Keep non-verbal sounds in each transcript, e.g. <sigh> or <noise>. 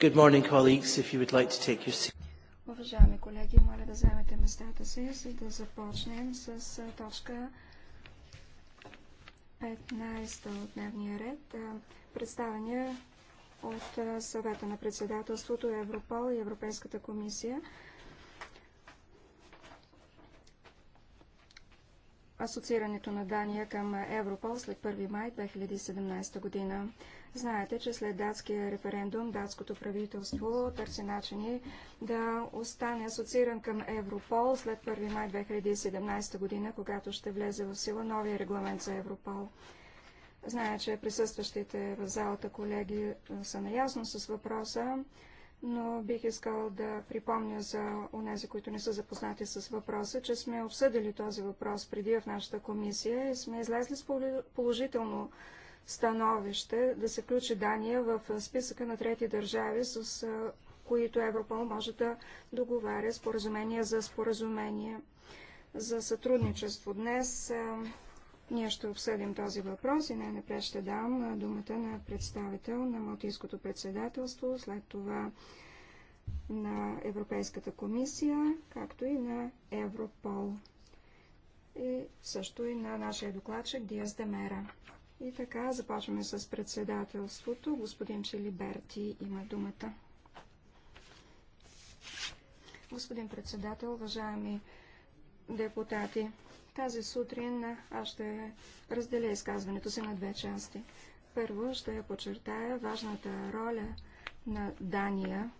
Good morning, colleagues, if you would like to take your seats. Уважаеми колеги, моля да вземете местата си, за да започнем с точка 15 от дневния ред. Представяне от съвета на председателството Европол и Европейската комисия асоциирането на Дания към Европол след 1 май 2017 година. Знаете, че след датския референдум датското правителство търси начини да остане асоцииран към Европол след 1 май 2017 година, когато ще влезе в сила новия регламент за Европол. Зная, че присъстващите в залата колеги са наясно с въпроса но бих искала да припомня за онези, които не са запознати с въпроса, че сме обсъдили този въпрос преди в нашата комисия и сме излезли с положително становище да се включи Дания в списъка на трети държави, с които Европол може да договаря споразумение за споразумение за сътрудничество. Днес ние ще обсъдим този въпрос и най-напред ще дам думата на представител на Малтийското председателство, след това на Европейската комисия, както и на Европол. И също и на нашия докладчик Диас Демера. И така, започваме с председателството. Господин Челиберти има думата. Господин председател, уважаеми депутати, тази сутрин аз ще разделя изказването си на две части. Първо ще я подчертая важната роля на Дания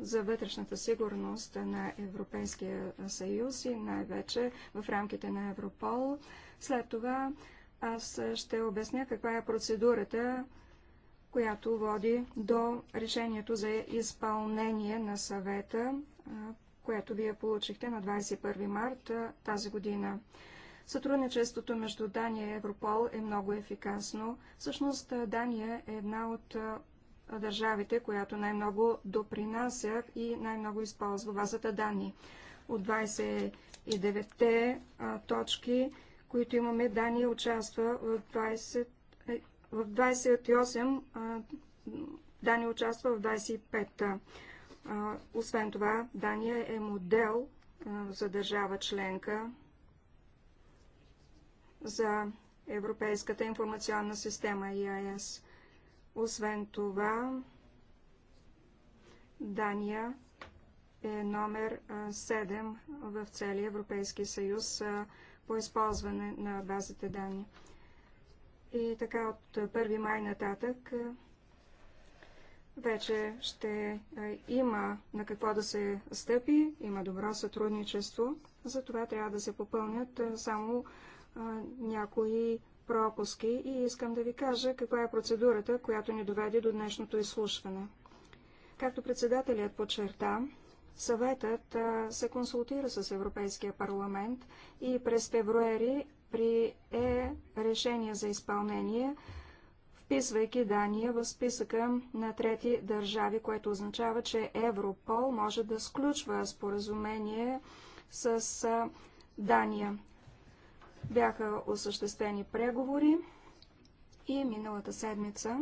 за вътрешната сигурност на Европейския съюз и най-вече в рамките на Европол. След това аз ще обясня каква е процедурата, която води до решението за изпълнение на съвета което вие получихте на 21 март тази година. Сътрудничеството между Дания и Европол е много ефикасно. Всъщност Дания е една от държавите, която най-много допринася и най-много използва базата данни. От 29-те точки, които имаме, Дания участва в, 20, е, в 28, Дания участва в 25-та. Освен това, Дания е модел за държава членка за Европейската информационна система ИАС. Освен това, Дания е номер 7 в целия Европейски съюз по използване на базите данни. И така от 1 май нататък вече ще има на какво да се стъпи, има добро сътрудничество, затова трябва да се попълнят само някои пропуски и искам да ви кажа каква е процедурата, която ни доведе до днешното изслушване. Както председателят подчерта, съветът се консултира с Европейския парламент и през февруери прие решение за изпълнение вписвайки Дания в списъка на трети държави, което означава, че Европол може да сключва споразумение с Дания. Бяха осъществени преговори и миналата седмица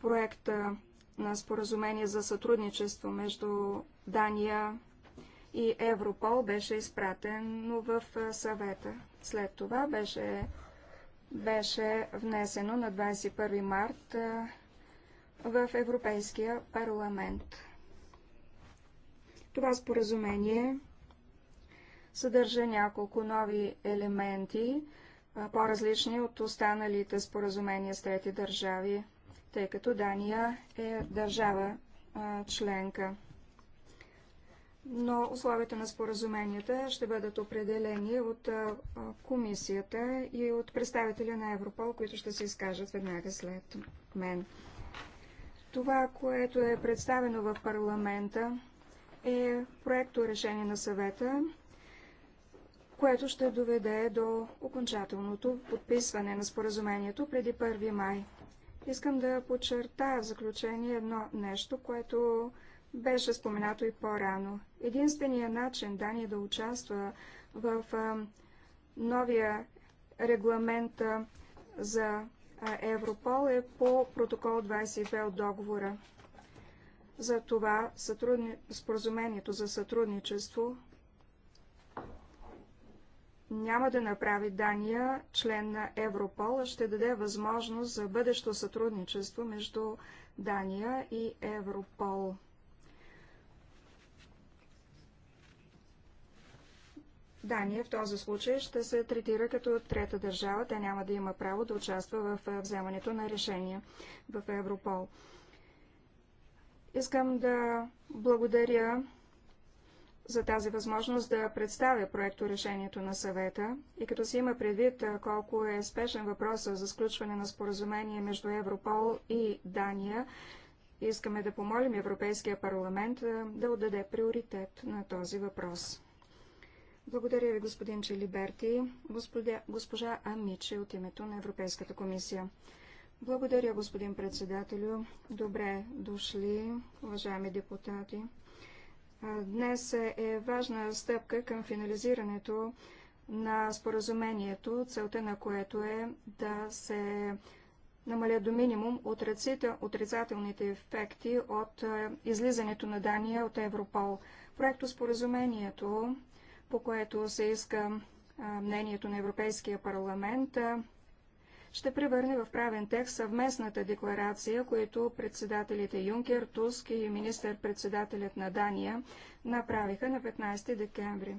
проекта на споразумение за сътрудничество между Дания и Европол беше изпратен в съвета. След това беше беше внесено на 21 март в Европейския парламент. Това споразумение съдържа няколко нови елементи, по-различни от останалите споразумения с трети държави, тъй като Дания е държава членка но условията на споразуменията ще бъдат определени от комисията и от представителя на Европол, които ще се изкажат веднага след мен. Това, което е представено в парламента, е проекто решение на съвета, което ще доведе до окончателното подписване на споразумението преди 1 май. Искам да подчертая в заключение едно нещо, което беше споменато и по-рано. Единственият начин Дания да участва в новия регламент за Европол е по протокол 22 от договора. За това сътрудни... споразумението за сътрудничество няма да направи Дания член на Европол, а ще даде възможност за бъдещо сътрудничество между Дания и Европол. Дания в този случай ще се третира като трета държава. Тя няма да има право да участва в вземането на решения в Европол. Искам да благодаря за тази възможност да представя проекто решението на съвета и като се има предвид колко е спешен въпроса за сключване на споразумение между Европол и Дания, искаме да помолим Европейския парламент да отдаде приоритет на този въпрос. Благодаря ви, господин Челиберти. Господя, госпожа Амиче от името на Европейската комисия. Благодаря, господин председателю. Добре дошли, уважаеми депутати. Днес е важна стъпка към финализирането на споразумението, целта на което е да се намаля до минимум отрицателните ефекти от излизането на Дания от Европол. Проекто споразумението по което се иска мнението на Европейския парламент, ще превърне в правен текст съвместната декларация, които председателите Юнкер, Туск и министър-председателят на Дания направиха на 15 декември.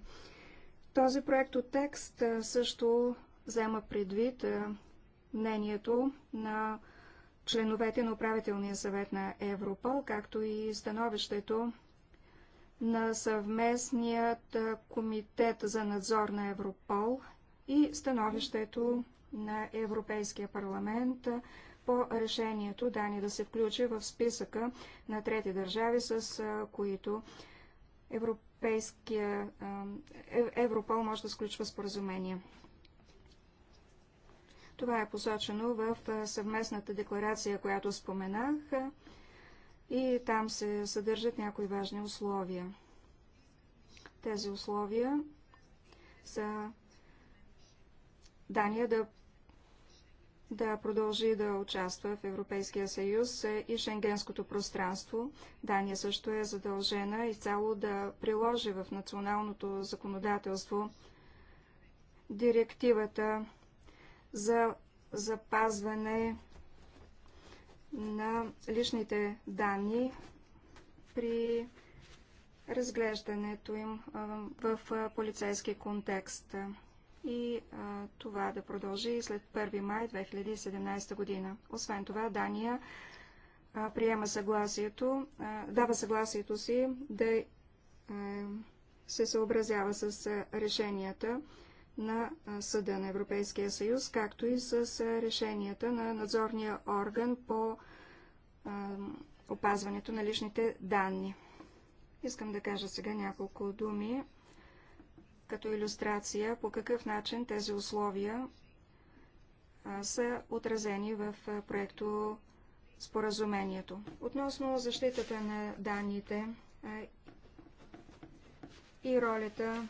Този проект от текст също взема предвид мнението на членовете на управителния съвет на Европол, както и становището на съвместният комитет за надзор на Европол и становището на Европейския парламент по решението Дани да се включи в списъка на трети държави, с които Европейския, е, Европол може да сключва споразумение. Това е посочено в съвместната декларация, която споменах и там се съдържат някои важни условия. Тези условия са Дания да, да продължи да участва в Европейския съюз и Шенгенското пространство. Дания също е задължена изцяло да приложи в националното законодателство директивата за запазване на личните данни при разглеждането им в полицейски контекст и а, това да продължи след 1 май 2017 година. Освен това, Дания а, приема съгласието, а, дава съгласието си да е, се съобразява с решенията на Съда на Европейския съюз, както и с решенията на надзорния орган по опазването на личните данни. Искам да кажа сега няколко думи като иллюстрация по какъв начин тези условия са отразени в проекто споразумението. Относно защитата на данните и ролята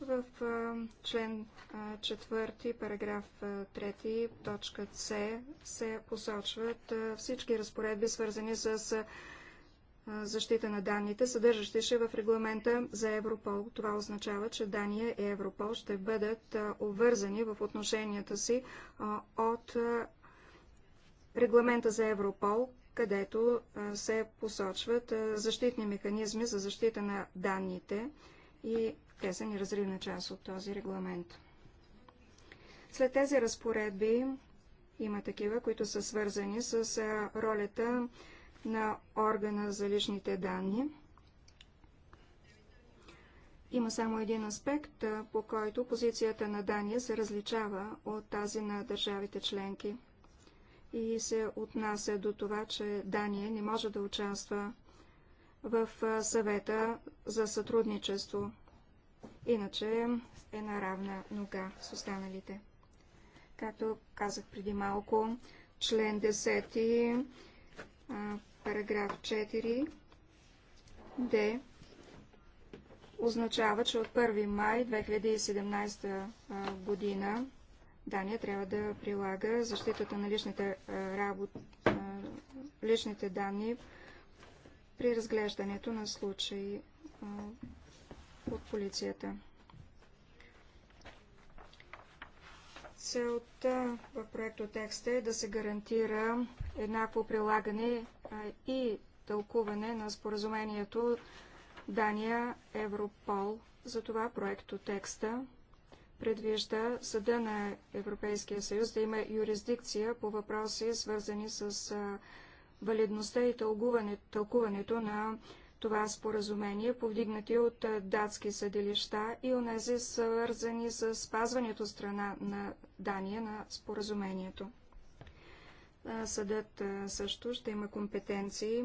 в член 4, параграф 3, точка С се посочват всички разпоредби, свързани с защита на данните, съдържащи се в регламента за Европол. Това означава, че Дания и Европол ще бъдат обвързани в отношенията си от регламента за Европол, където се посочват защитни механизми за защита на данните и те са неразривна част от този регламент. След тези разпоредби има такива, които са свързани с ролята на органа за личните данни. Има само един аспект, по който позицията на Дания се различава от тази на държавите членки и се отнася до това, че Дания не може да участва в съвета за сътрудничество. Иначе е на равна нога с останалите. Както казах преди малко, член 10, параграф 4, Д, означава, че от 1 май 2017 година Дания трябва да прилага защитата на личните, работ... личните данни при разглеждането на случаи от полицията. Целта в проекто текста е да се гарантира еднакво прилагане и тълкуване на споразумението Дания Европол. Затова проекто текста предвижда Съда на Европейския съюз да има юрисдикция по въпроси, свързани с валидността и тълкуването на това споразумение, повдигнати от датски съдилища и онези свързани с спазването страна на Дания на споразумението. Съдът също ще има компетенции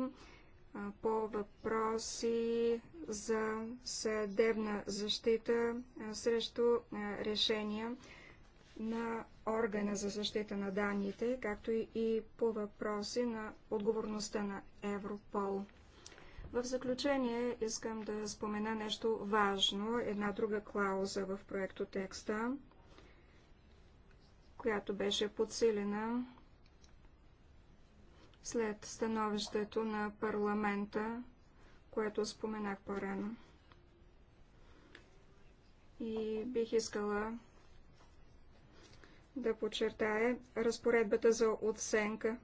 по въпроси за съдебна защита срещу решения на органа за защита на данните, както и по въпроси на отговорността на Европол. В заключение искам да спомена нещо важно, една друга клауза в проекто текста, която беше подсилена след становището на парламента, което споменах по-рано. И бих искала да подчертая разпоредбата за оценка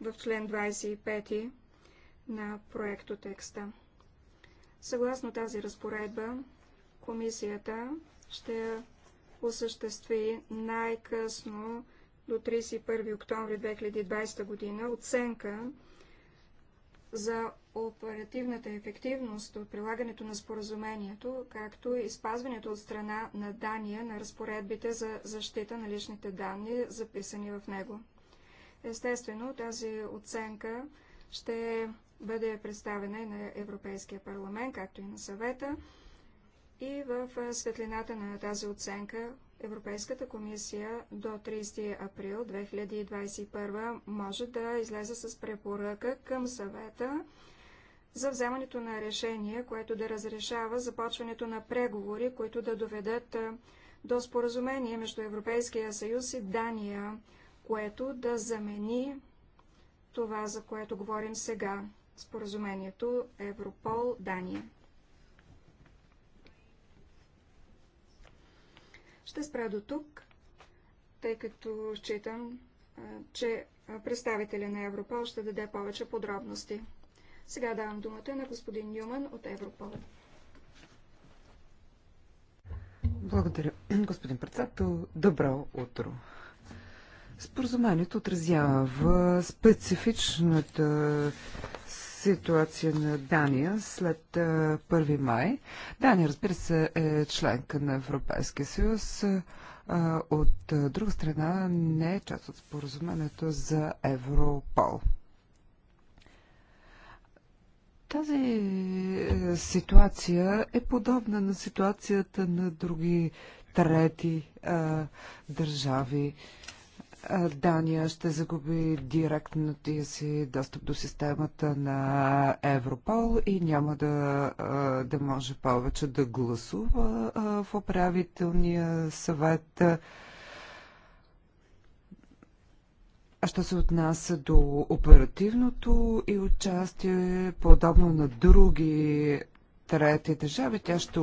в член 25 на проектотекста. Съгласно тази разпоредба, комисията ще осъществи най-късно до 31 октомври 2020 година оценка за оперативната ефективност от прилагането на споразумението, както и спазването от страна на Дания на разпоредбите за защита на личните данни, записани в него. Естествено, тази оценка ще бъде представена и на Европейския парламент, както и на съвета. И в светлината на тази оценка Европейската комисия до 30 април 2021 може да излезе с препоръка към съвета за вземането на решение, което да разрешава започването на преговори, които да доведат до споразумение между Европейския съюз и Дания, което да замени това, за което говорим сега споразумението Европол Дания. Ще спра до тук, тъй като считам, че представителя на Европол ще даде повече подробности. Сега давам думата на господин Нюман от Европол. Благодаря, <clears throat> господин председател. Добро утро. Споразумението отразява специфичната ситуация на Дания след 1 май. Дания, разбира се, е членка на Европейския съюз. От друга страна не е част от споразумението за Европол. Тази е, ситуация е подобна на ситуацията на други трети а, държави. Дания ще загуби директния си достъп до системата на Европол и няма да, да може повече да гласува в управителния съвет. А що се отнася до оперативното и участие, подобно на други трети държави, тя ще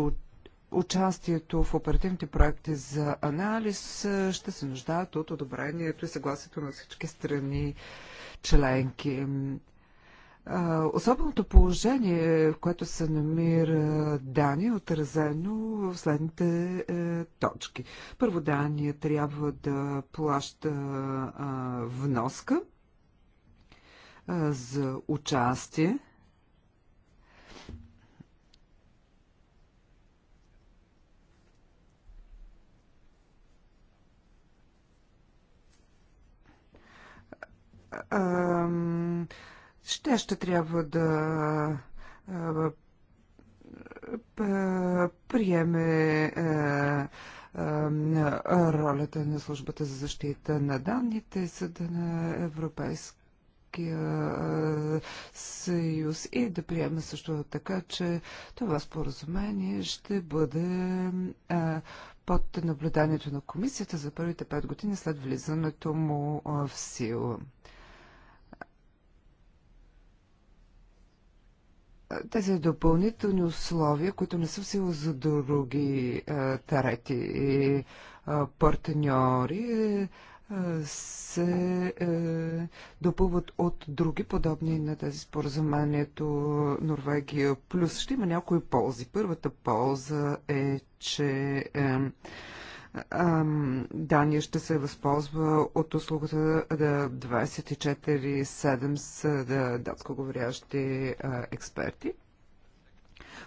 участието в оперативните проекти за анализ ще се нуждаят от одобрението и съгласието на всички страни членки. Особеното положение, в което се намира Дания, е отразено в следните е, точки. Първо, Дания трябва да плаща вноска за участие ще, ще трябва да приеме ролята на службата за защита на данните, съда на европейска съюз и да приеме също така, че това споразумение ще бъде под наблюданието на комисията за първите пет години след влизането му в сила. тези допълнителни условия, които не са в сила за други тарети и партньори, се е, допълват от други подобни на тези споразумението Норвегия плюс. Ще има някои ползи. Първата полза е, че е, Дания ще се възползва от услугата да 24-7 с да, датско говорящи експерти.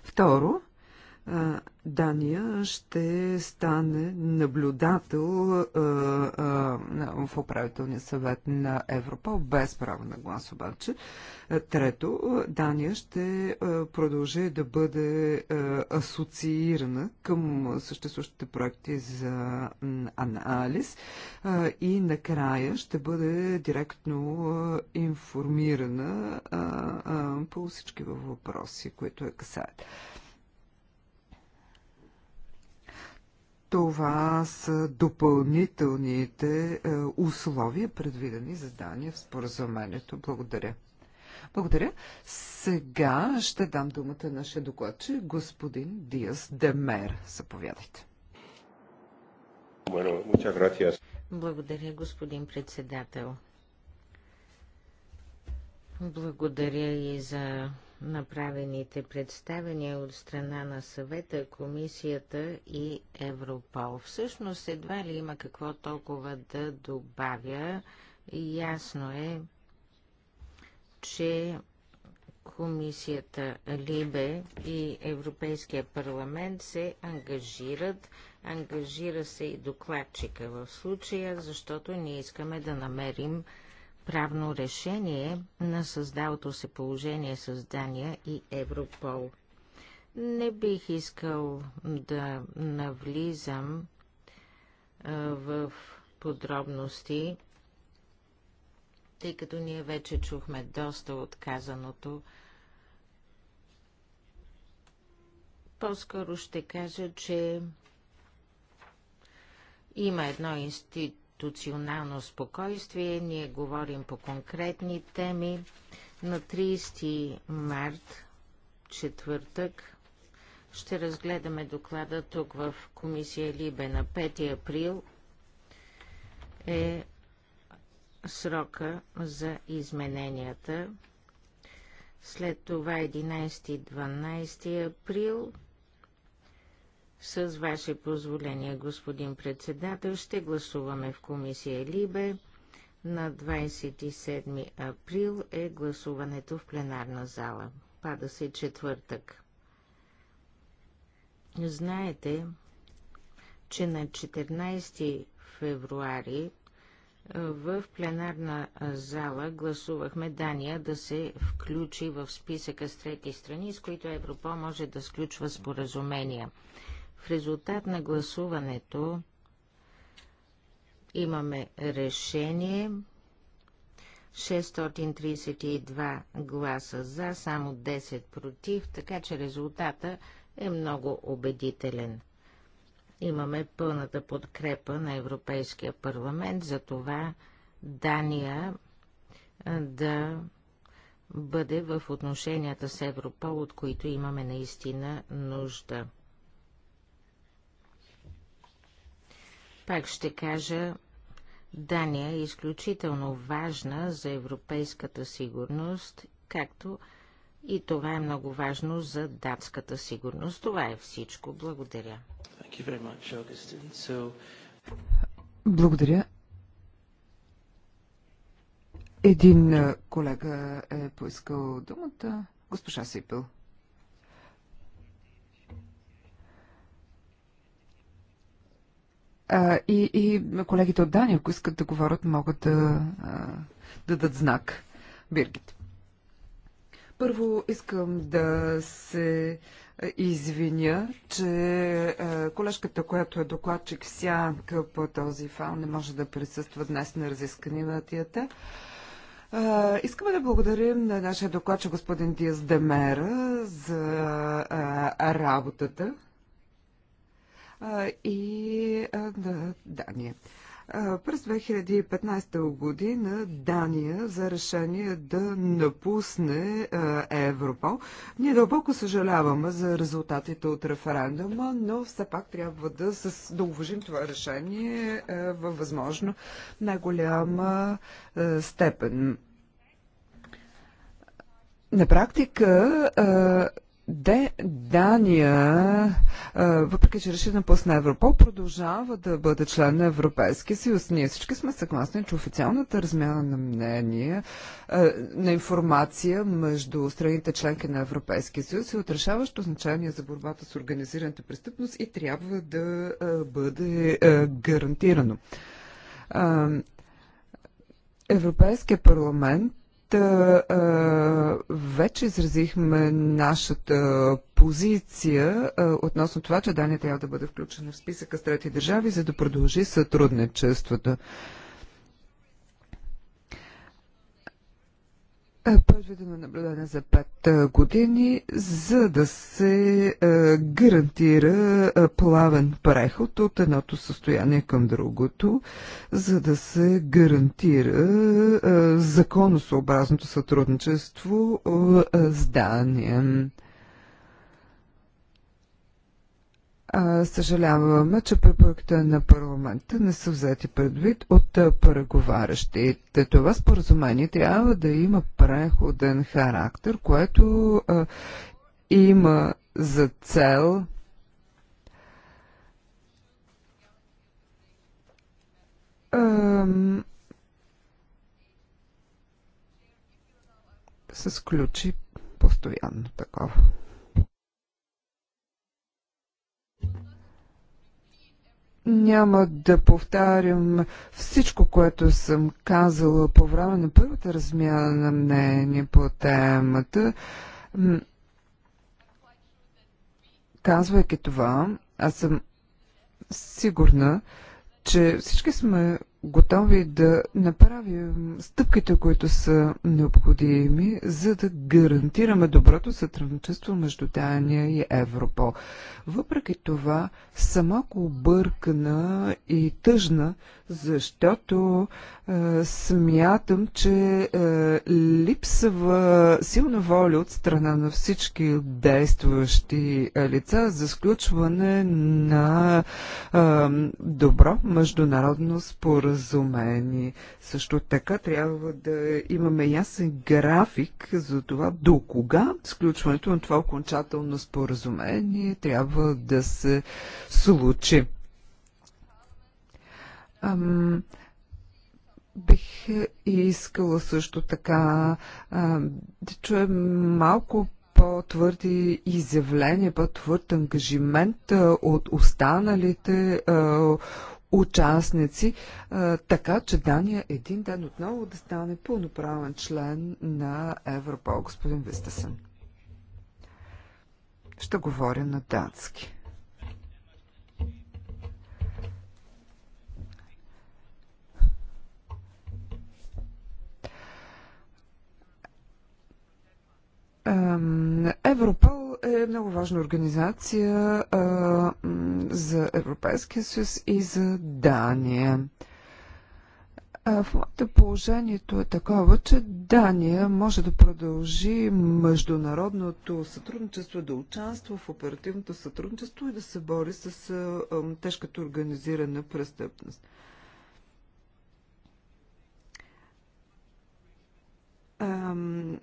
Второ, Дания ще стане наблюдател в управителния съвет на Европа, без право на глас обаче. Трето, Дания ще продължи да бъде асоциирана към съществуващите проекти за анализ и накрая ще бъде директно информирана по всички въпроси, които е касаят. Това са допълнителните условия, предвидени за Дания в споразумението. Благодаря. Благодаря. Сега ще дам думата на нашия докладчик, господин Диас Демер. Заповядайте. Благодаря, господин председател. Благодаря и за направените представения от страна на съвета, комисията и Европол. Всъщност едва ли има какво толкова да добавя. Ясно е, че Комисията Либе и Европейския парламент се ангажират. Ангажира се и докладчика в случая, защото ние искаме да намерим правно решение на създалото се положение с Дания и Европол. Не бих искал да навлизам в подробности тъй като ние вече чухме доста от казаното. По-скоро ще кажа, че има едно институционално спокойствие. Ние говорим по конкретни теми. На 30 март, четвъртък, ще разгледаме доклада тук в комисия Либе на 5 април е срока за измененията. След това 11-12 април с ваше позволение, господин председател, ще гласуваме в комисия Либе. На 27 април е гласуването в пленарна зала. Пада се четвъртък. Знаете, че на 14 февруари в пленарна зала гласувахме Дания да се включи в списъка с трети страни, с които Европол може да сключва споразумения. В резултат на гласуването имаме решение 632 гласа за, само 10 против, така че резултата е много убедителен. Имаме пълната подкрепа на Европейския парламент за това Дания да бъде в отношенията с Европа, от които имаме наистина нужда. Пак ще кажа, Дания е изключително важна за европейската сигурност, както и това е много важно за датската сигурност. Това е всичко. Благодаря. Благодаря. Един колега е поискал думата. Госпожа Сипел. и, и колегите от Дания, ако искат да говорят, могат да дадат знак. Биргит. Първо искам да се извиня, че е, колежката, която е докладчик сянка по този фал, не може да присъства днес на разисканията. Е, искаме да благодарим на нашия докладчик господин Диас Демера за е, работата и на Дания. През 2015 година Дания за решение да напусне Европол. Ние дълбоко съжаляваме за резултатите от референдума, но все пак трябва да, с, да уважим това решение във възможно най-голяма степен. На практика Де, Дания, въпреки че реши да напусне Европол, продължава да бъде член на Европейския съюз. Ние всички сме съгласни, че официалната размяна на мнение, на информация между страните членки на Европейския съюз е отрешаващо значение за борбата с организираната престъпност и трябва да бъде гарантирано. Европейския парламент вече изразихме нашата позиция относно това, че Дания трябва да бъде включена в списъка с трети държави, за да продължи сътрудничеството. на е, наблюдение за 5 е, години, за да се е, гарантира плавен преход от едното състояние към другото, за да се гарантира законосъобразното сътрудничество с Дания. съжаляваме, че препоръките на парламента не са взети предвид от преговарящите. Това споразумение трябва да има преходен характер, което а, има за цел а, се сключи постоянно такова. Няма да повтарям всичко, което съм казала по време на първата размяна на мнение по темата. Казвайки това, аз съм сигурна, че всички сме готови да направим стъпките, които са необходими, за да гарантираме доброто сътрудничество между Дания и Европол. Въпреки това, съм малко объркана и тъжна, защото е, смятам, че е, липсва силна воля от страна на всички действащи е, лица за сключване на е, добро международно споразумение. Също така трябва да имаме ясен график за това до кога сключването на това окончателно споразумение трябва да се случи. Ам, бих искала също така да чуем малко по-твърди изявления, по-твърд ангажимент от останалите участници, така че Дания един ден отново да стане пълноправен член на Европол, господин Вистасен. Ще говоря на датски. Европол е много важна организация за Европейския съюз и за Дания. В момента положението е такова, че Дания може да продължи международното сътрудничество, да участва в оперативното сътрудничество и да се бори с тежката организирана престъпност. Ам,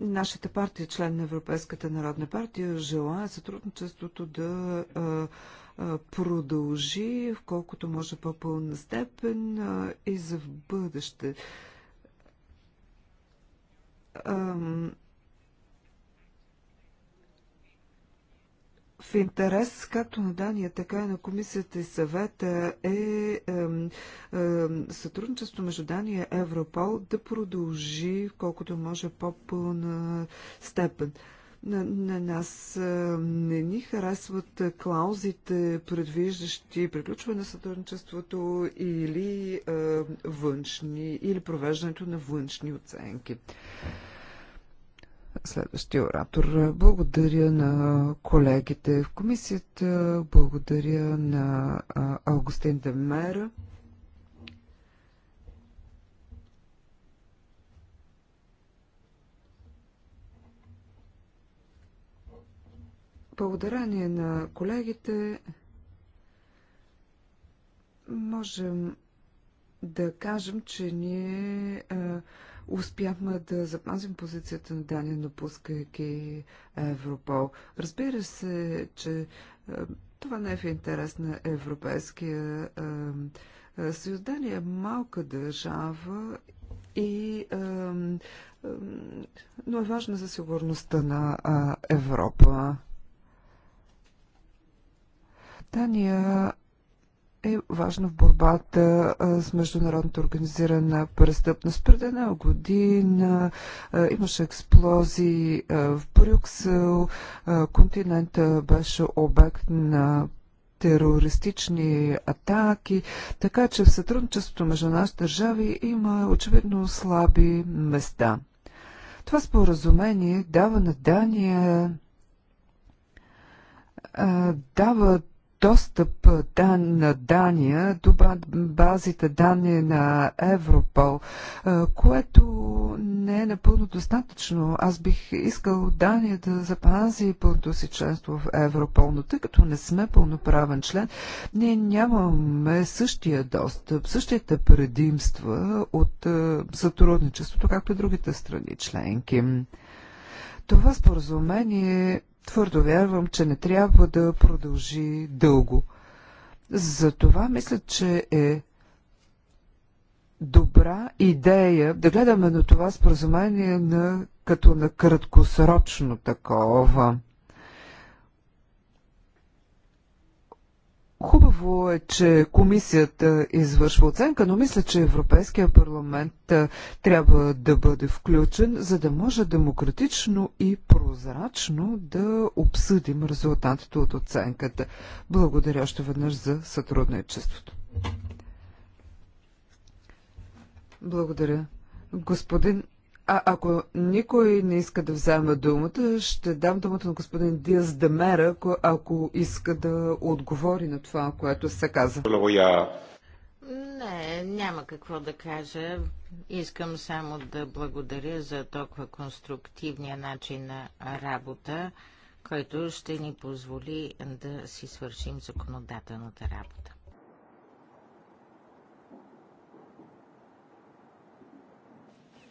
Нашата партия, член на Европейската народна партия, желая сътрудничеството да продължи в колкото може по-пълна степен и за в бъдеще. В интерес, както на Дания, така и на комисията и съвета е, е, е сътрудничество между Дания и Европол да продължи колкото може по-пълна степен. На, на нас не ни харесват клаузите, предвиждащи приключване на сътрудничеството или е, външни, или провеждането на външни оценки. Следващия оратор. Благодаря на колегите в комисията, благодаря на Августин Демера. благодарение на колегите можем да кажем, че ние а, успяхме да запазим позицията на Дания, напускайки е, Европол. Разбира се, че е, това не е в интерес на Европейския е, съюз. Дания е малка държава и но е важна за сигурността на Европа. Дания е важно в борбата с международната организирана престъпност. Преди една година имаше експлозии в Брюксел, континента беше обект на терористични атаки, така че в сътрудничеството между нашите държави има очевидно слаби места. Това споразумение дава на Дания дава достъп дан на Дания до базите данни на Европол, което не е напълно достатъчно. Аз бих искал Дания да запази пълното си членство в Европол, но тъй като не сме пълноправен член, ние нямаме същия достъп, същите предимства от сътрудничеството, както и другите страни членки. Това споразумение Твърдо вярвам, че не трябва да продължи дълго. Затова мисля, че е добра идея да гледаме на това споразумение на, като на краткосрочно такова. Хубаво е, че комисията извършва оценка, но мисля, че Европейския парламент трябва да бъде включен, за да може демократично и прозрачно да обсъдим резултатите от оценката. Благодаря още веднъж за сътрудничеството. Благодаря. Господин а ако никой не иска да взема думата, ще дам думата на господин Диас Дамера, ако иска да отговори на това, което се каза. Не, няма какво да кажа. Искам само да благодаря за толкова конструктивния начин на работа, който ще ни позволи да си свършим законодателната работа.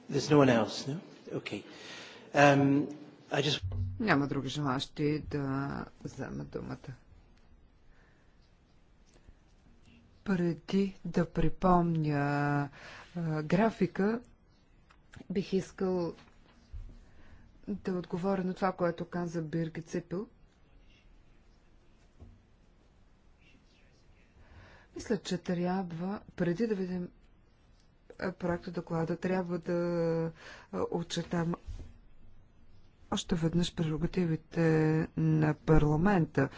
There's no one else, no? Okay. Um, I just... Няма други желащи да вземат думата. Преди да припомня а, графика, бих искал да отговоря на това, което каза Бирги Ципил. Мисля, че трябва, преди да видим проекта доклада трябва да отчетам още веднъж прерогативите на парламента.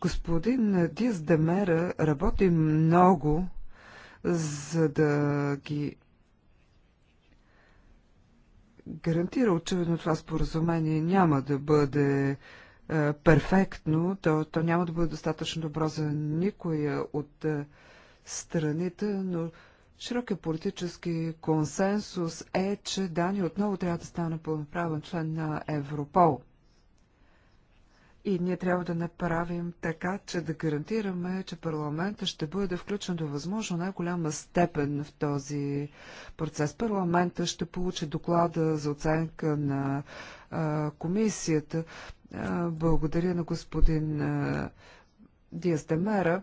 Господин Диас Демера работи много, за да ги гарантира. Очевидно това споразумение няма да бъде е, перфектно, то, то няма да бъде достатъчно добро за никоя от е, страните, но Широкият политически консенсус е, че Дания отново трябва да стане пълноправен член на Европол. И ние трябва да направим така, че да гарантираме, че парламента ще бъде включен до възможно най-голяма степен в този процес. Парламента ще получи доклада за оценка на а, комисията. А, благодаря на господин а, Диас Демера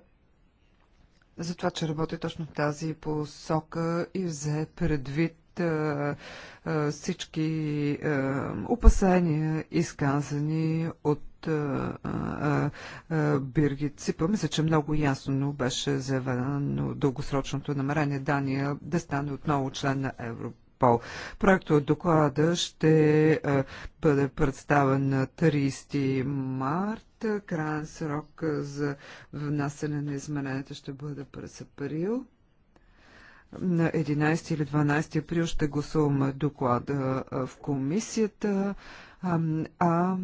за това, че работи точно в тази посока и взе предвид всички опасения, изказани от Биргит Ципа. Мисля, че много ясно беше заявено дългосрочното намерение Дания да стане отново член на Европа. Проектът от доклада ще бъде представен на 30 март Краен срок за внасяне на измененията ще бъде през април. На 11 или 12 април ще гласуваме доклада в комисията, а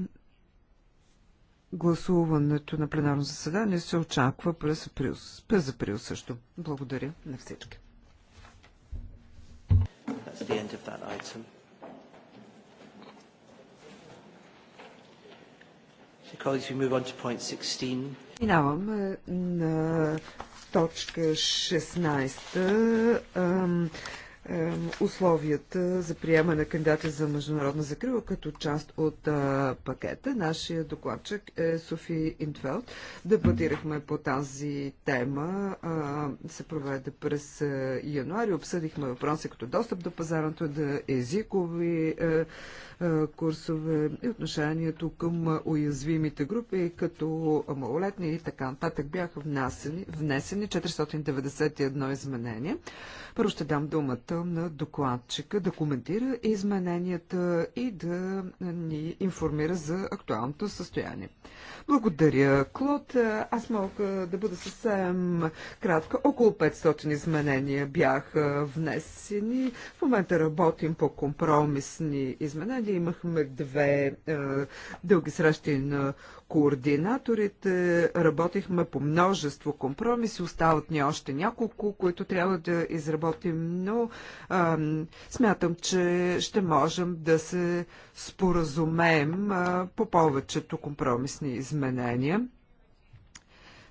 гласуването на пленарно заседание се очаква през април, през април също. Благодаря на всички. That's the end of that item. Минаваме на точка 16 условията за приема на кандидата за международна закрива като част от а, пакета. Нашия докладчик е Софи Интфелд. Дебатирахме по тази тема. А, се проведе през януари. Обсъдихме въпроси като достъп до пазарното, да езикови е, е, курсове и отношението към уязвимите групи, като малолетни и така нататък. Бяха внесени 491 изменения. Първо ще дам думата искам на докладчика да коментира измененията и да ни информира за актуалното състояние. Благодаря, Клод. Аз мога да бъда съвсем кратка. Около 500 изменения бяха внесени. В момента работим по компромисни изменения. Имахме две е, дълги срещи на координаторите, работихме по множество компромиси, остават ни още няколко, които трябва да изработим, но Смятам, че ще можем да се споразумеем по повечето компромисни изменения.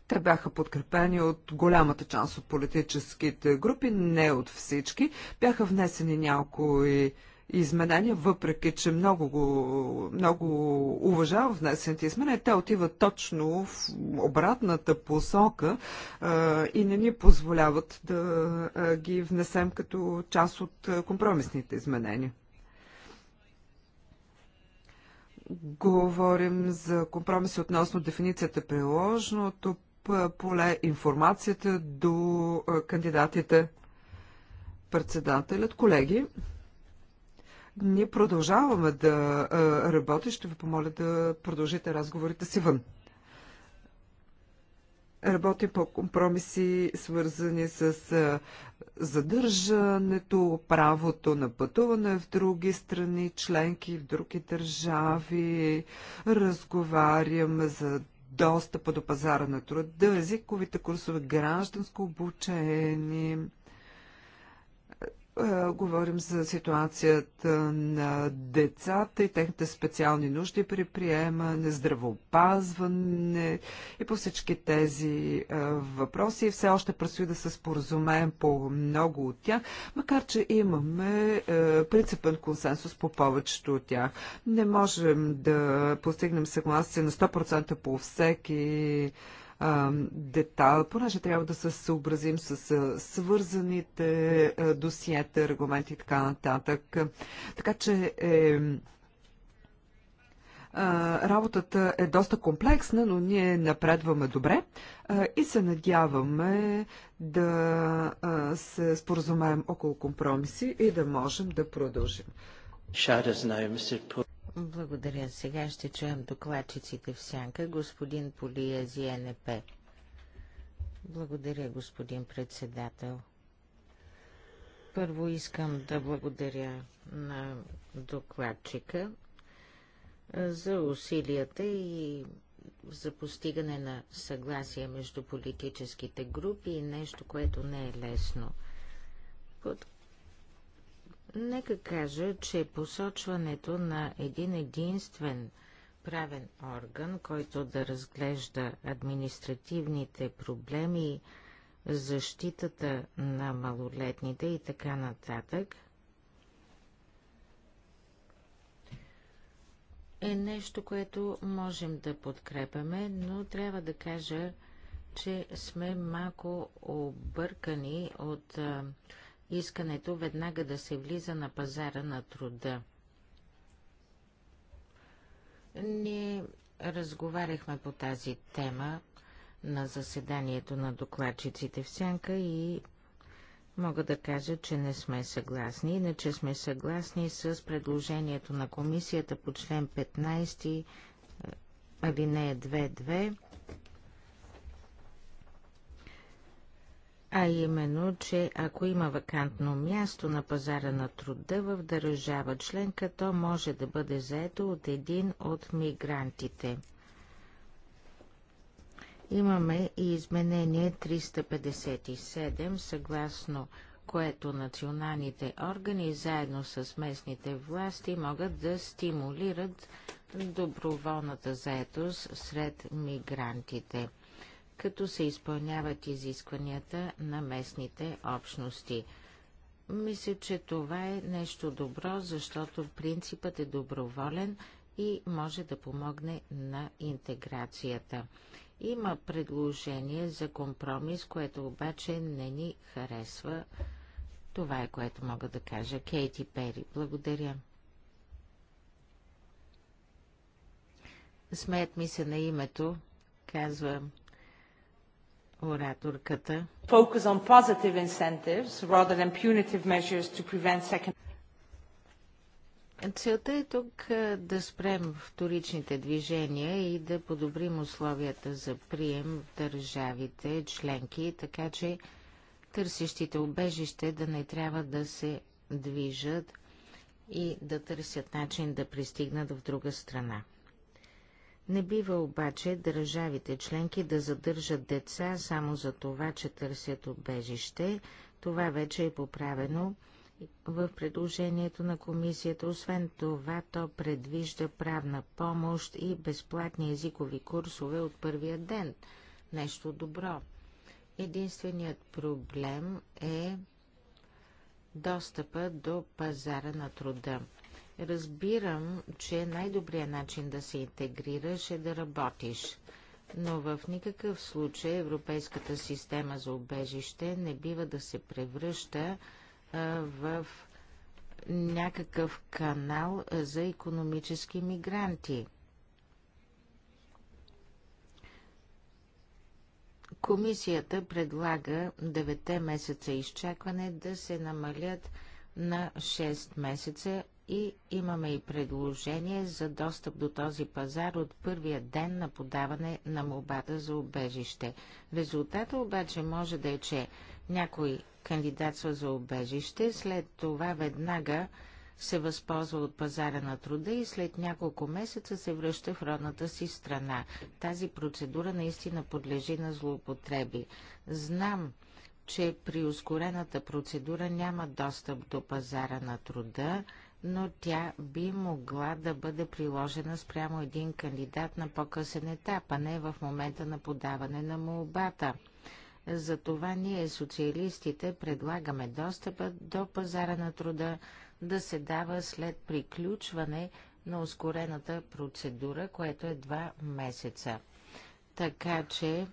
Те бяха подкрепени от голямата част от политическите групи, не от всички. Бяха внесени някои изменения, въпреки че много, го, много уважава внесените изменения, те отиват точно в обратната посока а, и не ни позволяват да а, ги внесем като част от компромисните изменения. Говорим за компромиси относно дефиницията приложното поле, информацията до кандидатите. Председателят, колеги, ние продължаваме да работим. Ще ви помоля да продължите разговорите си вън. Работим по компромиси, свързани с задържането, правото на пътуване в други страни, членки в други държави. Разговаряме за достъпа до пазара на труда, езиковите курсове, гражданско обучение. Е, говорим за ситуацията на децата и техните специални нужди при приемане, здравоопазване и по всички тези е, въпроси. Все още предстои да се споразумеем по много от тях, макар че имаме е, принципен консенсус по повечето от тях. Не можем да постигнем съгласие на 100% по всеки а, детайл, понеже трябва да се съобразим с а, свързаните а, досиета, регламенти и така нататък. Така че е, работата е доста комплексна, но ние напредваме добре и се надяваме да се споразумеем около компромиси и да можем да продължим. Благодаря. Сега ще чуем докладчиците в сянка. Господин Полия ЗНП. Благодаря, господин председател. Първо искам да благодаря на докладчика за усилията и за постигане на съгласие между политическите групи и нещо, което не е лесно. Под Нека кажа, че посочването на един единствен правен орган, който да разглежда административните проблеми, защитата на малолетните и така нататък, е нещо, което можем да подкрепяме, но трябва да кажа, че сме малко объркани от искането веднага да се влиза на пазара на труда. Ние разговаряхме по тази тема на заседанието на докладчиците в Сянка и мога да кажа, че не сме съгласни, иначе сме съгласни с предложението на комисията по член 15, е, алинея 2.2 а именно, че ако има вакантно място на пазара на труда в държава членка, то може да бъде заето от един от мигрантите. Имаме и изменение 357, съгласно което националните органи заедно с местните власти могат да стимулират доброволната заетост сред мигрантите – като се изпълняват изискванията на местните общности. Мисля, че това е нещо добро, защото принципът е доброволен и може да помогне на интеграцията. Има предложение за компромис, което обаче не ни харесва. Това е което мога да кажа. Кейти Пери, благодаря. Смеят ми се на името, казва ораторката. Focus on positive incentives rather than punitive measures to prevent second... Целта е тук е, да спрем вторичните движения и да подобрим условията за прием в държавите членки, така че търсещите убежище да не трябва да се движат и да търсят начин да пристигнат в друга страна. Не бива обаче държавите членки да задържат деца само за това, че търсят обежище. Това вече е поправено в предложението на комисията. Освен това, то предвижда правна помощ и безплатни езикови курсове от първия ден. Нещо добро. Единственият проблем е достъпа до пазара на труда. Разбирам, че най-добрият начин да се интегрираш е да работиш, но в никакъв случай европейската система за убежище не бива да се превръща а, в някакъв канал за економически мигранти. Комисията предлага 9 месеца изчакване да се намалят на 6 месеца и имаме и предложение за достъп до този пазар от първия ден на подаване на молбата за обежище. Резултата обаче може да е, че някой кандидатства за обежище, след това веднага се възползва от пазара на труда и след няколко месеца се връща в родната си страна. Тази процедура наистина подлежи на злоупотреби. Знам, че при ускорената процедура няма достъп до пазара на труда, но тя би могла да бъде приложена спрямо един кандидат на по-късен етап, а не в момента на подаване на молбата. Затова ние, социалистите, предлагаме достъпа до пазара на труда да се дава след приключване на ускорената процедура, което е два месеца. Така че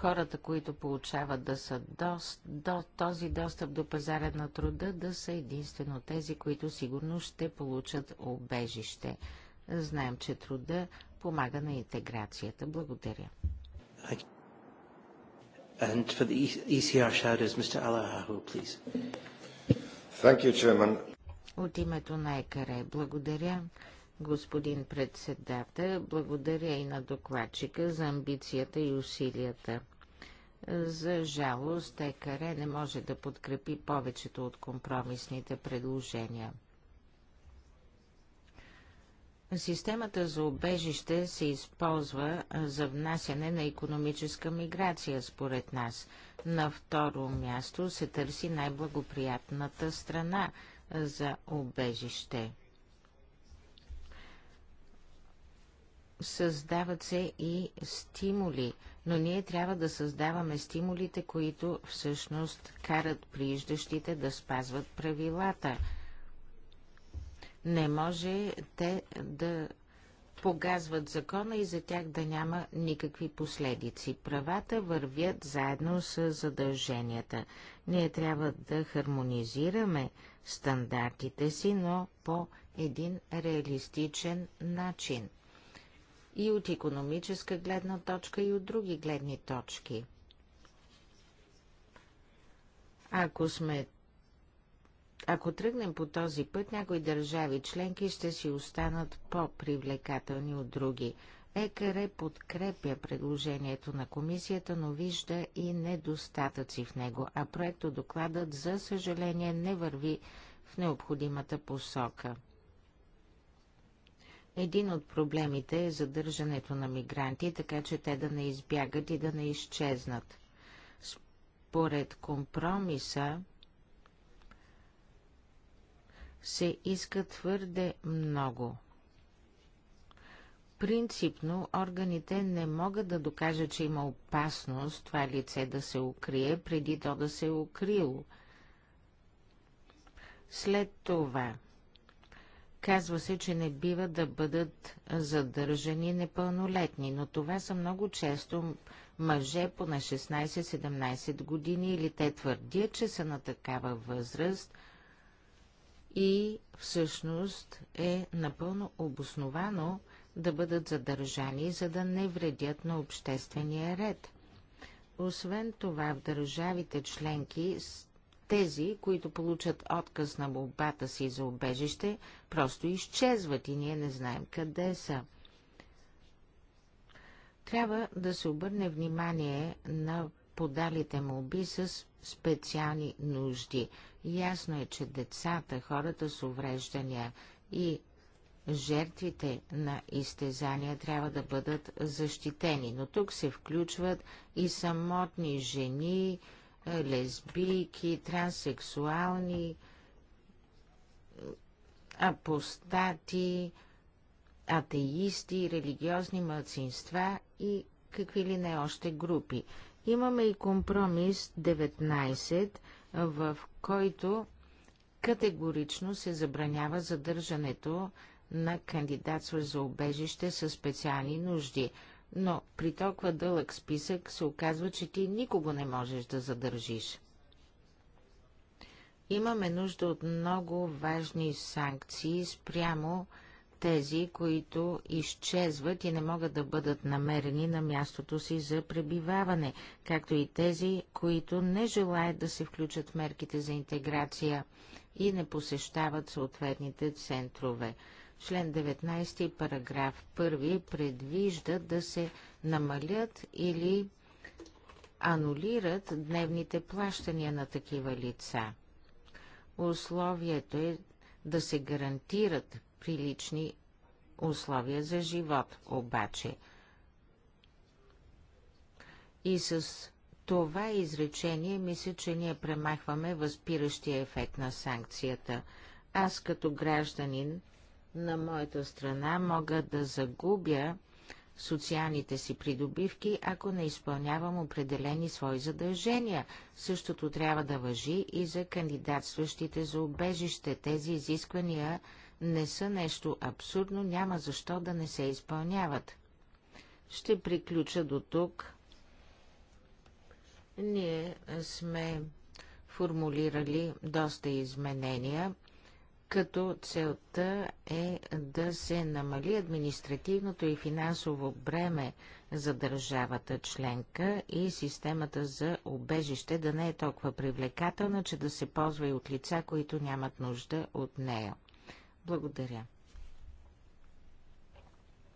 хората, които получават да са до, до, този достъп до пазара на труда, да са единствено тези, които сигурно ще получат обежище. Знаем, че труда помага на интеграцията. Благодаря. And for the ECR e shadows, Mr. please. Thank you, Chairman. От името на ЕКАРЕ благодаря, господин председател, благодаря и на докладчика за амбицията и усилията. За жалост, ЕКР не може да подкрепи повечето от компромисните предложения. Системата за обежище се използва за внасяне на економическа миграция, според нас. На второ място се търси най-благоприятната страна за обежище. Създават се и стимули – но ние трябва да създаваме стимулите, които всъщност карат прииждащите да спазват правилата. Не може те да погазват закона и за тях да няма никакви последици. Правата вървят заедно с задълженията. Ние трябва да хармонизираме стандартите си, но по един реалистичен начин – и от економическа гледна точка, и от други гледни точки. Ако сме ако тръгнем по този път, някои държави членки ще си останат по-привлекателни от други. ЕКР е подкрепя предложението на комисията, но вижда и недостатъци в него, а проектодокладът, за съжаление, не върви в необходимата посока. Един от проблемите е задържането на мигранти, така че те да не избягат и да не изчезнат. Според компромиса се иска твърде много. Принципно органите не могат да докажат, че има опасност това лице да се укрие, преди то да се е укрило. След това Казва се, че не бива да бъдат задържани непълнолетни, но това са много често мъже по на 16-17 години или те твърдят, че са на такава възраст и всъщност е напълно обосновано да бъдат задържани, за да не вредят на обществения ред. Освен това, в държавите членки тези, които получат отказ на молбата си за убежище, просто изчезват и ние не знаем къде са. Трябва да се обърне внимание на подалите молби с специални нужди. Ясно е, че децата, хората с увреждания и жертвите на изтезания трябва да бъдат защитени, но тук се включват и самотни жени, лесбийки, транссексуални, апостати, атеисти, религиозни мълцинства и какви ли не още групи. Имаме и компромис 19, в който категорично се забранява задържането на кандидатство за убежище със специални нужди – но при толкова дълъг списък се оказва, че ти никого не можеш да задържиш. Имаме нужда от много важни санкции спрямо тези, които изчезват и не могат да бъдат намерени на мястото си за пребиваване, както и тези, които не желаят да се включат в мерките за интеграция и не посещават съответните центрове. Член 19, параграф 1 предвижда да се намалят или анулират дневните плащания на такива лица. Условието е да се гарантират прилични условия за живот, обаче. И с това изречение мисля, че ние премахваме възпиращия ефект на санкцията. Аз като гражданин на моята страна мога да загубя социалните си придобивки, ако не изпълнявам определени свои задължения. Същото трябва да въжи и за кандидатстващите за убежище. Тези изисквания не са нещо абсурдно, няма защо да не се изпълняват. Ще приключа до тук. Ние сме формулирали доста изменения като целта е да се намали административното и финансово бреме за държавата членка и системата за обежище да не е толкова привлекателна, че да се ползва и от лица, които нямат нужда от нея. Благодаря.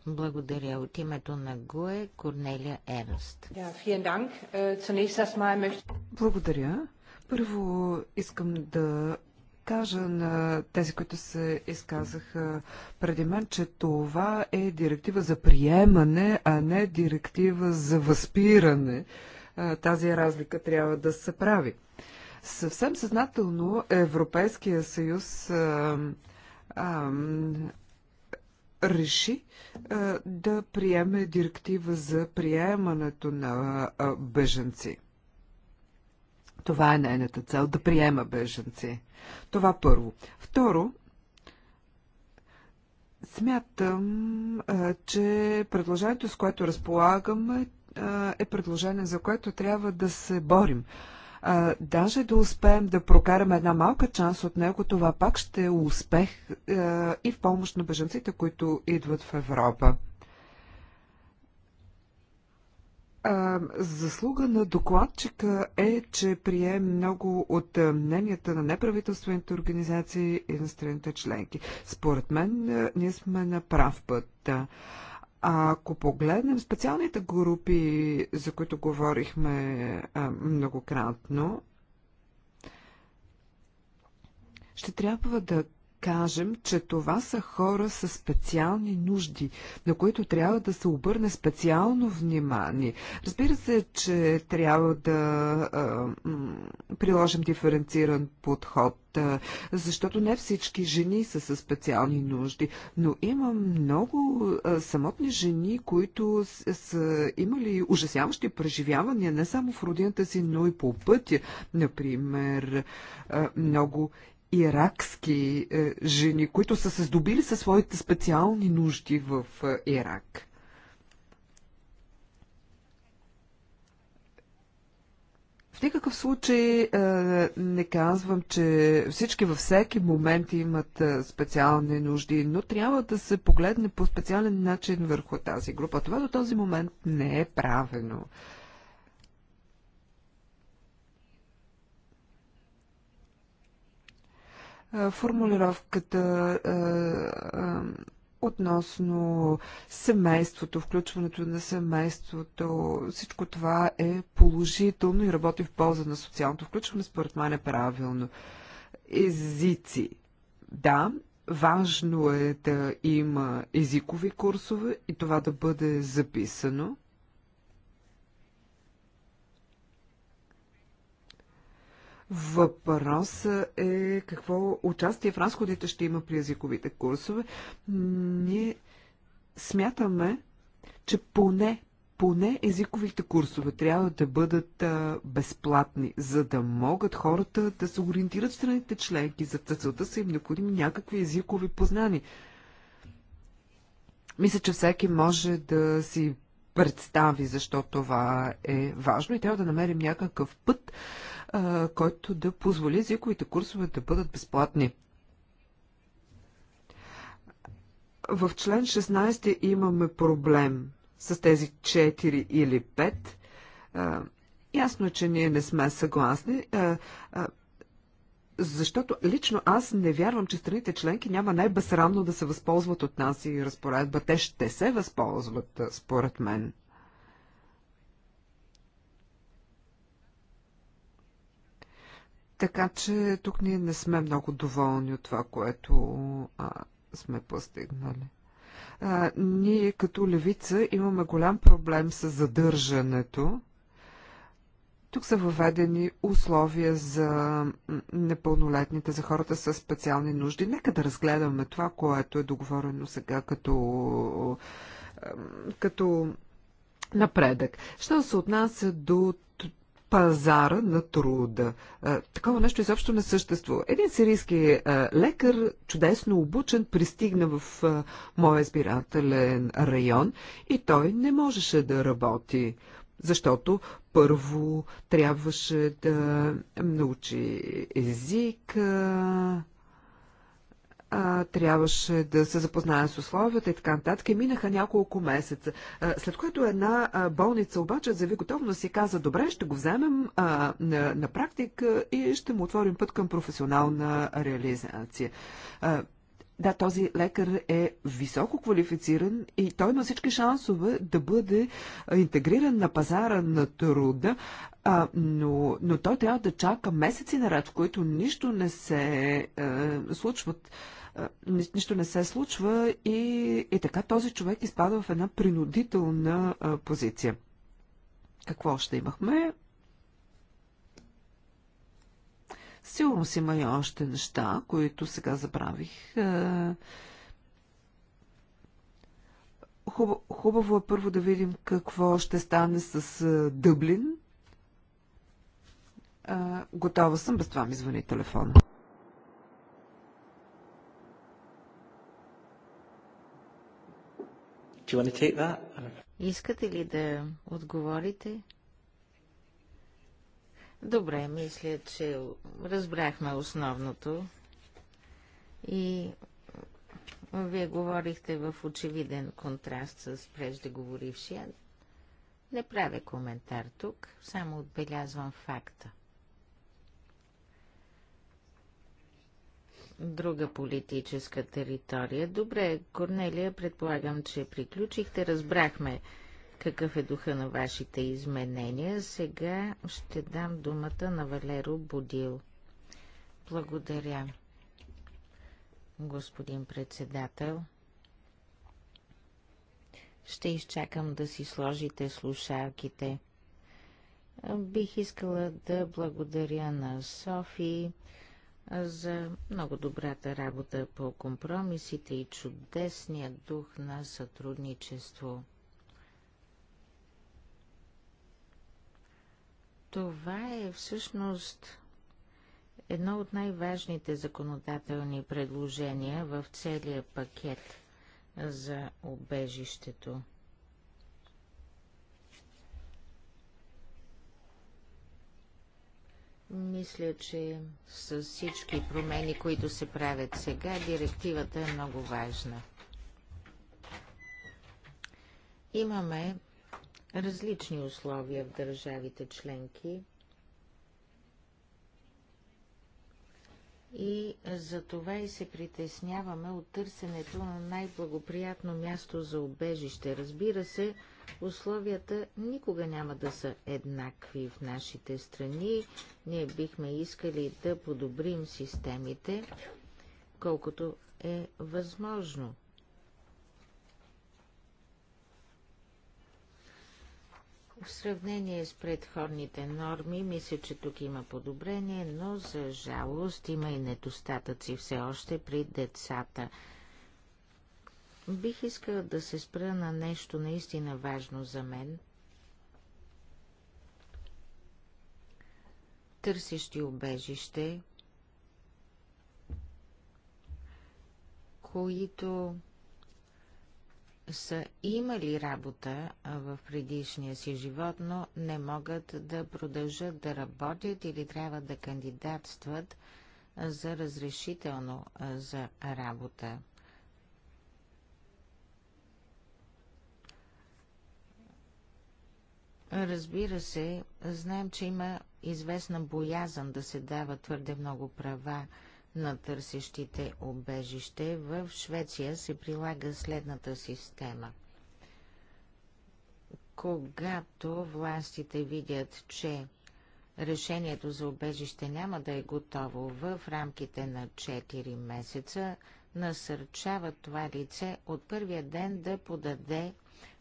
Благодаря от името на ГУЕ Корнелия Ернст. Äh, Благодаря. Първо искам да кажа на тези, които се изказаха преди мен, че това е директива за приемане, а не директива за възпиране. Тази разлика трябва да се прави. Съвсем съзнателно Европейския съюз а, а, реши а, да приеме директива за приемането на а, беженци. Това е нейната цел да приема беженци. Това първо. Второ, смятам, че предложението, с което разполагаме, е предложение, за което трябва да се борим. Даже да успеем да прокараме една малка част от него, това пак ще е успех и в помощ на беженците, които идват в Европа. Заслуга на докладчика е, че прие много от мненията на неправителствените организации и на страните членки. Според мен, ние сме на прав път. Ако погледнем специалните групи, за които говорихме многократно, ще трябва да кажем, че това са хора с специални нужди, на които трябва да се обърне специално внимание. Разбира се, че трябва да а, приложим диференциран подход, а, защото не всички жени са с специални нужди, но има много а, самотни жени, които са имали ужасяващи преживявания не само в родината си, но и по пътя. Например, а, много иракски е, жени, които са се здобили със своите специални нужди в е, Ирак. В никакъв случай е, не казвам, че всички във всеки момент имат специални нужди, но трябва да се погледне по специален начин върху тази група. Това до този момент не е правено. формулировката относно семейството, включването на семейството, всичко това е положително и работи в полза на социалното включване, според мен е правилно. Езици. Да, важно е да има езикови курсове и това да бъде записано. Въпроса е какво участие в разходите ще има при езиковите курсове. Ние смятаме, че поне поне езиковите курсове трябва да бъдат а, безплатни, за да могат хората да се ориентират в страните членки. За целта са им необходими някакви езикови познани. Мисля, че всеки може да си представи защо това е важно и трябва да намерим някакъв път, който да позволи езиковите курсове да бъдат безплатни. В член 16 имаме проблем с тези 4 или 5. А, ясно е, че ние не сме съгласни, а, а, защото лично аз не вярвам, че страните членки няма най безрамно да се възползват от нас и разпоредба. Те ще се възползват, според мен. Така че тук ние не сме много доволни от това, което а, сме постигнали. А, ние като левица имаме голям проблем с задържането. Тук са въведени условия за непълнолетните, за хората с специални нужди. Нека да разгледаме това, което е договорено сега като, като напредък. Що се отнася до пазара на труда. Такова нещо изобщо не съществува. Един сирийски лекар, чудесно обучен, пристигна в моя избирателен район и той не можеше да работи, защото първо трябваше да научи езика, а, трябваше да се запознае с условията и така нататък. И минаха няколко месеца. А, след което една а, болница обаче заяви готовност и каза, добре, ще го вземем а, на, на практика и ще му отворим път към професионална реализация. А, да, този лекар е високо квалифициран и той има всички шансове да бъде интегриран на пазара на труда, а, но, но той трябва да чака месеци наред, в които нищо не се е, случват нищо не се случва и, и така този човек изпада в една принудителна позиция. Какво още имахме? Сигурно си има и още неща, които сега забравих. Хубаво е първо да видим какво ще стане с Дъблин. Готова съм, без това ми звъни телефона. Do you want to take that? Искате ли да отговорите? Добре, мисля, че разбрахме основното и вие говорихте в очевиден контраст с преждеговорившия. Не правя коментар тук, само отбелязвам факта. друга политическа територия. Добре, Корнелия, предполагам, че приключихте. Разбрахме какъв е духа на вашите изменения. Сега ще дам думата на Валеро Будил. Благодаря, господин председател. Ще изчакам да си сложите слушалките. Бих искала да благодаря на Софи за много добрата работа по компромисите и чудесния дух на сътрудничество. Това е всъщност едно от най-важните законодателни предложения в целия пакет за обежището. Мисля, че с всички промени, които се правят сега, директивата е много важна. Имаме различни условия в държавите членки и за това и се притесняваме от търсенето на най-благоприятно място за убежище. Разбира се, Условията никога няма да са еднакви в нашите страни. Ние бихме искали да подобрим системите, колкото е възможно. В сравнение с предходните норми, мисля, че тук има подобрение, но за жалост има и недостатъци все още при децата – Бих искал да се спра на нещо наистина важно за мен. Търсещи обежище. които са имали работа в предишния си живот, но не могат да продължат да работят или трябва да кандидатстват за разрешително за работа. Разбира се, знаем, че има известна боязън да се дава твърде много права на търсещите обежище. В Швеция се прилага следната система. Когато властите видят, че решението за обежище няма да е готово в рамките на 4 месеца, насърчават това лице от първия ден да подаде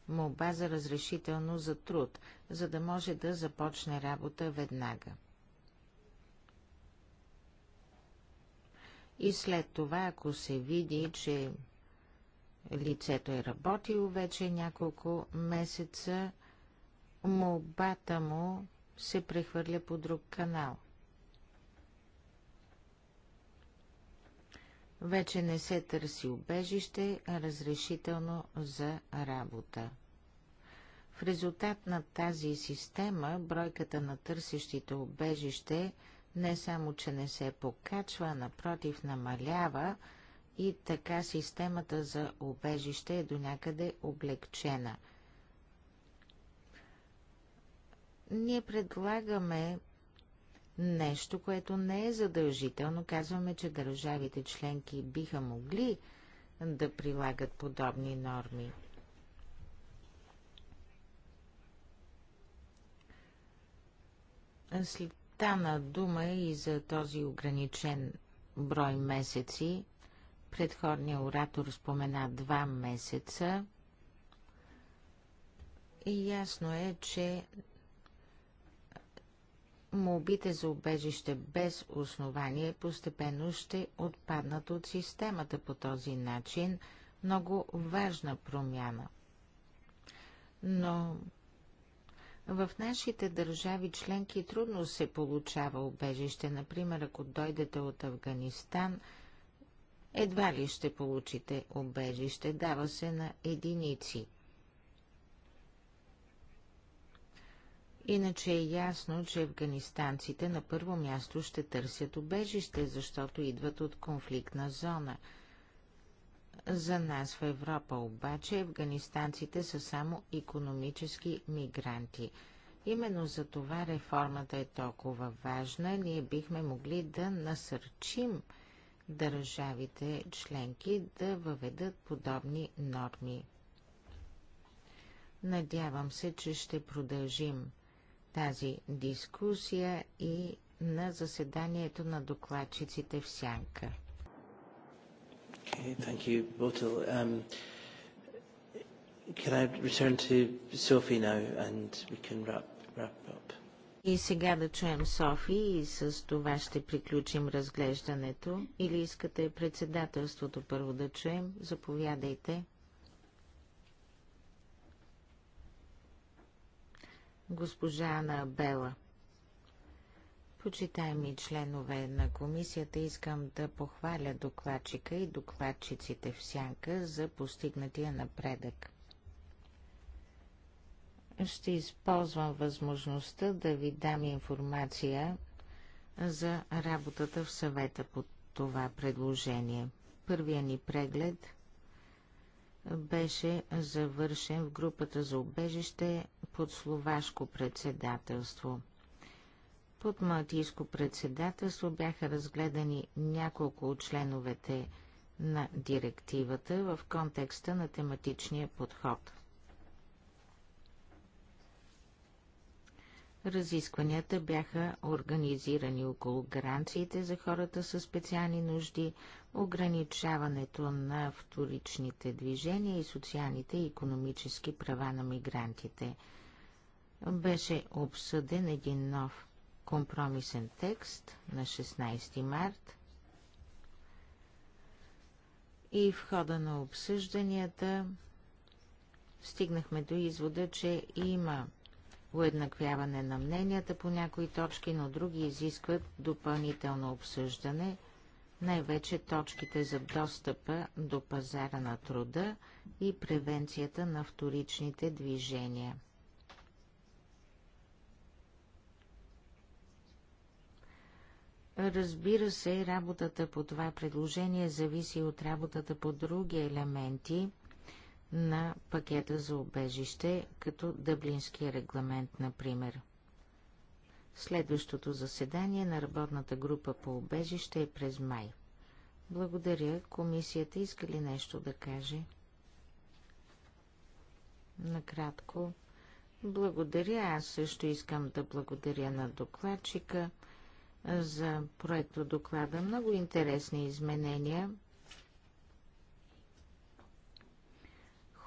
молба за разрешително за труд, за да може да започне работа веднага. И след това, ако се види, че лицето е работило вече няколко месеца, молбата му се прехвърля по друг канал. вече не се търси убежище, а разрешително за работа. В резултат на тази система, бройката на търсещите убежище не само, че не се покачва, а напротив намалява и така системата за убежище е до някъде облегчена. Ние предлагаме нещо, което не е задължително. Казваме, че държавите членки биха могли да прилагат подобни норми. След тана дума и за този ограничен брой месеци. Предходният оратор спомена два месеца. И ясно е, че молбите за убежище без основание постепенно ще отпаднат от системата по този начин. Много важна промяна. Но в нашите държави членки трудно се получава убежище. Например, ако дойдете от Афганистан, едва ли ще получите убежище. Дава се на единици – Иначе е ясно, че афганистанците на първо място ще търсят убежище, защото идват от конфликтна зона. За нас в Европа обаче афганистанците са само економически мигранти. Именно за това реформата е толкова важна. Ние бихме могли да насърчим държавите членки да въведат подобни норми. Надявам се, че ще продължим тази дискусия и на заседанието на докладчиците в Сянка. thank you, Botel. Um, can I return to Sophie now and we can wrap, wrap up? И сега да чуем Софи и с това ще приключим разглеждането. Или искате председателството първо да чуем? Заповядайте. госпожа Ана Бела. Почитаеми членове на комисията, искам да похваля докладчика и докладчиците в сянка за постигнатия напредък. Ще използвам възможността да ви дам информация за работата в съвета по това предложение. Първия ни преглед беше завършен в групата за убежище под словашко председателство. Под малтийско председателство бяха разгледани няколко от членовете на директивата в контекста на тематичния подход – Разискванията бяха организирани около гаранциите за хората с специални нужди, ограничаването на вторичните движения и социалните и економически права на мигрантите. Беше обсъден един нов компромисен текст на 16 март и в хода на обсъжданията стигнахме до извода, че има уеднаквяване на мненията по някои точки, но други изискват допълнително обсъждане, най-вече точките за достъпа до пазара на труда и превенцията на вторичните движения. Разбира се, работата по това предложение зависи от работата по други елементи – на пакета за обежище, като Дъблинския регламент, например. Следващото заседание на работната група по обежище е през май. Благодаря. Комисията иска ли нещо да каже? Накратко. Благодаря. Аз също искам да благодаря на докладчика за проекто доклада. Много интересни изменения.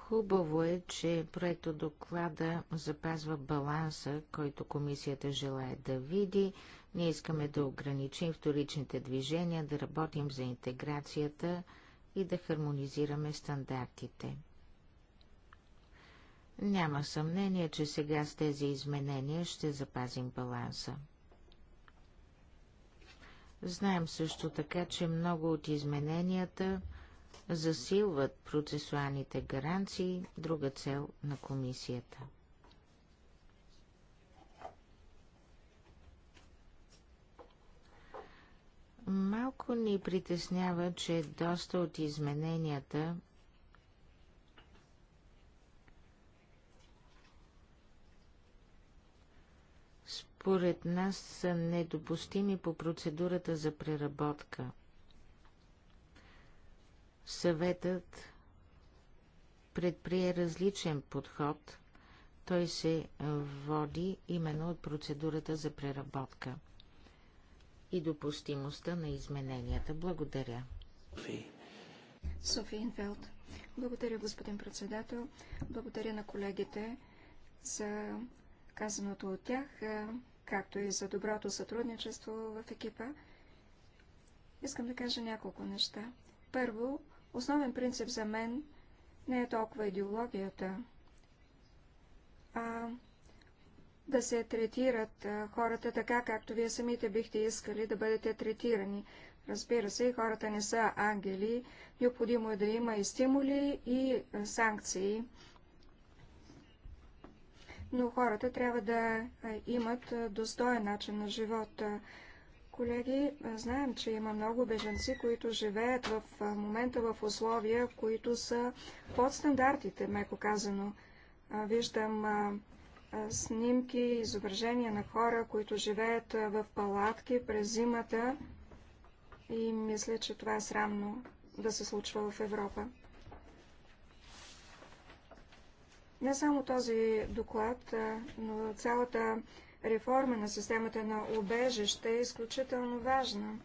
Хубаво е, че проекто доклада запазва баланса, който комисията желая да види. Ние искаме да ограничим вторичните движения, да работим за интеграцията и да хармонизираме стандартите. Няма съмнение, че сега с тези изменения ще запазим баланса. Знаем също така, че много от измененията – засилват процесуалните гаранции, друга цел на комисията. Малко ни притеснява, че доста от измененията според нас са недопустими по процедурата за преработка – Съветът предприе различен подход. Той се води именно от процедурата за преработка и допустимостта на измененията. Благодаря. Софи Инфелд. Благодаря, господин председател. Благодаря на колегите за казаното от тях, както и за доброто сътрудничество в екипа. Искам да кажа няколко неща. Първо, Основен принцип за мен не е толкова идеологията, а да се третират хората така, както вие самите бихте искали да бъдете третирани. Разбира се, хората не са ангели. Необходимо е да има и стимули, и санкции. Но хората трябва да имат достоен начин на живота. Колеги, знаем, че има много беженци, които живеят в момента в условия, които са под стандартите, меко казано. Виждам снимки, изображения на хора, които живеят в палатки през зимата и мисля, че това е срамно да се случва в Европа. Не само този доклад, но цялата реформа на системата на обежище е изключително важна.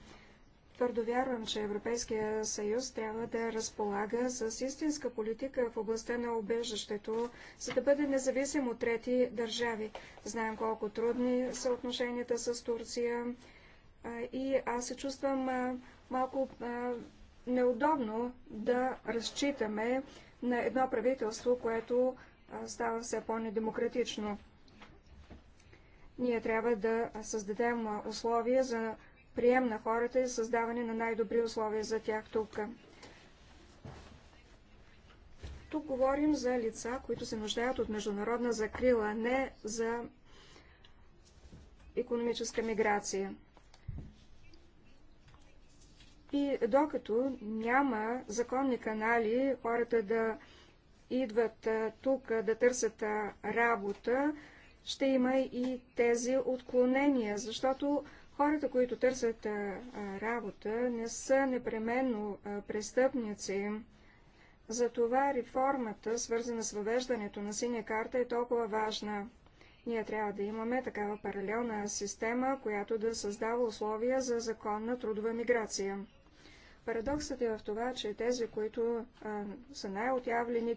Твърдо вярвам, че Европейския съюз трябва да разполага с истинска политика в областта на обежището, за да бъде независим от трети държави. Знаем колко трудни са отношенията с Турция и аз се чувствам малко неудобно да разчитаме на едно правителство, което става все по-недемократично. Ние трябва да създадем условия за прием на хората и създаване на най-добри условия за тях тук. Тук говорим за лица, които се нуждаят от международна закрила, не за економическа миграция. И докато няма законни канали хората да идват тук да търсят работа, ще има и тези отклонения, защото хората, които търсят работа, не са непременно престъпници. Затова реформата, свързана с въвеждането на синя карта, е толкова важна. Ние трябва да имаме такава паралелна система, която да създава условия за законна трудова миграция. Парадоксът е в това, че тези, които а, са най-отявлени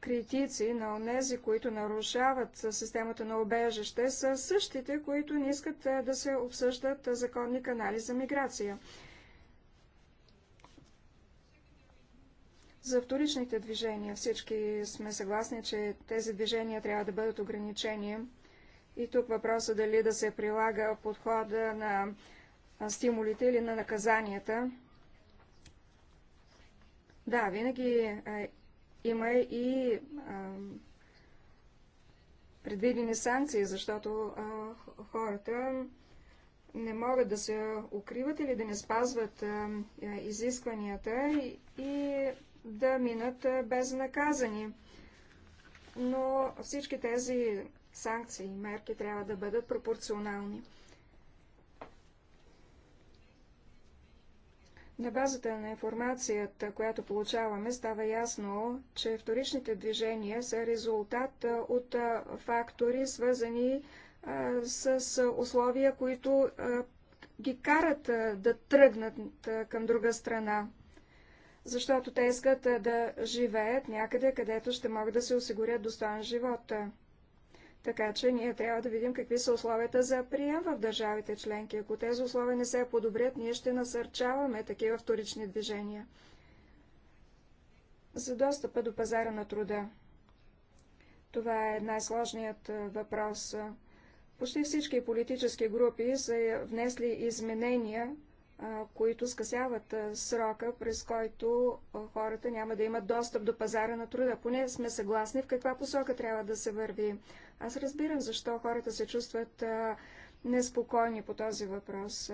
критици на онези, които нарушават системата на обежище, са същите, които не искат е, да се обсъждат законни канали за миграция. За вторичните движения всички сме съгласни, че тези движения трябва да бъдат ограничени. И тук въпросът дали да се прилага подхода на стимулите или на наказанията. Да, винаги е, има и а, предвидени санкции, защото а, хората не могат да се укриват или да не спазват а, изискванията и, и да минат безнаказани. Но всички тези санкции и мерки трябва да бъдат пропорционални. На базата на информацията, която получаваме, става ясно, че вторичните движения са резултат от фактори, свързани с условия, които ги карат да тръгнат към друга страна. Защото те искат да живеят някъде, където ще могат да се осигурят достоен живот. Така че ние трябва да видим какви са условията за прием в държавите членки. Ако тези условия не се подобрят, ние ще насърчаваме такива вторични движения. За достъпа до пазара на труда. Това е най-сложният е, въпрос. Почти всички политически групи са внесли изменения, е, които скъсяват е, срока, през който хората няма да имат достъп до пазара на труда. Поне сме съгласни в каква посока трябва да се върви. Аз разбирам защо хората се чувстват а, неспокойни по този въпрос.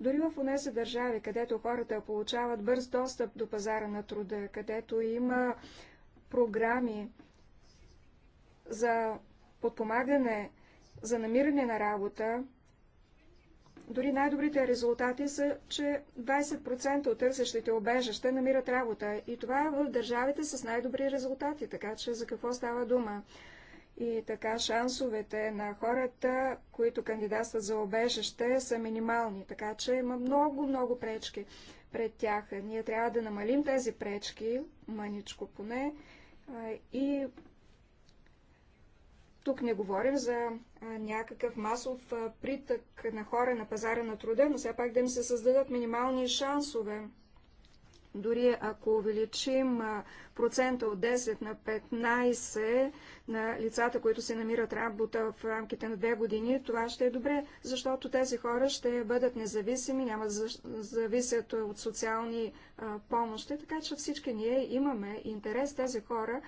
Дори в унези държави, където хората получават бърз достъп до пазара на труда, където има програми за подпомагане, за намиране на работа, дори най-добрите резултати са, че 20% от търсещите обежаща намират работа. И това е в държавите с най-добри резултати, така че за какво става дума? и така шансовете на хората, които кандидатстват за обежище, са минимални. Така че има много, много пречки пред тях. Ние трябва да намалим тези пречки, мъничко поне, и тук не говорим за някакъв масов притък на хора на пазара на труда, но все пак да им се създадат минимални шансове. Дори ако увеличим процента от 10 на 15 на лицата, които се намират работа в рамките на две години, това ще е добре, защото тези хора ще бъдат независими, няма да зависят от социални помощи, така че всички ние имаме интерес тези хора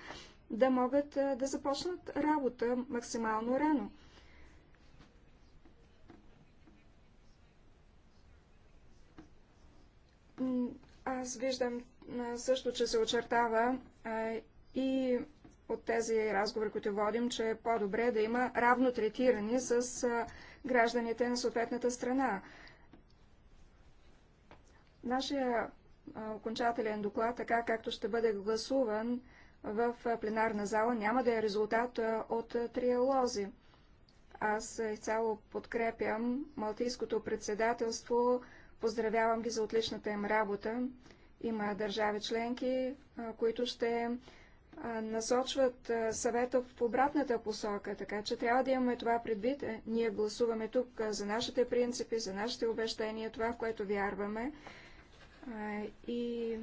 да могат да започнат работа максимално рано. Аз виждам също, че се очертава и от тези разговори, които водим, че е по-добре да има равно третиране с гражданите на съответната страна. Нашия окончателен доклад, така както ще бъде гласуван в пленарна зала, няма да е резултат от триалози. Аз изцяло подкрепям Малтийското председателство Поздравявам ги за отличната им работа. Има държави членки, които ще насочват съвета в обратната посока, така че трябва да имаме това предвид. Е, ние гласуваме тук за нашите принципи, за нашите обещания, това, в което вярваме. И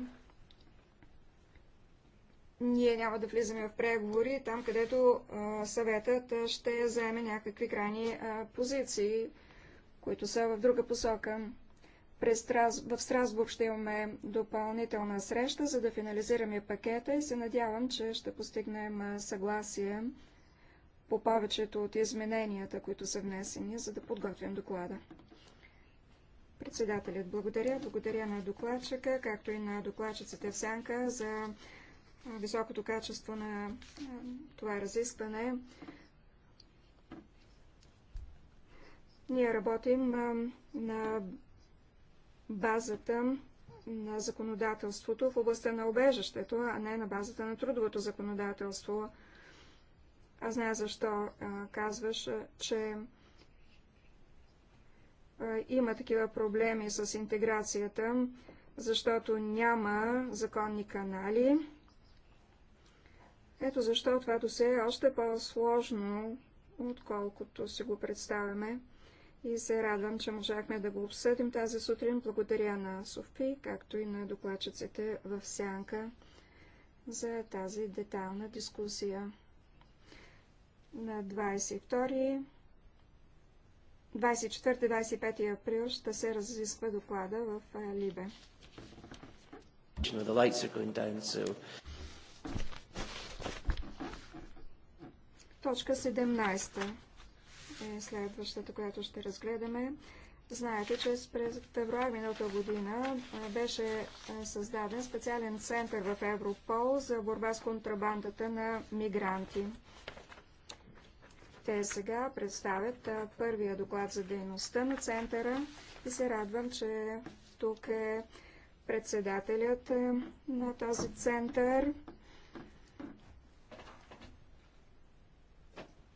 ние няма да влизаме в преговори там, където съветът ще заеме някакви крайни позиции, които са в друга посока в Страсбург ще имаме допълнителна среща, за да финализираме пакета и се надявам, че ще постигнем съгласие по повечето от измененията, които са внесени, за да подготвим доклада. Председателят благодаря. Благодаря на докладчика, както и на докладчиците в Сянка за високото качество на това разискване. Ние работим на базата на законодателството в областта на обежището, а не на базата на трудовото законодателство. Аз знае защо а, казваш, че а, има такива проблеми с интеграцията, защото няма законни канали. Ето защо това досе е още по-сложно, отколкото си го представяме и се радвам, че можахме да го обсъдим тази сутрин. Благодаря на Софи, както и на докладчиците в Сянка за тази детална дискусия. На 22 24-25 април ще се разисква доклада в Либе. Точка 17. Е следващата, която ще разгледаме. Знаете, че през февруари миналата година беше създаден специален център в Европол за борба с контрабандата на мигранти. Те сега представят първия доклад за дейността на центъра и се радвам, че тук е председателят на този център,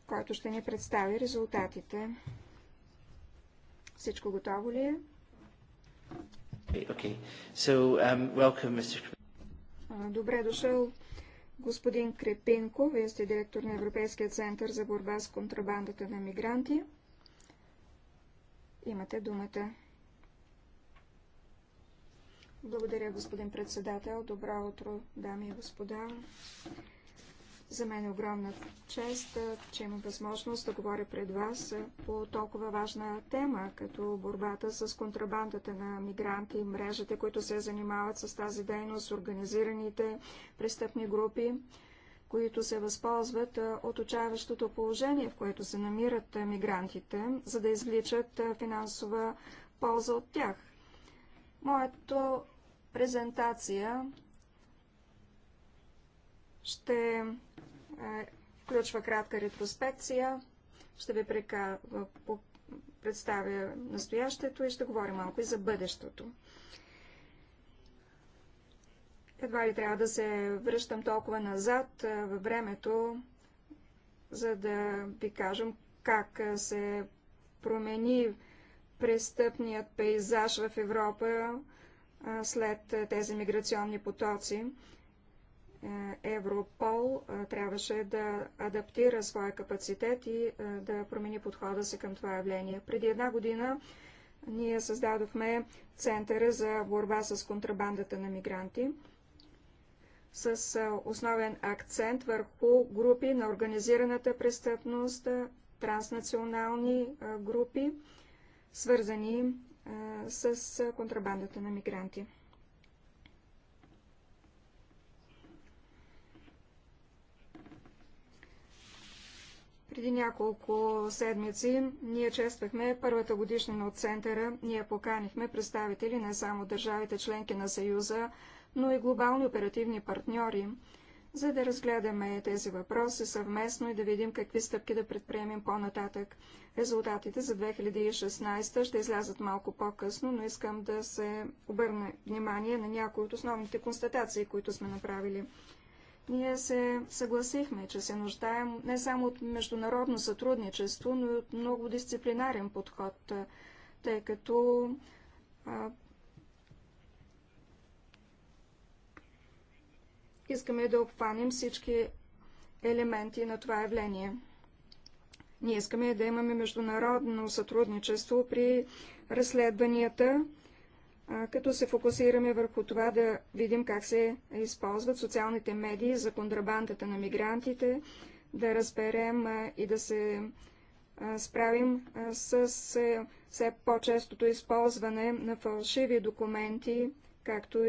който ще ни представи резултатите. Всичко готово ли е? Okay. So, um, welcome, Mr. Добре дошъл, господин Крепинко. Вие сте директор на Европейския център за борба с контрабандата на мигранти. Имате думата. Благодаря, господин председател. Добро утро, дами и господа. За мен е огромна чест, че имам възможност да говоря пред вас по толкова важна тема, като борбата с контрабандата на мигранти, мрежите, които се занимават с тази дейност, организираните престъпни групи, които се възползват от отчаяващото положение, в което се намират мигрантите, за да извличат финансова полза от тях. Моето презентация ще е, включва кратка ретроспекция. Ще ви прека... Е, представя настоящето и ще говорим малко и за бъдещето. Едва ли трябва да се връщам толкова назад е, във времето, за да ви кажем как се промени престъпният пейзаж в Европа след тези миграционни потоци. Е, Европол трябваше да адаптира своя капацитет и да промени подхода си към това явление. Преди една година ние създадохме Центъра за борба с контрабандата на мигранти с основен акцент върху групи на организираната престъпност, транснационални групи, свързани с контрабандата на мигранти. Преди няколко седмици ние чествахме първата годишнина от Центъра. Ние поканихме представители не само държавите членки на Съюза, но и глобални оперативни партньори, за да разгледаме тези въпроси съвместно и да видим какви стъпки да предприемем по-нататък. Резултатите за 2016 ще излязат малко по-късно, но искам да се обърне внимание на някои от основните констатации, които сме направили. Ние се съгласихме, че се нуждаем не само от международно сътрудничество, но и от много дисциплинарен подход, тъй като а, искаме да обхванем всички елементи на това явление. Ние искаме да имаме международно сътрудничество при разследванията, като се фокусираме върху това да видим как се използват социалните медии за контрабандата на мигрантите, да разберем и да се справим с все по-честото използване на фалшиви документи, както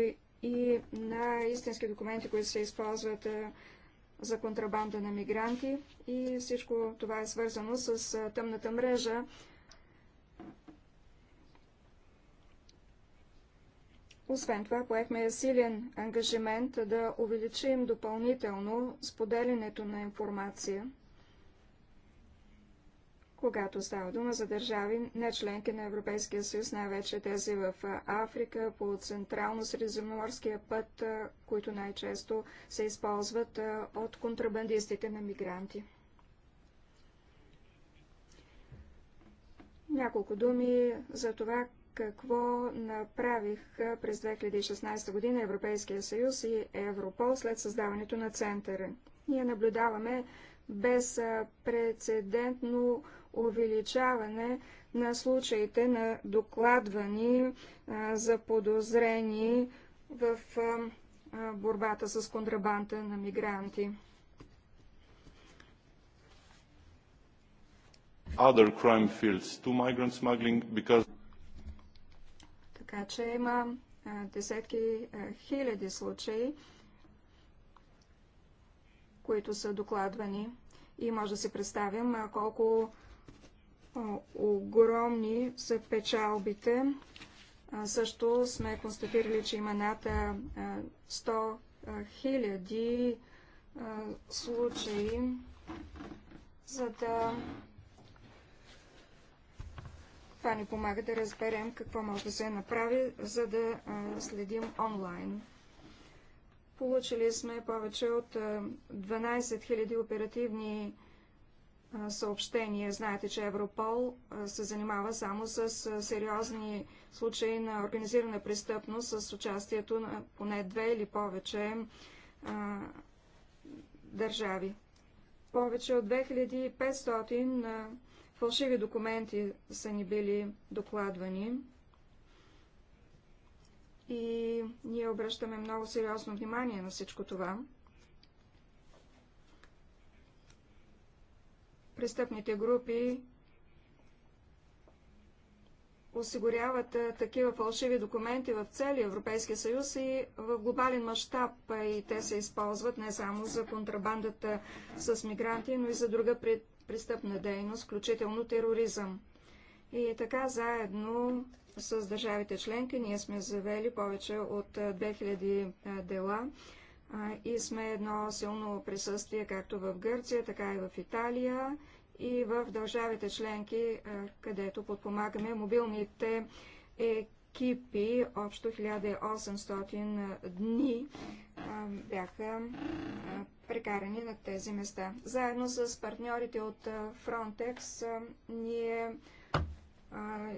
и на истински документи, които се използват за контрабанда на мигранти. И всичко това е свързано с тъмната мрежа Освен това, поехме силен ангажимент да увеличим допълнително споделянето на информация, когато става дума за държави, не членки на Европейския съюз, най-вече тези в Африка, по Централно-Средиземноморския път, които най-често се използват от контрабандистите на мигранти. Няколко думи за това какво направих през 2016 година Европейския съюз и Европол след създаването на центъра. Ние наблюдаваме безпрецедентно увеличаване на случаите на докладвани за подозрени в борбата с контрабанта на мигранти. Other crime fields to migrant smuggling because така че има десетки хиляди случаи, които са докладвани. И може да си представим колко огромни са печалбите. Също сме констатирали, че има над 100 хиляди случаи, за да това ни помага да разберем какво може да се направи, за да следим онлайн. Получили сме повече от 12 000 оперативни съобщения. Знаете, че Европол се занимава само с сериозни случаи на организирана престъпност, с участието на поне две или повече а, държави. Повече от 2500 Фалшиви документи са ни били докладвани и ние обръщаме много сериозно внимание на всичко това. Престъпните групи осигуряват такива фалшиви документи в целия Европейския съюз и в глобален мащаб и те се използват не само за контрабандата с мигранти, но и за друга престъпна дейност, включително тероризъм. И така заедно с държавите членки ние сме завели повече от 2000 дела и сме едно силно присъствие както в Гърция, така и в Италия и в държавите членки, където подпомагаме мобилните екипи, общо 1800 дни бяха прекарани на тези места. Заедно с партньорите от Frontex ние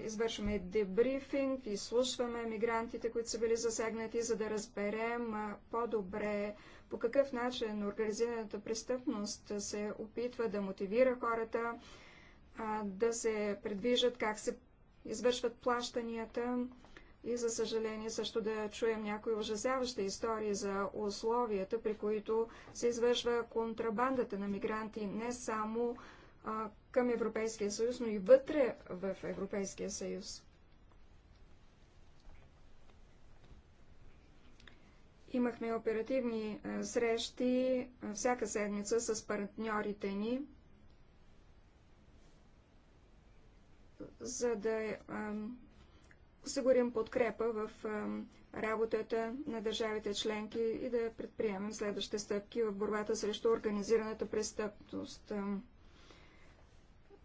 извършваме дебрифинг, изслушваме мигрантите, които са били засегнати, за да разберем по-добре по какъв начин организираната престъпност се опитва да мотивира хората да се предвижат, как се извършват плащанията и за съжаление също да чуем някои ужасяващи истории за условията, при които се извършва контрабандата на мигранти не само а, към Европейския съюз, но и вътре в Европейския съюз. Имахме оперативни а, срещи а, всяка седмица с партньорите ни, за да а, осигурим подкрепа в работата на държавите членки и да предприемем следващите стъпки в борбата срещу организираната престъпност.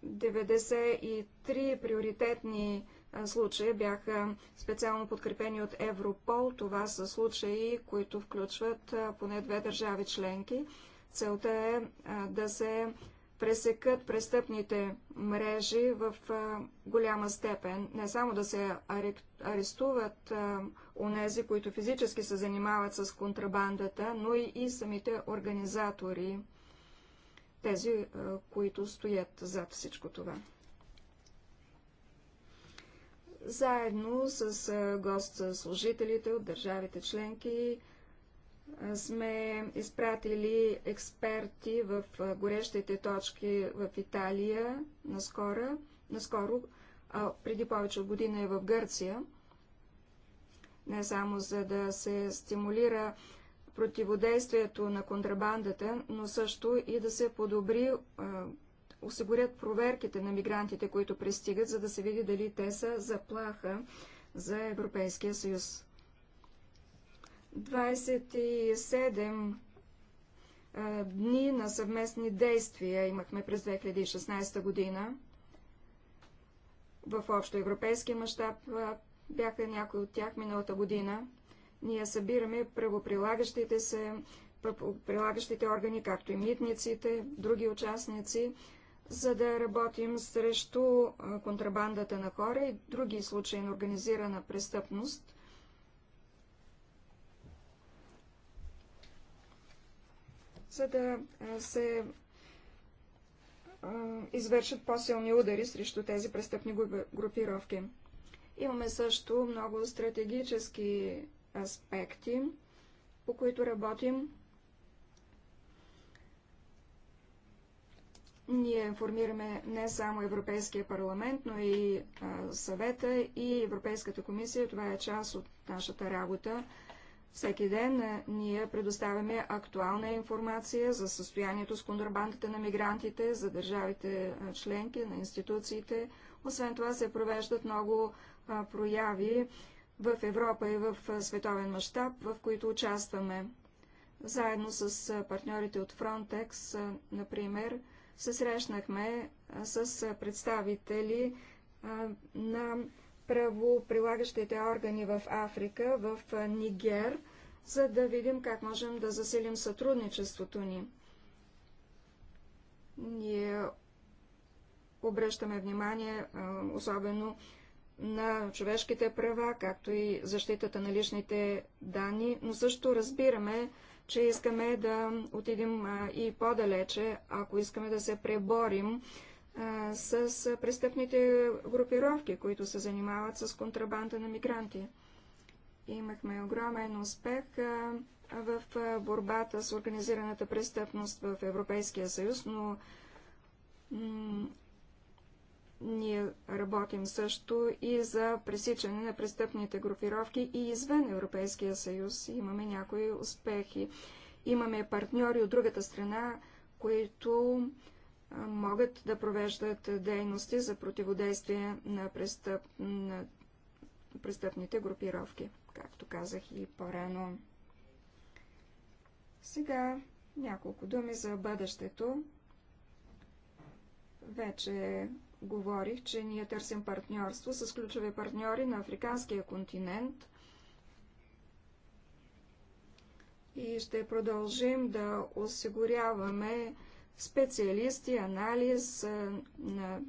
93 приоритетни случаи бяха специално подкрепени от Европол. Това са случаи, които включват поне две държави членки. Целта е да се пресекат престъпните мрежи в голяма степен. Не само да се арестуват онези, които физически се занимават с контрабандата, но и самите организатори, тези, които стоят зад всичко това. Заедно с гост служителите от държавите членки, сме изпратили експерти в горещите точки в Италия наскоро, наскоро а преди повече от година е в Гърция, не само за да се стимулира противодействието на контрабандата, но също и да се подобри, осигурят проверките на мигрантите, които пристигат, за да се види дали те са заплаха за Европейския съюз. 27 дни на съвместни действия имахме през 2016 година. В общо европейски мащаб бяха някои от тях миналата година. Ние събираме правоприлагащите се, правоприлагащите органи, както и митниците, други участници, за да работим срещу контрабандата на хора и други случаи на организирана престъпност – за да се извършат по-силни удари срещу тези престъпни групировки. Имаме също много стратегически аспекти, по които работим. Ние информираме не само Европейския парламент, но и съвета и Европейската комисия. Това е част от нашата работа. Всеки ден ние предоставяме актуална информация за състоянието с контрабандата на мигрантите, за държавите членки, на институциите. Освен това се провеждат много прояви в Европа и в световен мащаб, в които участваме. Заедно с партньорите от Frontex, например, се срещнахме с представители на правоприлагащите органи в Африка, в Нигер, за да видим как можем да засилим сътрудничеството ни. Ние обръщаме внимание особено на човешките права, както и защитата на личните данни, но също разбираме, че искаме да отидем и по-далече, ако искаме да се преборим с престъпните групировки, които се занимават с контрабанда на мигранти. Имахме огромен успех в борбата с организираната престъпност в Европейския съюз, но ние работим също и за пресичане на престъпните групировки и извън Европейския съюз. Имаме някои успехи. Имаме партньори от другата страна, които могат да провеждат дейности за противодействие на, престъп... на престъпните групировки, както казах и по-рано. Сега няколко думи за бъдещето. Вече говорих, че ние търсим партньорство с ключови партньори на африканския континент и ще продължим да осигуряваме специалисти, анализ на,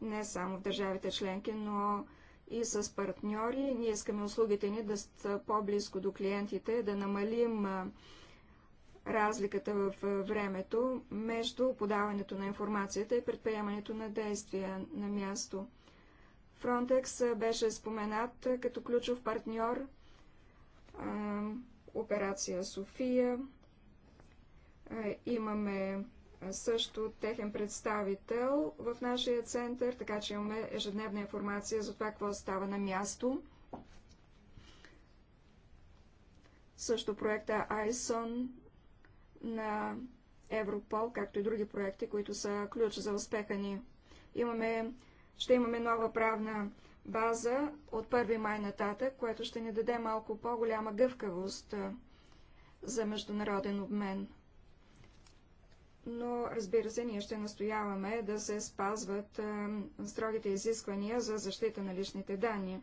не само в държавите членки, но и с партньори. Ние искаме услугите ни да са по-близко до клиентите, да намалим разликата в времето между подаването на информацията и предприемането на действия на място. Frontex беше споменат като ключов партньор. Операция София. Имаме също техен представител в нашия център, така че имаме ежедневна информация за това какво става на място. Също проекта ISON на Европол, както и други проекти, които са ключ за успеха ни. Имаме, ще имаме нова правна база от 1 май нататък, което ще ни даде малко по-голяма гъвкавост за международен обмен но разбира се, ние ще настояваме да се спазват строгите изисквания за защита на личните данни.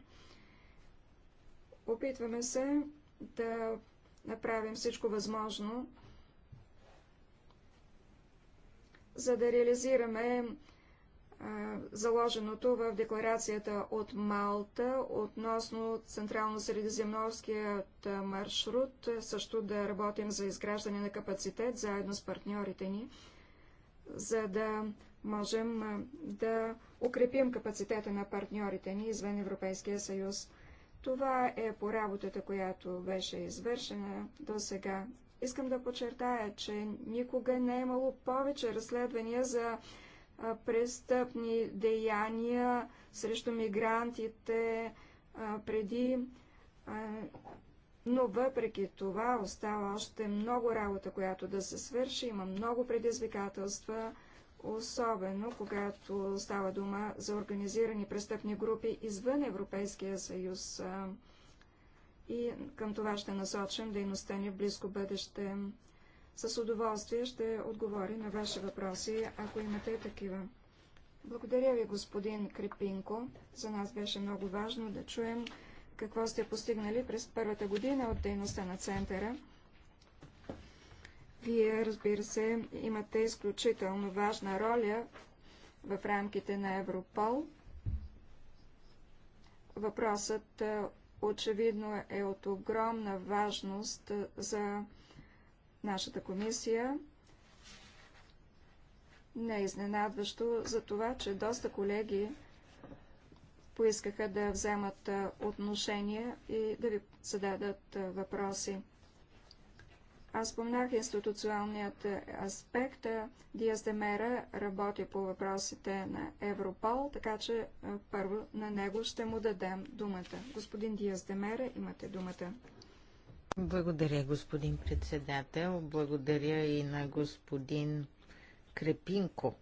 Опитваме се да направим всичко възможно, за да реализираме заложеното в декларацията от Малта относно Централно-Средиземноморският маршрут, също да работим за изграждане на капацитет заедно с партньорите ни, за да можем да укрепим капацитета на партньорите ни извън Европейския съюз. Това е по работата, която беше извършена до сега. Искам да подчертая, че никога не е имало повече разследвания за престъпни деяния срещу мигрантите преди, но въпреки това остава още много работа, която да се свърши. Има много предизвикателства, особено когато става дума за организирани престъпни групи извън Европейския съюз. И към това ще насочим дейността ни в близко бъдеще с удоволствие ще отговори на ваши въпроси, ако имате такива. Благодаря ви, господин Крепинко. За нас беше много важно да чуем какво сте постигнали през първата година от дейността на центъра. Вие, разбира се, имате изключително важна роля в рамките на Европол. Въпросът е, очевидно е от огромна важност е, за нашата комисия. Не е изненадващо за това, че доста колеги поискаха да вземат отношения и да ви зададат въпроси. Аз спомнах институционалният аспект. Диас Демера работи по въпросите на Европол, така че първо на него ще му дадем думата. Господин Диас Демера, имате думата. Благодаря, господин председател. Благодаря и на господин Крепинко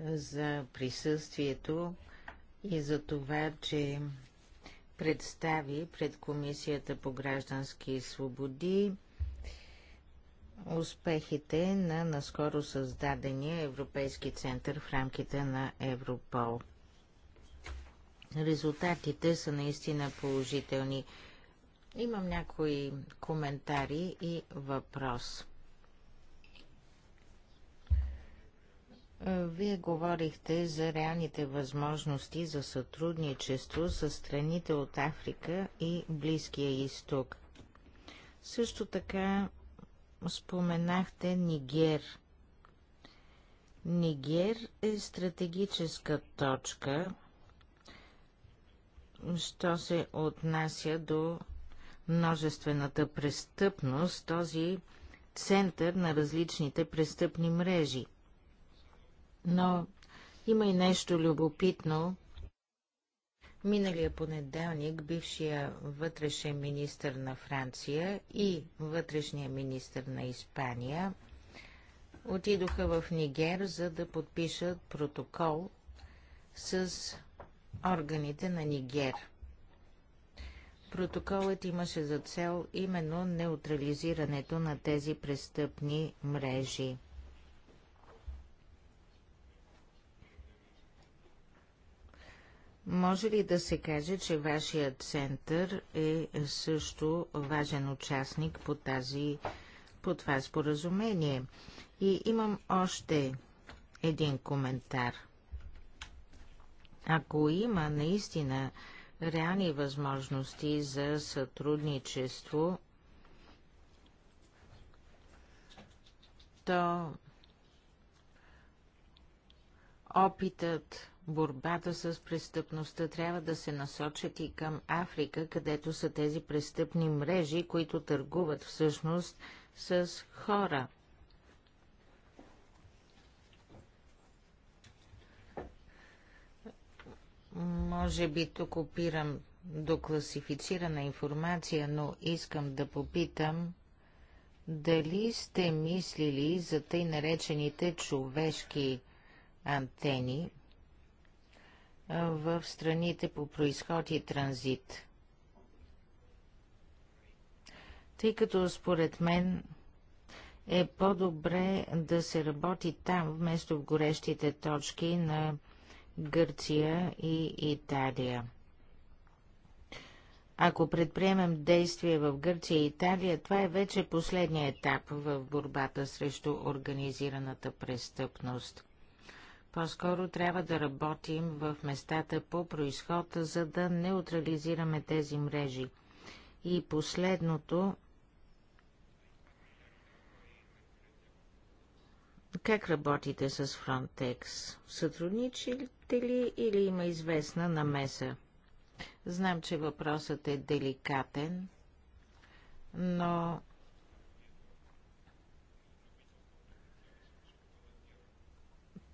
за присъствието и за това, че представи пред Комисията по граждански свободи успехите на наскоро създадения Европейски център в рамките на Европол. Резултатите са наистина положителни. Имам някои коментари и въпрос. Вие говорихте за реалните възможности за сътрудничество с страните от Африка и Близкия изток. Също така споменахте Нигер. Нигер е стратегическа точка, що се отнася до множествената престъпност, този център на различните престъпни мрежи. Но има и нещо любопитно. Миналия понеделник бившия вътрешен министр на Франция и вътрешния министр на Испания отидоха в Нигер, за да подпишат протокол с органите на Нигер – Протоколът имаше за цел именно неутрализирането на тези престъпни мрежи. Може ли да се каже, че вашият център е също важен участник по, тази, по това споразумение? И имам още един коментар. Ако има наистина реални възможности за сътрудничество, то опитът, борбата с престъпността трябва да се насочат и към Африка, където са тези престъпни мрежи, които търгуват всъщност с хора. Може би тук опирам до класифицирана информация, но искам да попитам дали сте мислили за тъй наречените човешки антени в страните по происход и транзит. Тъй като според мен е по-добре да се работи там, вместо в горещите точки на Гърция и Италия. Ако предприемем действия в Гърция и Италия, това е вече последния етап в борбата срещу организираната престъпност. По-скоро трябва да работим в местата по происход, за да неутрализираме тези мрежи. И последното Как работите с Frontex? Сътрудничите ли или има известна намеса? Знам, че въпросът е деликатен, но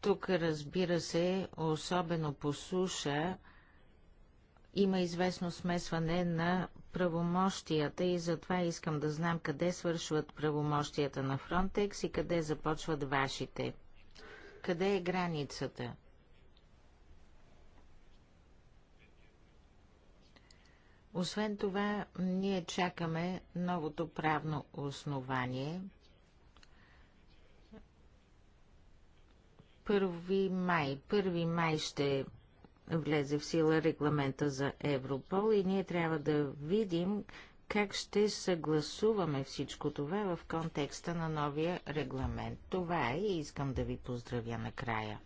тук разбира се, особено по суша, има известно смесване на правомощията и затова искам да знам къде свършват правомощията на Фронтекс и къде започват вашите. Къде е границата? Освен това, ние чакаме новото правно основание. Първи май. 1 май ще влезе в сила регламента за Европол и ние трябва да видим как ще съгласуваме всичко това в контекста на новия регламент. Това е и искам да ви поздравя накрая.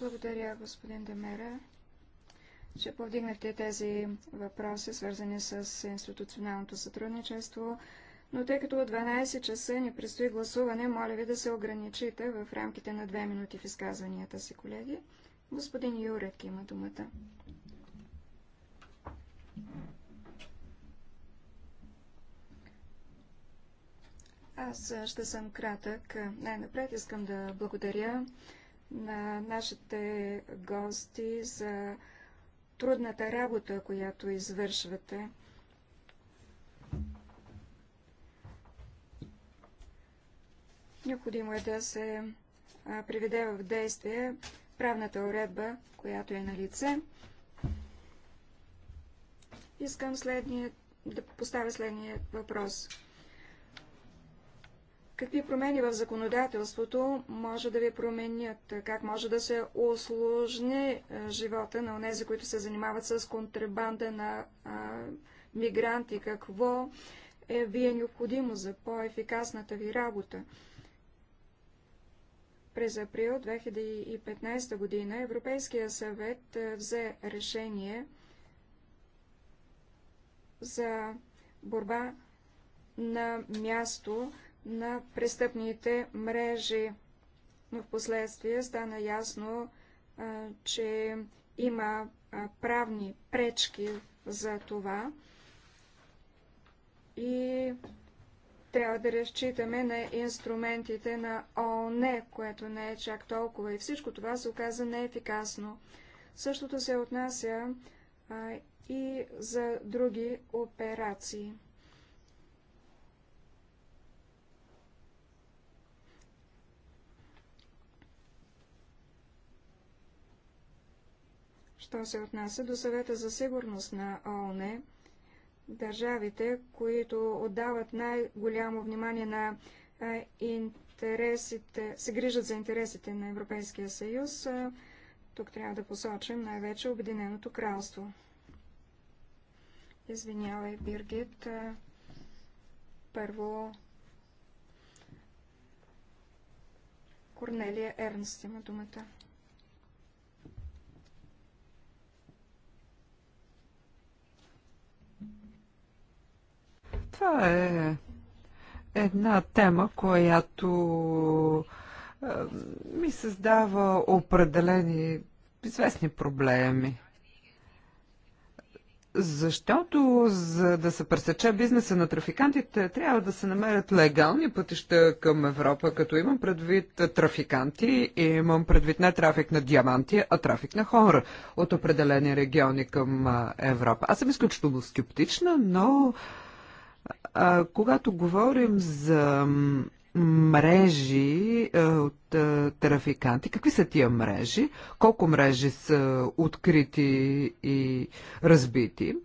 Благодаря, господин Демера, че повдигнахте тези въпроси, свързани с институционалното сътрудничество, но тъй като от 12 часа ни предстои гласуване, моля ви да се ограничите в рамките на 2 минути в изказванията си, колеги. Господин Юрек има думата. Аз ще съм кратък. Най-напред искам да благодаря на нашите гости за трудната работа, която извършвате. Необходимо е да се приведе в действие правната уредба, която е на лице. Искам следния, да поставя следния въпрос. Какви промени в законодателството може да ви променят? Как може да се осложни живота на онези, които се занимават с контрабанда на а, мигранти? Какво е вие необходимо за по-ефикасната ви работа? През април 2015 година Европейския съвет е, взе решение за борба на място на престъпните мрежи. Но в последствие стана ясно, е, че има е, правни пречки за това и трябва да разчитаме на инструментите на ООН, което не е чак толкова и всичко това се оказа неефикасно. Същото се отнася а, и за други операции. Що се отнася до съвета за сигурност на ООН, държавите, които отдават най-голямо внимание на интересите, се грижат за интересите на Европейския съюз. Тук трябва да посочим най-вече Обединеното кралство. Извинявай, Биргит. Първо Корнелия Ернст има думата. Това е една тема, която е, ми създава определени известни проблеми. Защото за да се пресече бизнеса на трафикантите, трябва да се намерят легални пътища към Европа, като имам предвид трафиканти и имам предвид не трафик на диаманти, а трафик на хора от определени региони към Европа. Аз съм изключително скептична, но а, когато говорим за мрежи а, от а, трафиканти, какви са тия мрежи, колко мрежи са открити и разбити,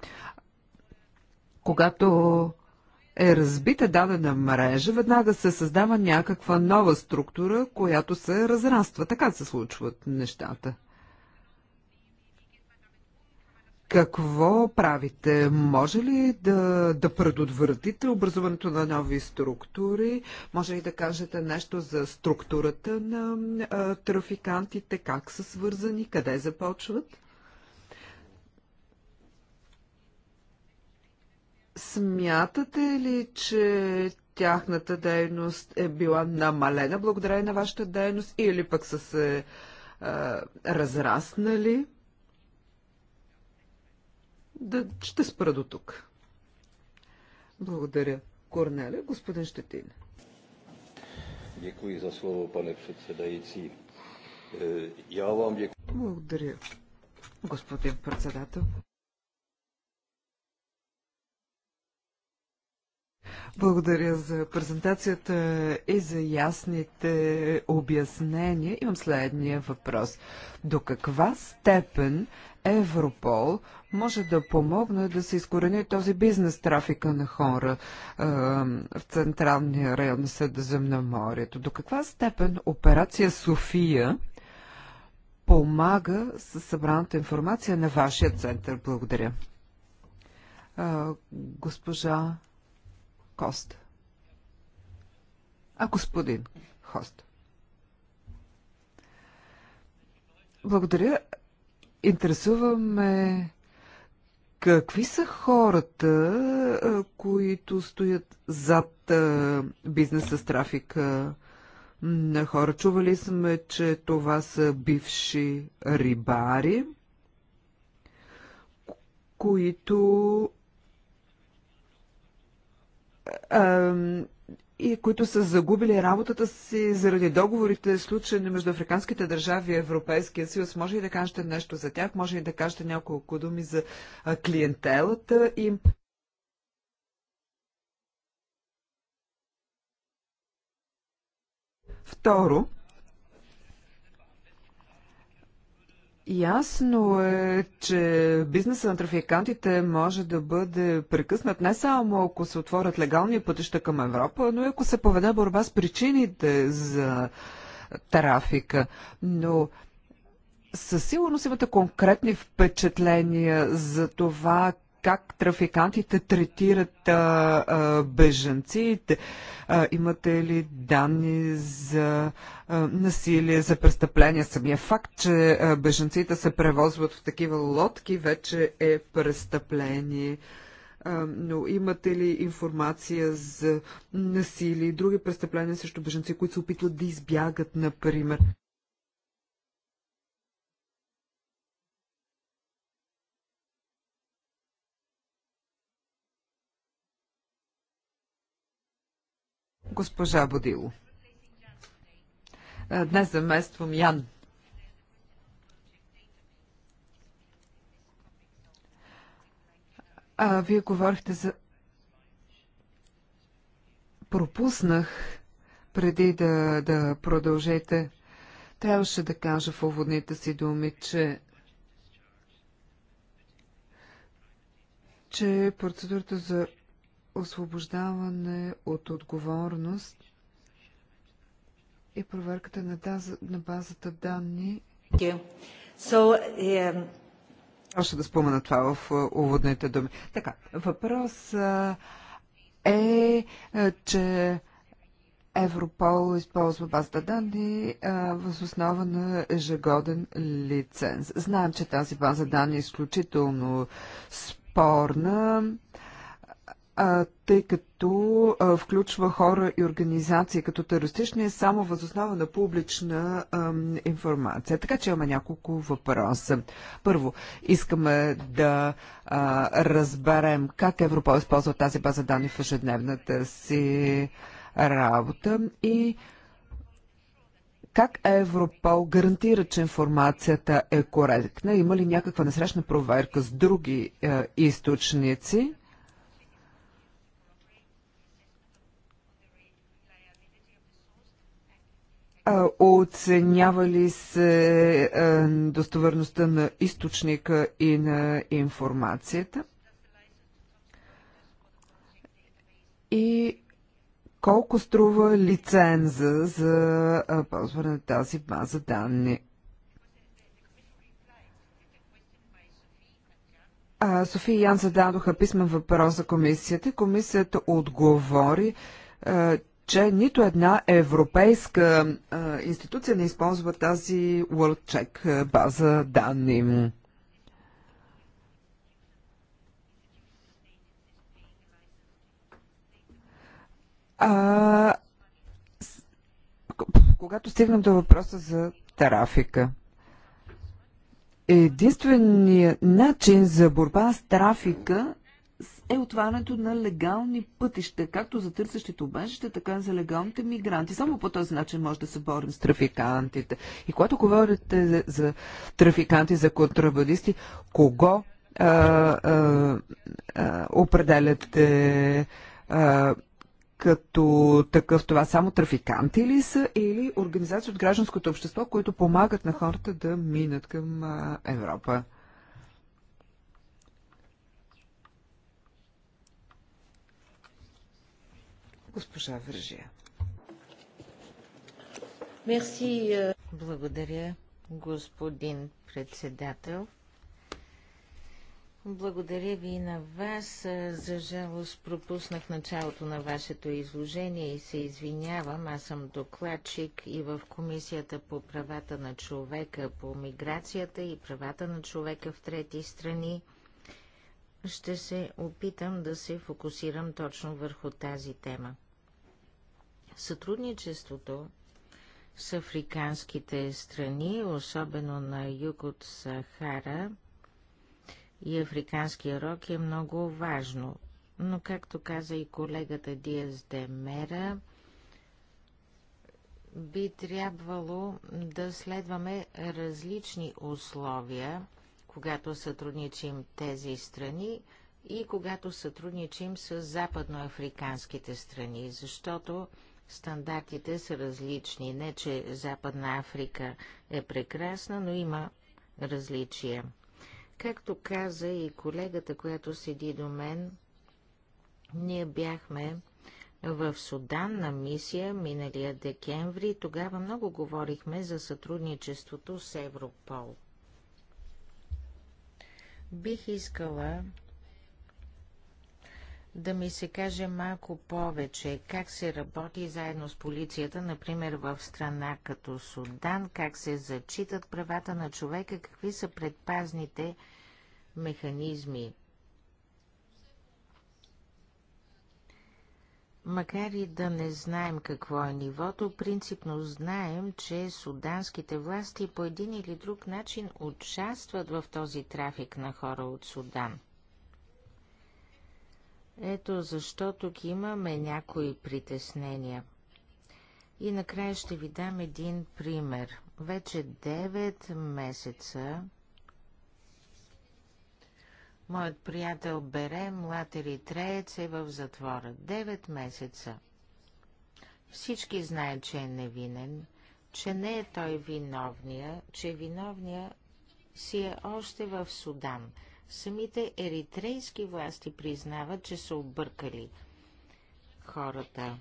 когато е разбита дадена мрежа, веднага се създава някаква нова структура, която се разраства. Така се случват нещата. Какво правите? Може ли да, да предотвратите образуването на нови структури? Може ли да кажете нещо за структурата на а, трафикантите? Как са свързани? Къде започват? Смятате ли, че тяхната дейност е била намалена благодарение на вашата дейност или пък са се а, разраснали? Да, ще спра до тук. Благодаря. Корнеля, господин Щетин. Děkuji за слово, пане předsedající. Я e, вам děkuji. Благодаря, господин председател. Благодаря за презентацията и за ясните обяснения. Имам следния въпрос. До каква степен Европол може да помогне да се изкорени този бизнес трафика на хора е, в централния район на Средиземноморието. До каква степен операция София помага с събраната информация на вашия център? Благодаря. Е, госпожа Кост. А господин Хост. Благодаря. Интересуваме какви са хората, които стоят зад бизнеса с трафика на хора? Чували сме, че това са бивши рибари, които и които са загубили работата си заради договорите, случени между африканските държави и Европейския съюз. Може ли да кажете нещо за тях? Може ли да кажете няколко думи за клиентелата им? Второ, Ясно е, че бизнеса на трафикантите може да бъде прекъснат не само ако се отворят легални пътища към Европа, но и ако се поведе борба с причините за трафика. Но със сигурност имате конкретни впечатления за това как трафикантите третират а, а, бежанците. А, имате ли данни за а, насилие, за престъпления? Самия факт, че а, бежанците се превозват в такива лодки, вече е престъпление. А, но имате ли информация за насилие и други престъпления срещу бежанци, които се опитват да избягат, например? Госпожа Бодило. Днес замествам Ян. А, вие говорихте за... Пропуснах преди да, да продължите. Трябваше да кажа в уводните си думи, че че процедурата за освобождаване от отговорност и проверката на, тази, на базата данни. So, um, Още да спомена това в е, уводните думи. Така, въпрос е, е, че Европол използва базата данни е, въз основа на ежегоден лиценз. Знаем, че тази база данни е изключително спорна. А, а, тъй като а, включва хора и организации като терористични е само възоснова на публична а, информация. Така че имаме няколко въпроса. Първо, искаме да а, разберем как Европол използва тази база данни в ежедневната си работа и как Европол гарантира, че информацията е коректна? Има ли някаква насрещна проверка с други е, източници? Оценява ли се достоверността на източника и на информацията? И колко струва лиценза за ползване на тази база данни? София и Ян зададоха писмен въпрос за комисията. Комисията отговори, че нито една европейска а, институция не използва тази WorldCheck база данни. А, когато стигнем до въпроса за трафика. Единственият начин за борба с трафика е отварянето на легални пътища, както за търсещите обежище, така и за легалните мигранти. Само по този начин може да се борим с трафикантите. И когато говорите за, за трафиканти, за контрабандисти, кого а, а, а, определяте а, като такъв това само трафиканти ли са или организации от гражданското общество, които помагат на хората да минат към а, Европа? Госпожа Вържия. Мерси. Е. Благодаря, господин председател. Благодаря ви и на вас. За жалост пропуснах началото на вашето изложение и се извинявам. Аз съм докладчик и в Комисията по правата на човека, по миграцията и правата на човека в трети страни. Ще се опитам да се фокусирам точно върху тази тема. Сътрудничеството с африканските страни, особено на юг от Сахара и африканския рок е много важно. Но, както каза и колегата Диас Демера, би трябвало да следваме различни условия, когато сътрудничим тези страни и когато сътрудничим с западноафриканските страни, защото Стандартите са различни. Не, че Западна Африка е прекрасна, но има различия. Както каза и колегата, която седи до мен, ние бяхме в Судан на мисия миналия декември. Тогава много говорихме за сътрудничеството с Европол. Бих искала да ми се каже малко повече как се работи заедно с полицията, например в страна като Судан, как се зачитат правата на човека, какви са предпазните механизми. Макар и да не знаем какво е нивото, принципно знаем, че суданските власти по един или друг начин участват в този трафик на хора от Судан – ето защо тук имаме някои притеснения. И накрая ще ви дам един пример. Вече 9 месеца моят приятел Бере, млад еритреец, е в затвора. 9 месеца. Всички знаят, че е невинен, че не е той виновния, че виновния си е още в Судан – Самите еритрейски власти признават, че са объркали хората.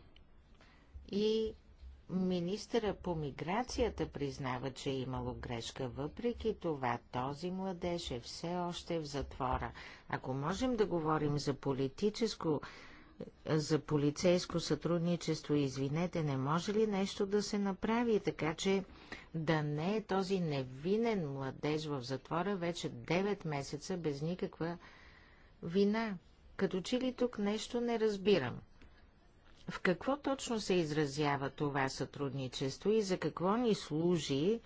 И министъра по миграцията признава, че е имало грешка. Въпреки това, този младеж е все още в затвора. Ако можем да говорим за политическо за полицейско сътрудничество, извинете, не може ли нещо да се направи, така че да не е този невинен младеж в затвора вече 9 месеца без никаква вина. Като че ли тук нещо не разбирам. В какво точно се изразява това сътрудничество и за какво ни служи,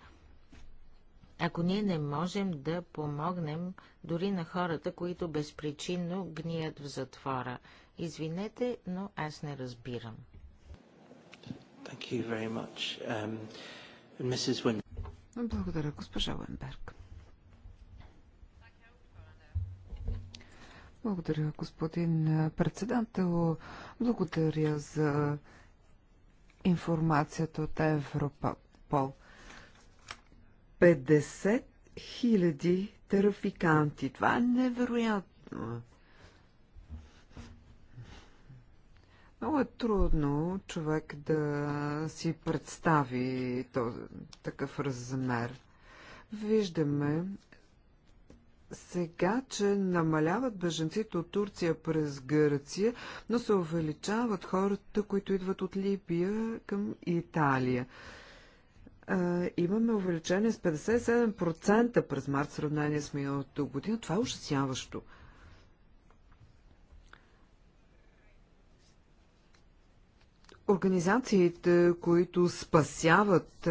ако ние не можем да помогнем дори на хората, които безпричинно гният в затвора? Извинете, но аз не разбирам. Thank you very much. Um... Благодаря, госпожа Уенберг. Благодаря, господин председател. Благодаря за информацията от Европол. 50 хиляди терафиканти. Това е невероятно. Много е трудно човек да си представи този, такъв размер. Виждаме сега, че намаляват беженците от Турция през Гърция, но се увеличават хората, които идват от Либия към Италия. А, имаме увеличение с 57% през март сравнение с миналото година. Това е ужасяващо. Организациите, които спасяват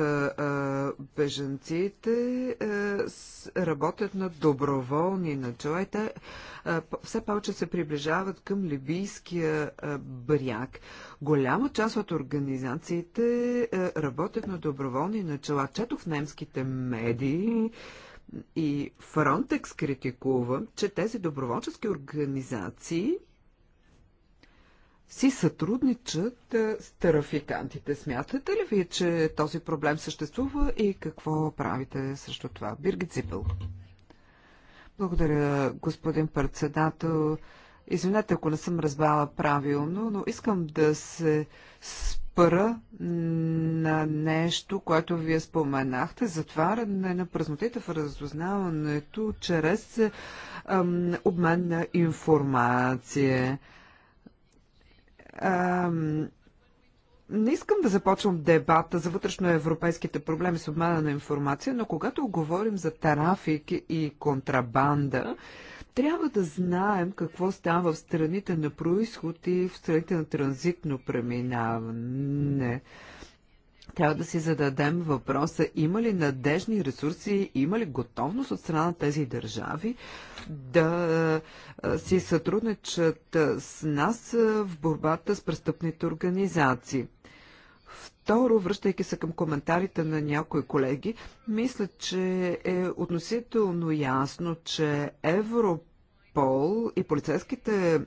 беженците, бежанците, работят на доброволни начала и те все повече се приближават към либийския бряг. Голяма част от организациите работят на доброволни начала. Чето в немските медии и Фронтекс критикува, че тези доброволчески организации си сътрудничат е, с трафикантите. Смятате ли вие, че този проблем съществува и какво правите срещу това? Биргит Ципъл. Благодаря, господин председател. Извинете, ако не съм разбрала правилно, но искам да се спра на нещо, което вие споменахте, затваряне на празнотите в разузнаването чрез ам, обмен на информация не искам да започвам дебата за вътрешноевропейските проблеми с обмана на информация, но когато говорим за трафик и контрабанда, трябва да знаем какво става в страните на происход и в страните на транзитно преминаване. Трябва да си зададем въпроса, има ли надежни ресурси, има ли готовност от страна на тези държави да си сътрудничат с нас в борбата с престъпните организации. Второ, връщайки се към коментарите на някои колеги, мисля, че е относително ясно, че Европа. Интерпол и полицейските е,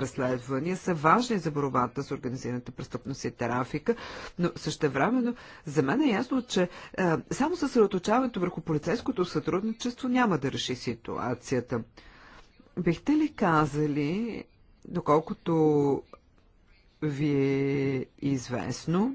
разследвания са важни за борбата с организираната престъпност и трафика, но същевременно за мен е ясно, че е, само съсредоточаването върху полицейското сътрудничество няма да реши ситуацията. Бихте ли казали, доколкото ви е известно,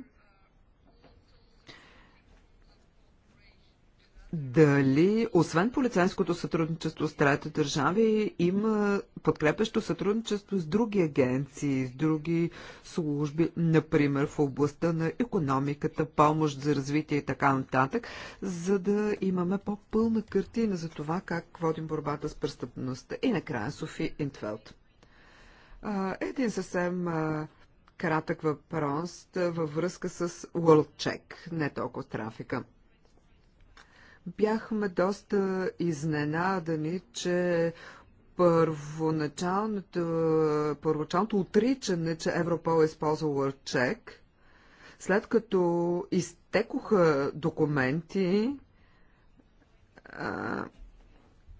дали, освен полицейското сътрудничество с трета държави, има подкрепещо сътрудничество с други агенции, с други служби, например в областта на економиката, помощ за развитие и така нататък, за да имаме по-пълна картина за това как водим борбата с престъпността. И накрая Софи Интфелд. Един съвсем кратък въпрос във връзка с Check, не толкова трафика. Бяхме доста изненадани, че първоначалното, първоначалното отричане, че Европол е използвал чек, след като изтекоха документи, а,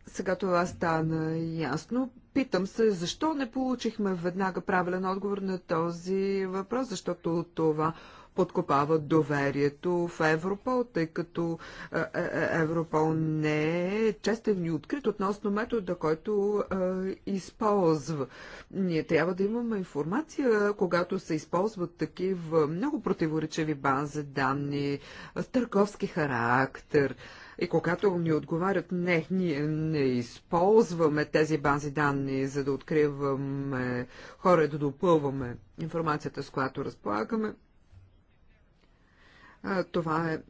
сега това стана ясно. Питам се, защо не получихме веднага правилен отговор на този въпрос, защото това подкопават доверието в Европол, тъй като Европол не е честен и открит относно метода, който използва. Ние трябва да имаме информация, когато се използват такива много противоречиви бази данни с търговски характер. И когато ни отговарят, не, ние не използваме тези бази данни, за да откриваме хора и да допълваме информацията, с която разполагаме, това е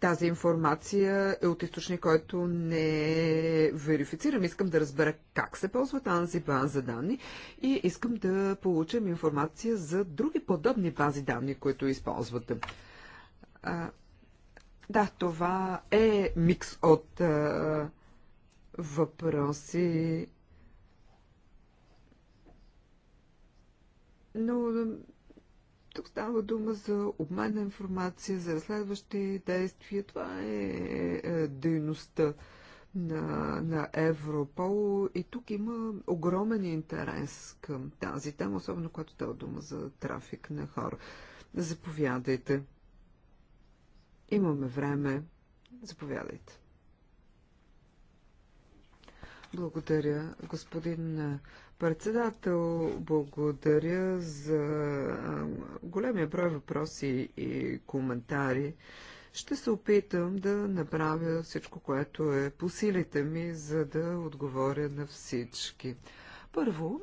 тази информация е от източник, който не е верифицирам. Искам да разбера как се ползва тази база данни и искам да получим информация за други подобни бази данни, които използвате. А, да, това е микс от а, въпроси. Но тук става дума за обмен на информация, за разследващи действия. Това е, е дейността на, на Европол и тук има огромен интерес към тази тема, особено когато става дума за трафик на хора. Заповядайте. Имаме време. Заповядайте. Благодаря, господин Председател, благодаря за големия брой въпроси и коментари. Ще се опитам да направя всичко, което е по силите ми, за да отговоря на всички. Първо,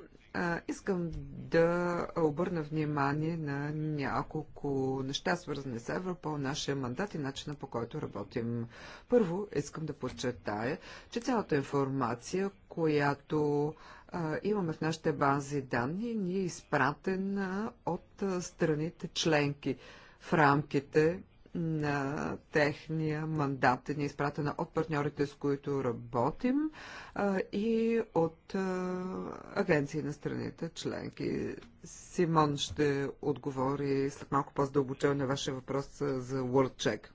искам да обърна внимание на няколко неща, свързани с Европол, нашия мандат и начина по който работим. Първо, искам да подчертая, че цялата информация, която имаме в нашите бази данни, ни е изпратен от страните членки в рамките на техния мандат. Ни е изпратена от партньорите, с които работим и от агенции на страните членки. Симон ще отговори след малко по здълбочено на вашия въпрос за WorldCheck.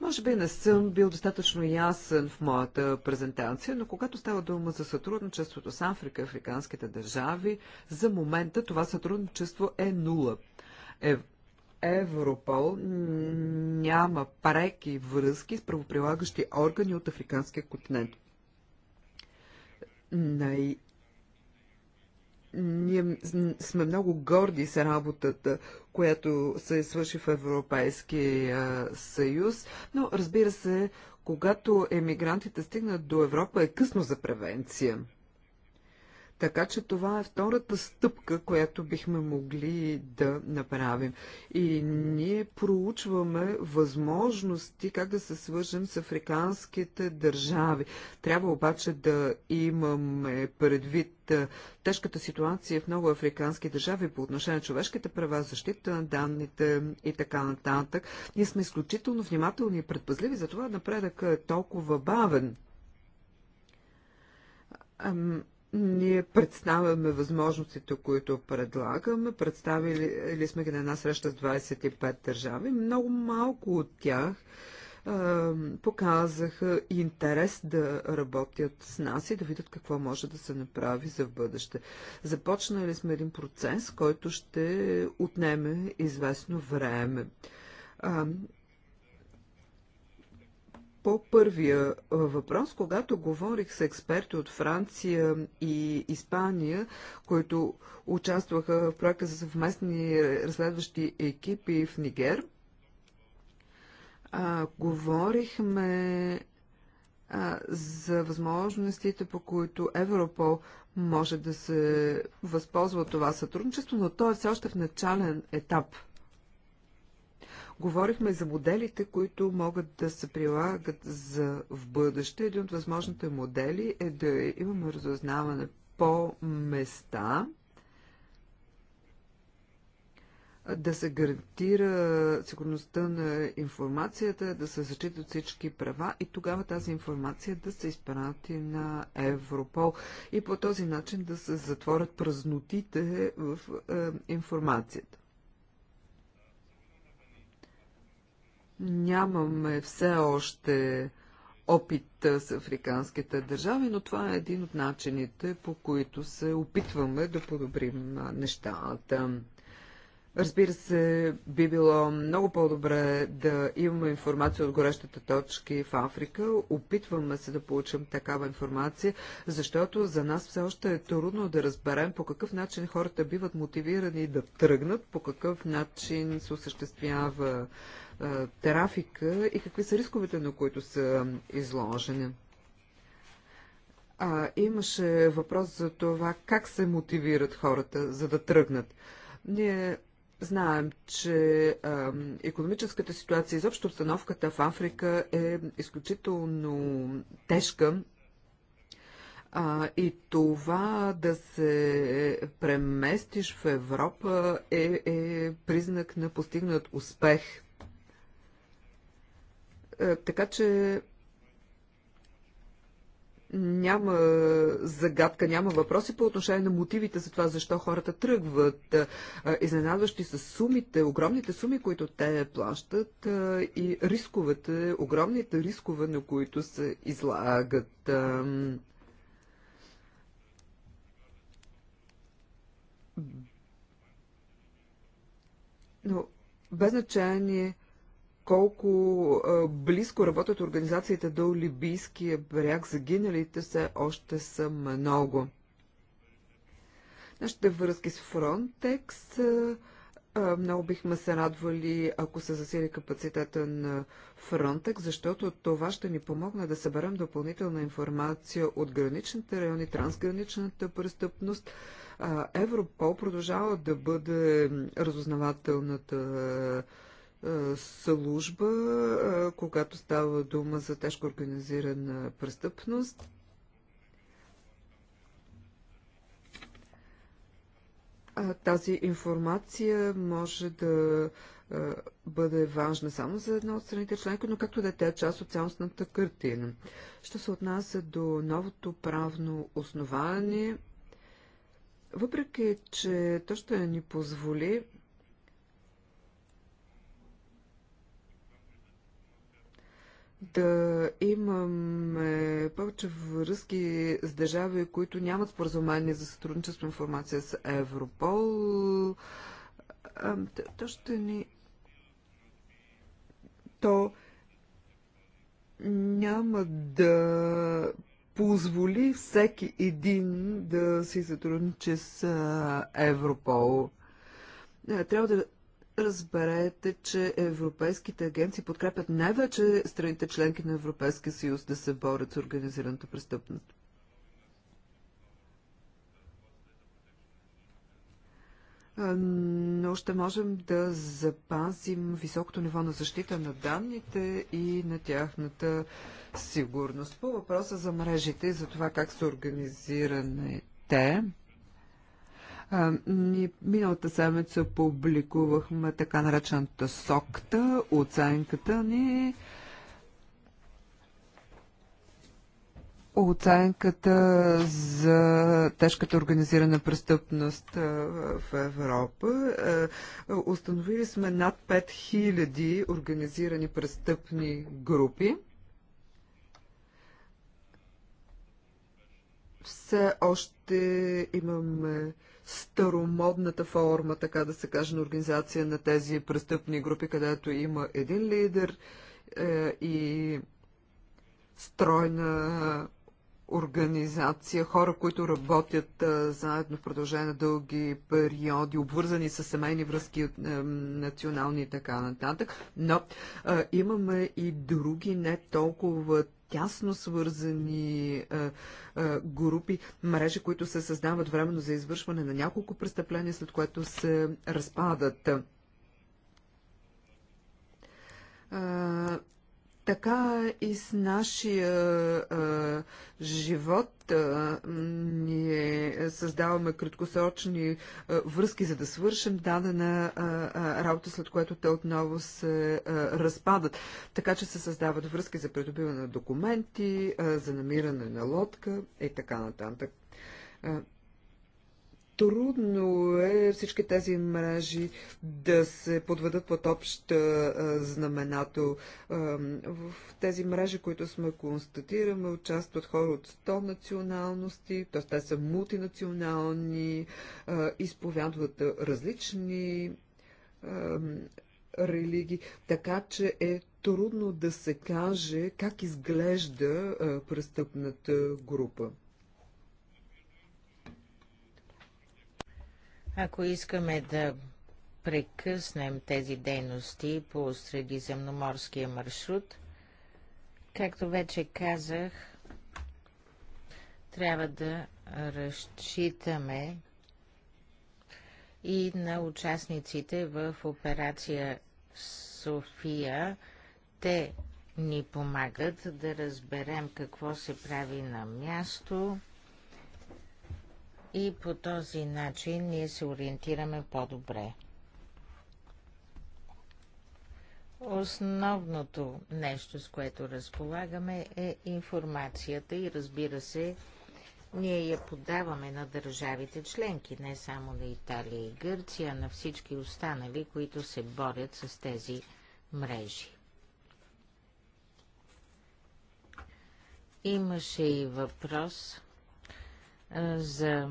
Може би не съм бил достатъчно ясен в моята презентация, но когато става дума за сътрудничеството с Африка и африканските държави, за момента това сътрудничество е нула. Ев... Европол няма преки връзки с правоприлагащи органи от африканския континент ние сме много горди с работата, която се свърши в Европейския съюз, но разбира се, когато емигрантите стигнат до Европа е късно за превенция. Така че това е втората стъпка, която бихме могли да направим. И ние проучваме възможности как да се свържем с африканските държави. Трябва обаче да имаме предвид е, тежката ситуация в много африкански държави по отношение на човешките права, защита на данните и така нататък. Ние сме изключително внимателни и предпазливи, затова напредък е толкова бавен. Ние представяме възможностите, които предлагаме. Представили сме ги на една среща с 25 държави. Много малко от тях показаха интерес да работят с нас и да видят какво може да се направи за в бъдеще. Започнали сме един процес, който ще отнеме известно време. По първия въпрос, когато говорих с експерти от Франция и Испания, които участваха в проекта за съвместни разследващи екипи в Нигер, а, говорихме а, за възможностите, по които Европол може да се възползва от това сътрудничество, но то е все още в начален етап – Говорихме за моделите, които могат да се прилагат за в бъдеще. Един от възможните модели е да имаме разузнаване по места, да се гарантира сигурността на информацията, да се зачитат всички права и тогава тази информация да се изпрати на Европол и по този начин да се затворят празнотите в е, информацията. Нямаме все още опит с африканските държави, но това е един от начините, по които се опитваме да подобрим нещата. Разбира се, би било много по-добре да имаме информация от горещите точки в Африка. Опитваме се да получим такава информация, защото за нас все още е трудно да разберем по какъв начин хората биват мотивирани да тръгнат, по какъв начин се осъществява е, трафика и какви са рисковете, на които са изложени. А, имаше въпрос за това как се мотивират хората, за да тръгнат. Ние Знаем, че а, економическата ситуация, изобщо обстановката в Африка е изключително тежка а, и това да се преместиш в Европа е, е признак на постигнат успех. А, е, така че няма загадка, няма въпроси по отношение на мотивите за това, защо хората тръгват. Изненадващи са сумите, огромните суми, които те плащат и рисковете, огромните рискове, на които се излагат. Но без значение колко а, близко работят организациите до Либийския бряг. Загиналите се още са много. Нашите връзки с Фронтекс. А, много бихме се радвали, ако се засили капацитета на Фронтекс, защото това ще ни помогне да съберем допълнителна информация от граничните райони, трансграничната престъпност. Европол продължава да бъде разузнавателната служба, когато става дума за тежко организирана престъпност. Тази информация може да бъде важна само за една от страните членки, но както да е, е част от цялостната картина. Що се отнася до новото правно основание, въпреки, че то ще ни позволи да имаме повече връзки с държави, които нямат споразумение за сътрудничество информация с Европол. То ще ни... То няма да позволи всеки един да си сътрудничи с Европол. Е, трябва да разберете, че европейските агенции подкрепят най-вече страните членки на Европейския съюз да се борят с организираната престъпност. но ще можем да запазим високото ниво на защита на данните и на тяхната сигурност. По въпроса за мрежите и за това как са организирани те, ние миналата седмица публикувахме така наречената сокта, оценката ни. оценката за тежката организирана престъпност в Европа. Установили сме над 5000 организирани престъпни групи. Все още имаме старомодната форма, така да се каже, на организация на тези престъпни групи, където има един лидер е, и стройна организация, хора, които работят а, заедно в продължение на дълги периоди, обвързани с семейни връзки, а, национални и така нататък. Но а, имаме и други не толкова тясно свързани а, а, групи, мрежи, които се създават временно за извършване на няколко престъпления, след което се разпадат. А, така и с нашия а, живот а, ние създаваме краткосрочни а, връзки, за да свършим дадена а, а, работа, след което те отново се а, разпадат. Така че се създават връзки за придобиване на документи, а, за намиране на лодка и така нататък. Трудно е всички тези мрежи да се подведат под общ знаменател. В тези мрежи, които сме констатираме, участват хора от 100 националности, т.е. те са мултинационални, изповядват различни религии, така че е трудно да се каже как изглежда престъпната група. Ако искаме да прекъснем тези дейности по средиземноморския маршрут, както вече казах, трябва да разчитаме и на участниците в операция София. Те ни помагат да разберем какво се прави на място и по този начин ние се ориентираме по-добре. Основното нещо, с което разполагаме, е информацията и разбира се, ние я подаваме на държавите членки, не само на Италия и Гърция, а на всички останали, които се борят с тези мрежи. Имаше и въпрос за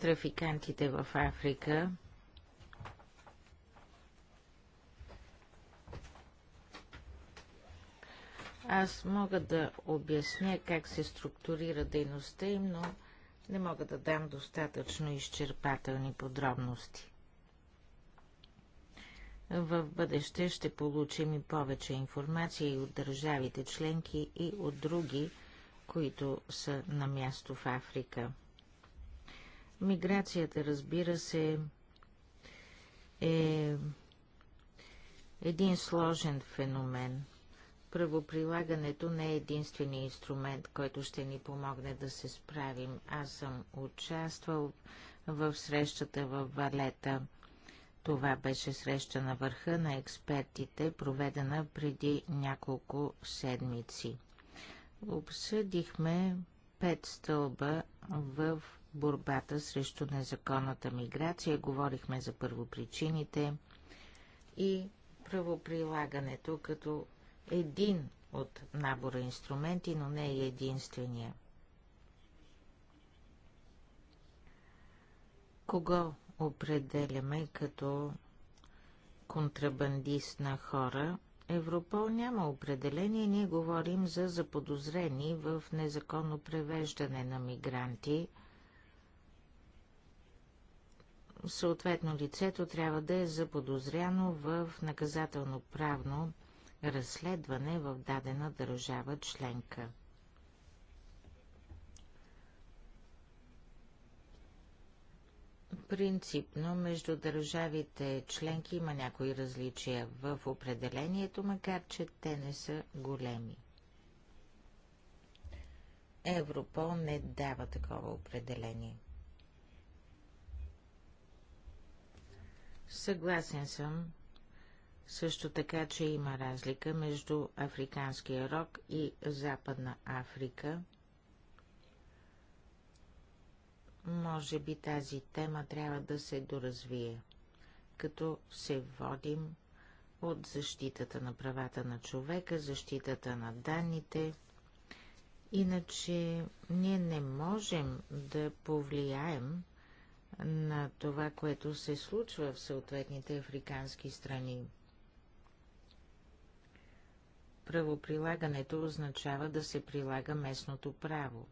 трафикантите в Африка. Аз мога да обясня как се структурира дейността им, но не мога да дам достатъчно изчерпателни подробности. В бъдеще ще получим и повече информация и от държавите членки, и от други, които са на място в Африка. Миграцията, разбира се, е един сложен феномен. Правоприлагането не е единствения инструмент, който ще ни помогне да се справим. Аз съм участвал в срещата в Валета. Това беше среща на върха на експертите, проведена преди няколко седмици. Обсъдихме пет стълба в борбата срещу незаконната миграция. Говорихме за първопричините и правоприлагането като един от набора инструменти, но не единствения. Кого определяме като контрабандист на хора? Европол няма определение, ние говорим за заподозрени в незаконно превеждане на мигранти – съответно лицето трябва да е заподозряно в наказателно-правно разследване в дадена държава членка. Принципно между държавите членки има някои различия в определението, макар че те не са големи. Европол не дава такова определение. Съгласен съм също така, че има разлика между африканския рок и Западна Африка. Може би тази тема трябва да се доразвие, като се водим от защитата на правата на човека, защитата на данните. Иначе ние не можем да повлияем на това, което се случва в съответните африкански страни. Правоприлагането означава да се прилага местното право.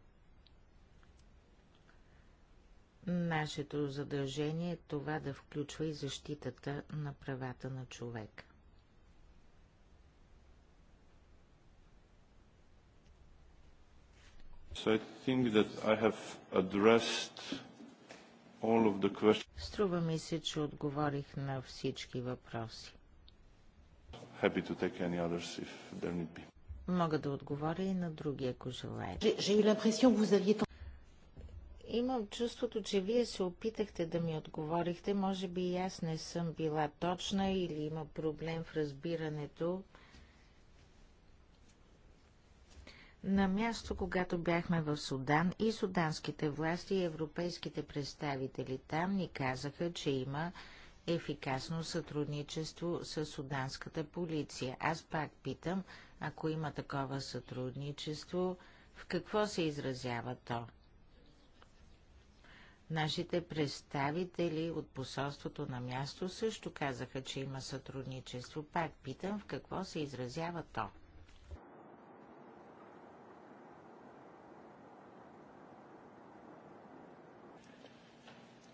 Нашето задължение е това да включва и защитата на правата на човека. So I think that I have addressed Струва ми се, че отговорих на всички въпроси. Мога да отговоря и на други, ако желаете. Имам чувството, че вие се опитахте да ми отговорихте. Може би и аз не съм била точна или има проблем в разбирането. на място, когато бяхме в Судан и суданските власти и европейските представители там ни казаха, че има ефикасно сътрудничество с суданската полиция. Аз пак питам, ако има такова сътрудничество, в какво се изразява то? Нашите представители от посолството на място също казаха, че има сътрудничество. Пак питам, в какво се изразява то?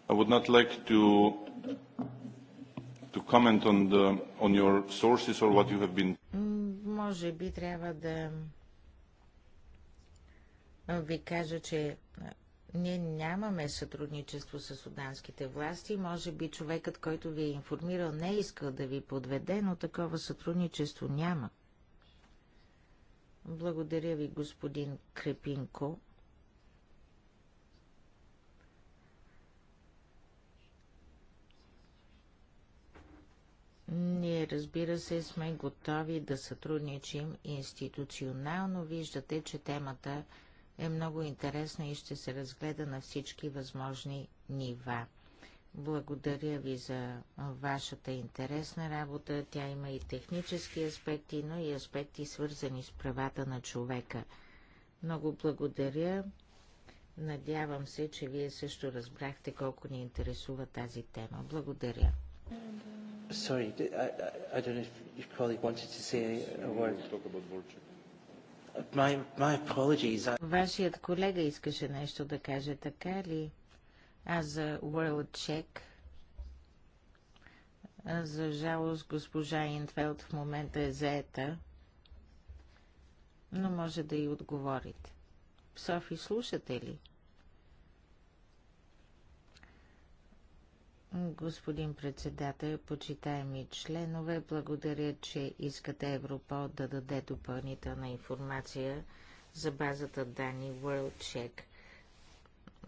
I would not like to to comment on the on your sources or what you have been. Може би трябва да ви кажа, че ние нямаме сътрудничество с суданските власти. Може би човекът, който ви е информирал, не е искал да ви подведе, но такова сътрудничество няма. Благодаря ви, господин Крепинко. Ние, разбира се, сме готови да сътрудничим институционално. Виждате, че темата е много интересна и ще се разгледа на всички възможни нива. Благодаря ви за вашата интересна работа. Тя има и технически аспекти, но и аспекти свързани с правата на човека. Много благодаря. Надявам се, че вие също разбрахте колко ни интересува тази тема. Благодаря. Sorry, I, I I don't know if your colleague wanted to say a word. My, my apologies. Вашият колега искаше нещо да каже, така ли? As a World Check. За жалост, госпожа Инфелд в момента е заета, но може да и отговорите. Софи, слушате ли? Господин председател, почитаеми членове, благодаря, че искате Европол да даде допълнителна информация за базата данни WorldCheck.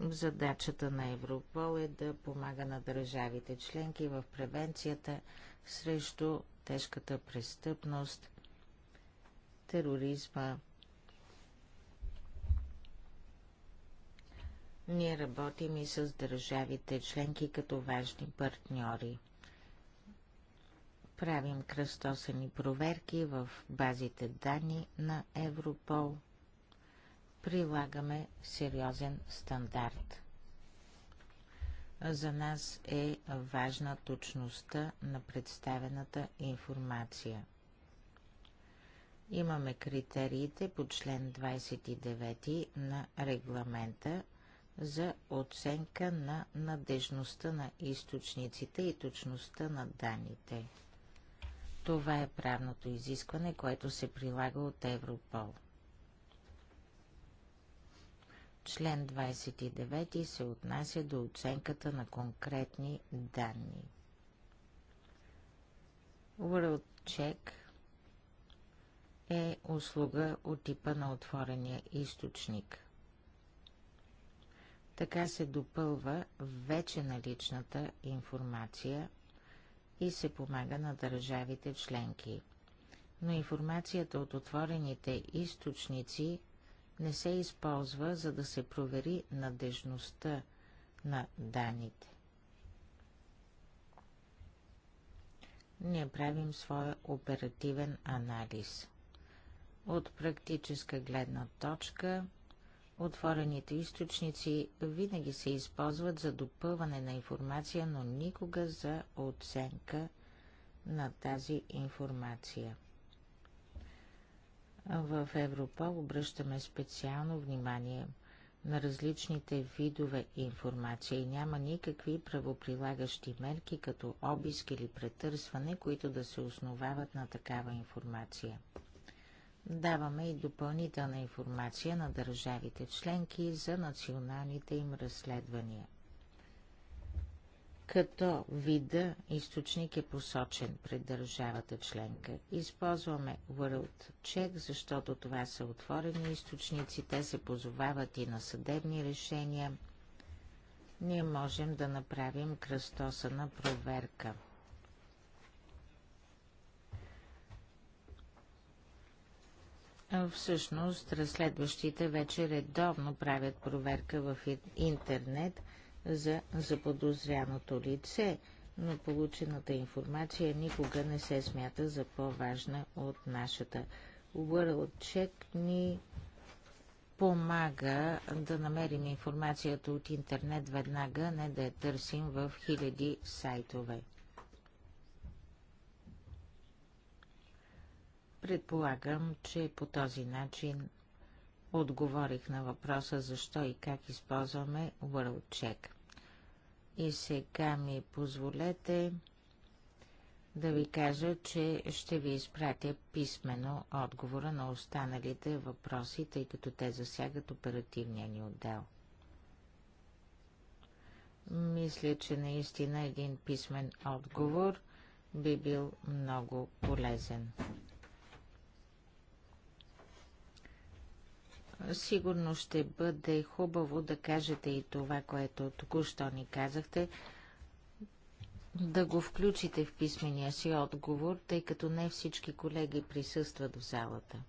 Задачата на Европол е да помага на държавите членки в превенцията срещу тежката престъпност, тероризма Ние работим и с държавите членки като важни партньори. Правим кръстосани проверки в базите данни на Европол. Прилагаме сериозен стандарт. За нас е важна точността на представената информация. Имаме критериите по член 29 на регламента – за оценка на надежността на източниците и точността на данните. Това е правното изискване, което се прилага от Европол. Член 29 се отнася до оценката на конкретни данни. World Check е услуга от типа на отворения източник – така се допълва вече наличната информация и се помага на държавите членки. Но информацията от отворените източници не се използва, за да се провери надежността на данните. Ние правим своя оперативен анализ. От практическа гледна точка – Отворените източници винаги се използват за допълване на информация, но никога за оценка на тази информация. В Европол обръщаме специално внимание на различните видове информация и няма никакви правоприлагащи мерки като обиск или претърсване, които да се основават на такава информация. Даваме и допълнителна информация на държавите членки за националните им разследвания. Като вида източник е посочен пред държавата членка, използваме World Check, защото това са отворени източници, те се позовават и на съдебни решения. Ние можем да направим кръстосана проверка – Всъщност, разследващите вече редовно правят проверка в интернет за заподозряното лице, но получената информация никога не се смята за по-важна от нашата. World Check ни помага да намерим информацията от интернет веднага, не да я търсим в хиляди сайтове. Предполагам, че по този начин отговорих на въпроса защо и как използваме WorldCheck. И сега ми позволете да ви кажа, че ще ви изпратя писменно отговора на останалите въпроси, тъй като те засягат оперативния ни отдел. Мисля, че наистина един писмен отговор би бил много полезен. Сигурно ще бъде хубаво да кажете и това, което току-що ни казахте, да го включите в писмения си отговор, тъй като не всички колеги присъстват в залата.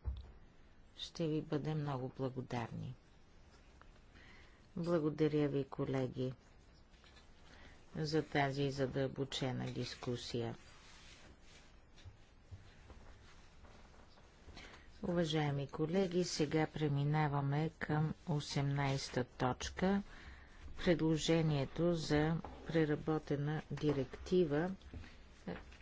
Ще ви бъде много благодарни. Благодаря ви, колеги, за тази задълбочена дискусия. Уважаеми колеги, сега преминаваме към 18-та точка. Предложението за преработена директива,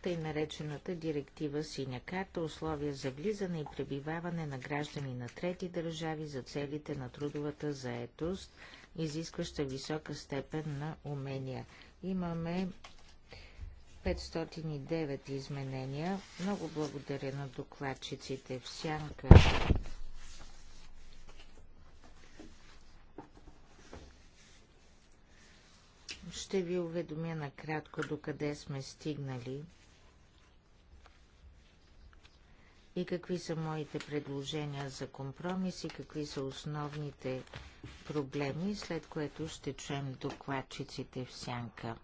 тъй наречената директива Синя карта, условия за влизане и пребиваване на граждани на трети държави за целите на трудовата заетост, изискваща висока степен на умения. Имаме 509 изменения. Много благодаря на докладчиците в Сянка. Ще ви уведомя накратко до къде сме стигнали и какви са моите предложения за компромис и какви са основните проблеми, след което ще чуем докладчиците в сянка.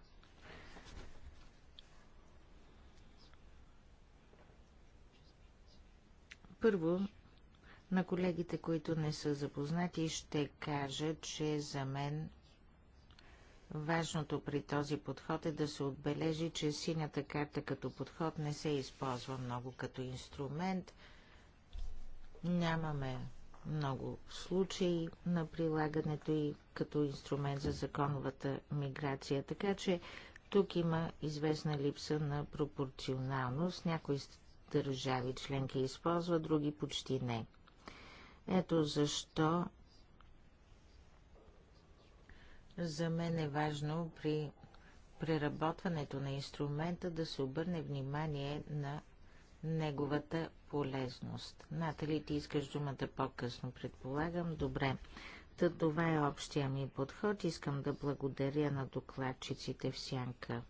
Първо, на колегите, които не са запознати, ще кажа, че за мен важното при този подход е да се отбележи, че синята карта като подход не се използва много като инструмент. Нямаме много случаи на прилагането и като инструмент за законовата миграция. Така че тук има известна липса на пропорционалност. Някои държави членки използва, други почти не. Ето защо за мен е важно при преработването на инструмента да се обърне внимание на неговата полезност. Натали, ти искаш думата по-късно, предполагам. Добре. Та това е общия ми подход. Искам да благодаря на докладчиците в Сянка.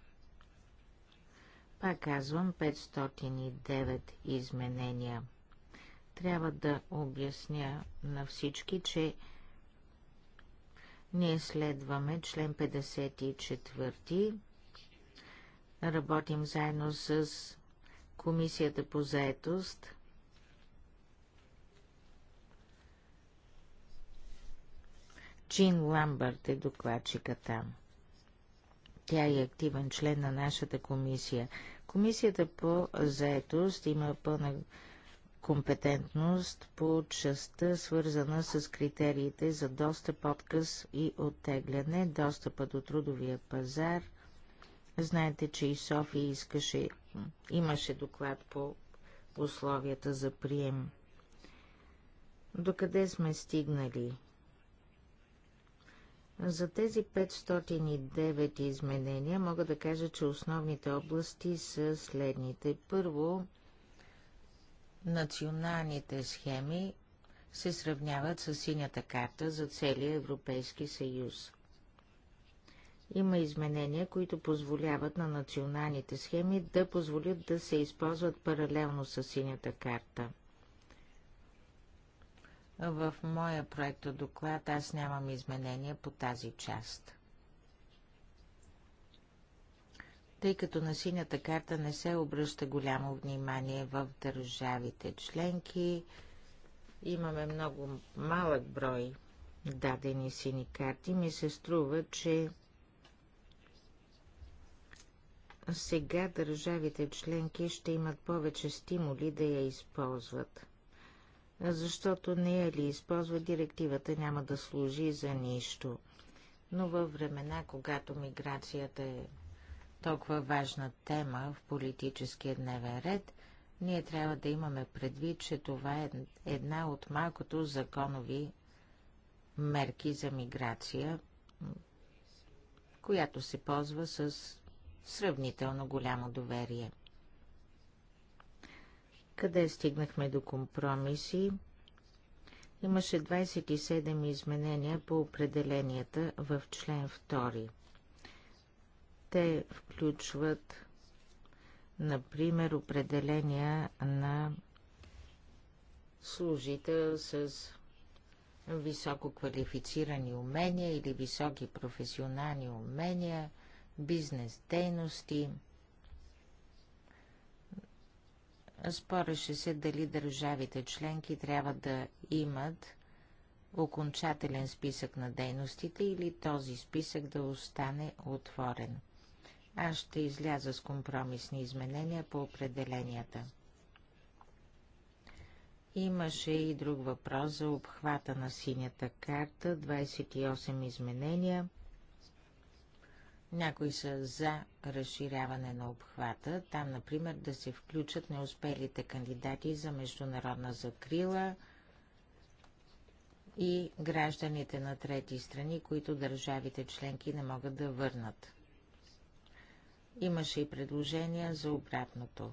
Пак казвам 509 изменения. Трябва да обясня на всички, че ние следваме член 54. Работим заедно с Комисията по заетост. Джин Ламбърт е докладчика там. Тя е активен член на нашата комисия. Комисията по заетост има пълна компетентност по частта, свързана с критериите за достъп, отказ и оттегляне, достъпа до трудовия пазар. Знаете, че и София искаше, имаше доклад по условията за прием. Докъде сме стигнали? За тези 509 изменения мога да кажа, че основните области са следните. Първо, националните схеми се сравняват с синята карта за целия Европейски съюз. Има изменения, които позволяват на националните схеми да позволят да се използват паралелно с синята карта – в моя проекто доклад аз нямам изменения по тази част. Тъй като на синята карта не се обръща голямо внимание в държавите членки, имаме много малък брой дадени сини карти, ми се струва, че сега държавите членки ще имат повече стимули да я използват защото не е ли използва директивата, няма да служи за нищо. Но във времена, когато миграцията е толкова важна тема в политическия дневен ред, ние трябва да имаме предвид, че това е една от малкото законови мерки за миграция, която се ползва с сравнително голямо доверие къде стигнахме до компромиси. Имаше 27 изменения по определенията в член 2. Те включват, например, определения на служител с високо квалифицирани умения или високи професионални умения, бизнес дейности – Спореше се дали държавите членки трябва да имат окончателен списък на дейностите или този списък да остане отворен. Аз ще изляза с компромисни изменения по определенията. Имаше и друг въпрос за обхвата на синята карта, 28 изменения – някои са за разширяване на обхвата, там, например, да се включат неуспелите кандидати за международна закрила и гражданите на трети страни, които държавите членки не могат да върнат. Имаше и предложения за обратното.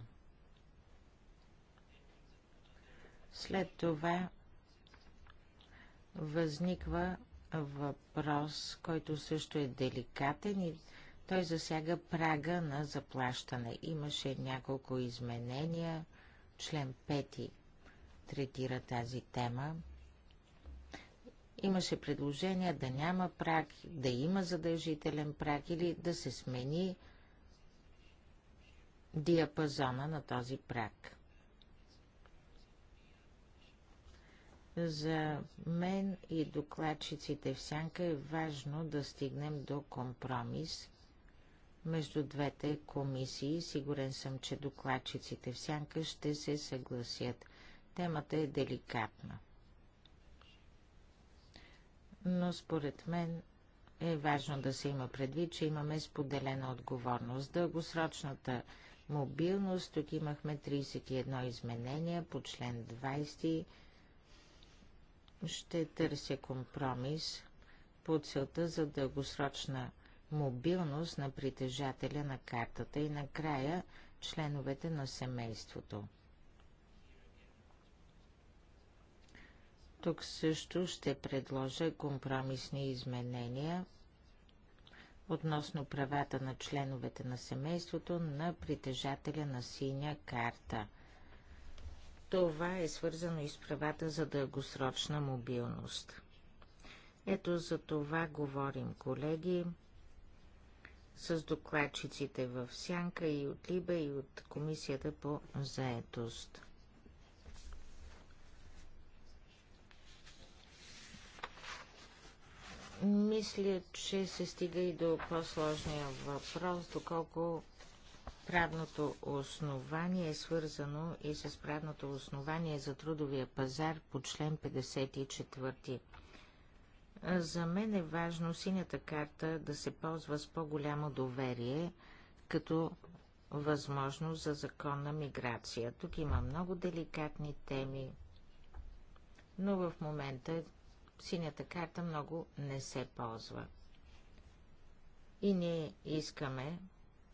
След това възниква въпрос, който също е деликатен и той засяга прага на заплащане. Имаше няколко изменения. Член 5 третира тази тема. Имаше предложение да няма праг, да има задължителен праг или да се смени диапазона на този праг. За мен и докладчиците в Сянка е важно да стигнем до компромис между двете комисии. Сигурен съм, че докладчиците в Сянка ще се съгласят. Темата е деликатна. Но според мен е важно да се има предвид, че имаме споделена отговорност. Дългосрочната мобилност, тук имахме 31 изменения по член 20 ще търся компромис по целта за дългосрочна мобилност на притежателя на картата и накрая членовете на семейството. Тук също ще предложа компромисни изменения относно правата на членовете на семейството на притежателя на синя карта – това е свързано и с правата за дългосрочна мобилност. Ето за това говорим, колеги, с докладчиците в Сянка и от ЛИБА и от Комисията по заетост. Мисля, че се стига и до по-сложния въпрос, доколко правното основание е свързано и с правното основание за трудовия пазар по член 54. За мен е важно синята карта да се ползва с по-голямо доверие, като възможност за законна миграция. Тук има много деликатни теми, но в момента синята карта много не се ползва. И ние искаме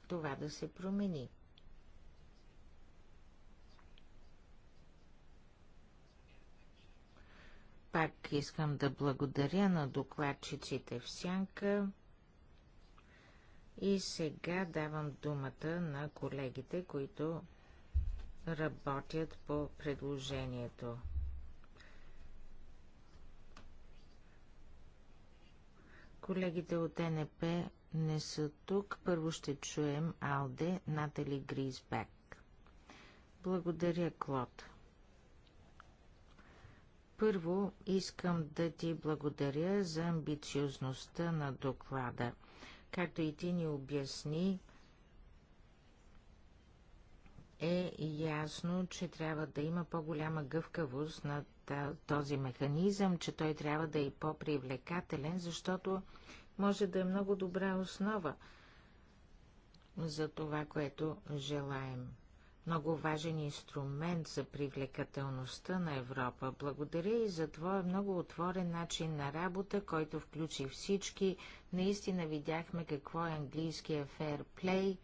това да се промени. Пак искам да благодаря на докладчиците в Сянка. И сега давам думата на колегите, които работят по предложението. Колегите от НП не са тук. Първо ще чуем Алде Натали Гризбек. Благодаря, Клод. Първо искам да ти благодаря за амбициозността на доклада. Както и ти ни обясни, е ясно, че трябва да има по-голяма гъвкавост на този механизъм, че той трябва да е по-привлекателен, защото може да е много добра основа за това, което желаем. Много важен инструмент за привлекателността на Европа. Благодаря и за твоя много отворен начин на работа, който включи всички. Наистина видяхме какво е английския fair play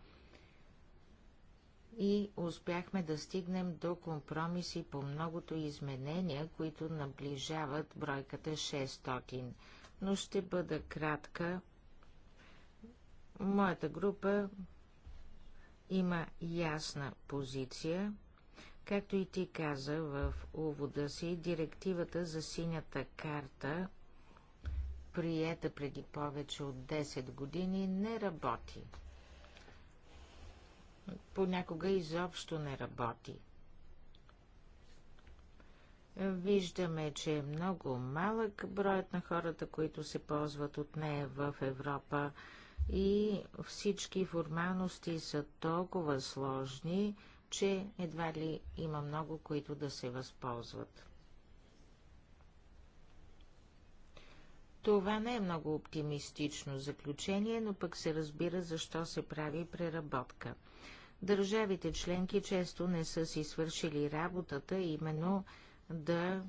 и успяхме да стигнем до компромиси по многото изменения, които наближават бройката 600 но ще бъда кратка. Моята група има ясна позиция. Както и ти каза в увода си, директивата за синята карта, приета преди повече от 10 години, не работи. Понякога изобщо не работи. Виждаме, че е много малък броят на хората, които се ползват от нея в Европа и всички формалности са толкова сложни, че едва ли има много, които да се възползват. Това не е много оптимистично заключение, но пък се разбира защо се прави преработка. Държавите членки често не са си свършили работата, именно да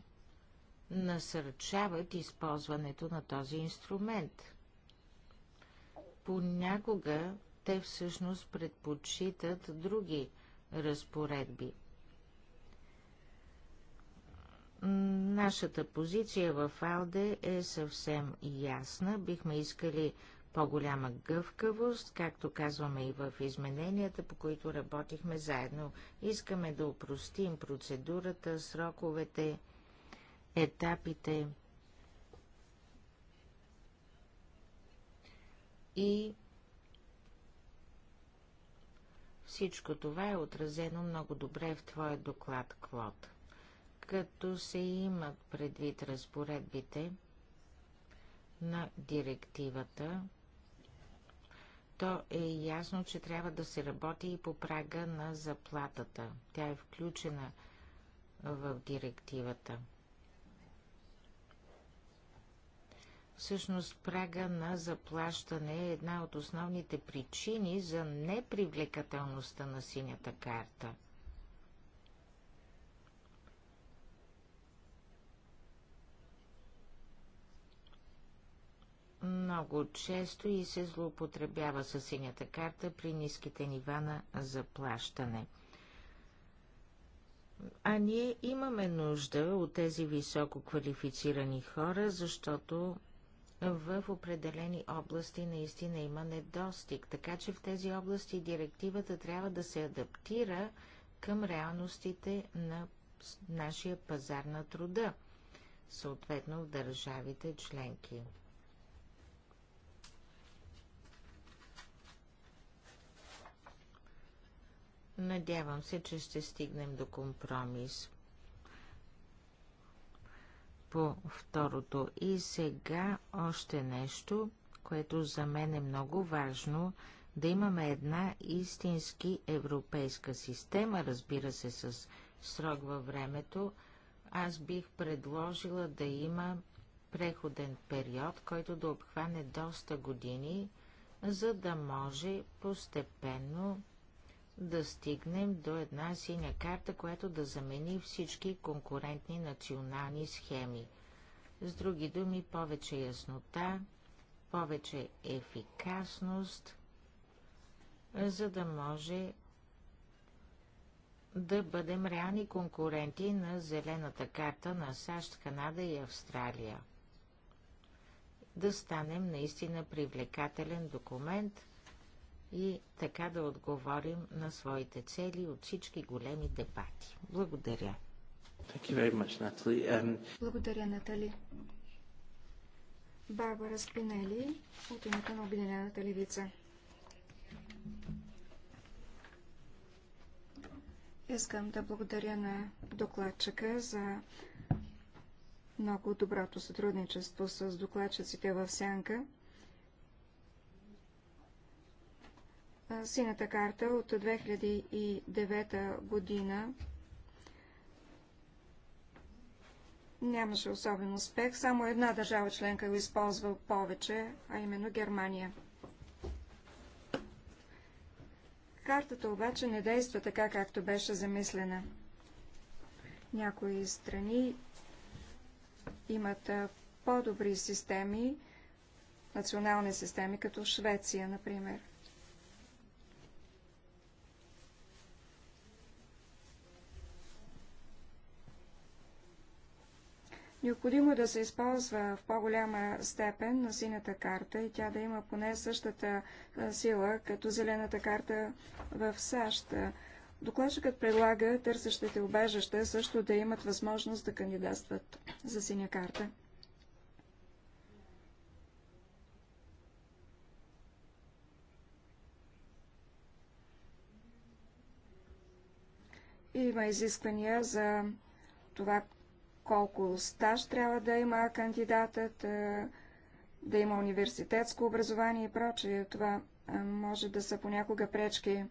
насърчават използването на този инструмент. Понякога те всъщност предпочитат други разпоредби. Нашата позиция в АЛДЕ е съвсем ясна. Бихме искали по-голяма гъвкавост, както казваме и в измененията, по които работихме заедно. Искаме да упростим процедурата, сроковете, етапите и всичко това е отразено много добре в твоя доклад, Клод. Като се имат предвид разпоредбите на директивата, то е ясно, че трябва да се работи и по прага на заплатата. Тя е включена в директивата. Всъщност прага на заплащане е една от основните причини за непривлекателността на синята карта – много често и се злоупотребява с синята карта при ниските нива на заплащане. А ние имаме нужда от тези високо квалифицирани хора, защото в определени области наистина има недостиг, така че в тези области директивата трябва да се адаптира към реалностите на нашия пазар на труда, съответно в държавите членки. Надявам се, че ще стигнем до компромис по второто. И сега още нещо, което за мен е много важно, да имаме една истински европейска система, разбира се, с срок във времето. Аз бих предложила да има преходен период, който да обхване доста години, за да може постепенно да стигнем до една синя карта, която да замени всички конкурентни национални схеми. С други думи, повече яснота, повече ефикасност, за да може да бъдем реални конкуренти на зелената карта на САЩ, Канада и Австралия. Да станем наистина привлекателен документ – и така да отговорим на своите цели от всички големи дебати. Благодаря. Much, um... Благодаря, Натали. Барбара Спинели от името на Обединената левица. Искам да благодаря на докладчика за много доброто сътрудничество с докладчиците в Сянка. синята карта от 2009 година нямаше особен успех. Само една държава членка го използва повече, а именно Германия. Картата обаче не действа така, както беше замислена. Някои страни имат по-добри системи, национални системи, като Швеция, например – Необходимо е да се използва в по-голяма степен на синята карта и тя да има поне същата сила, като зелената карта в САЩ. Докладчикът предлага търсещите обежаща също да имат възможност да кандидатстват за синя карта. Има изисквания за това колко стаж трябва да има кандидатът, е, да има университетско образование и прочее. Това е, може да са понякога пречки.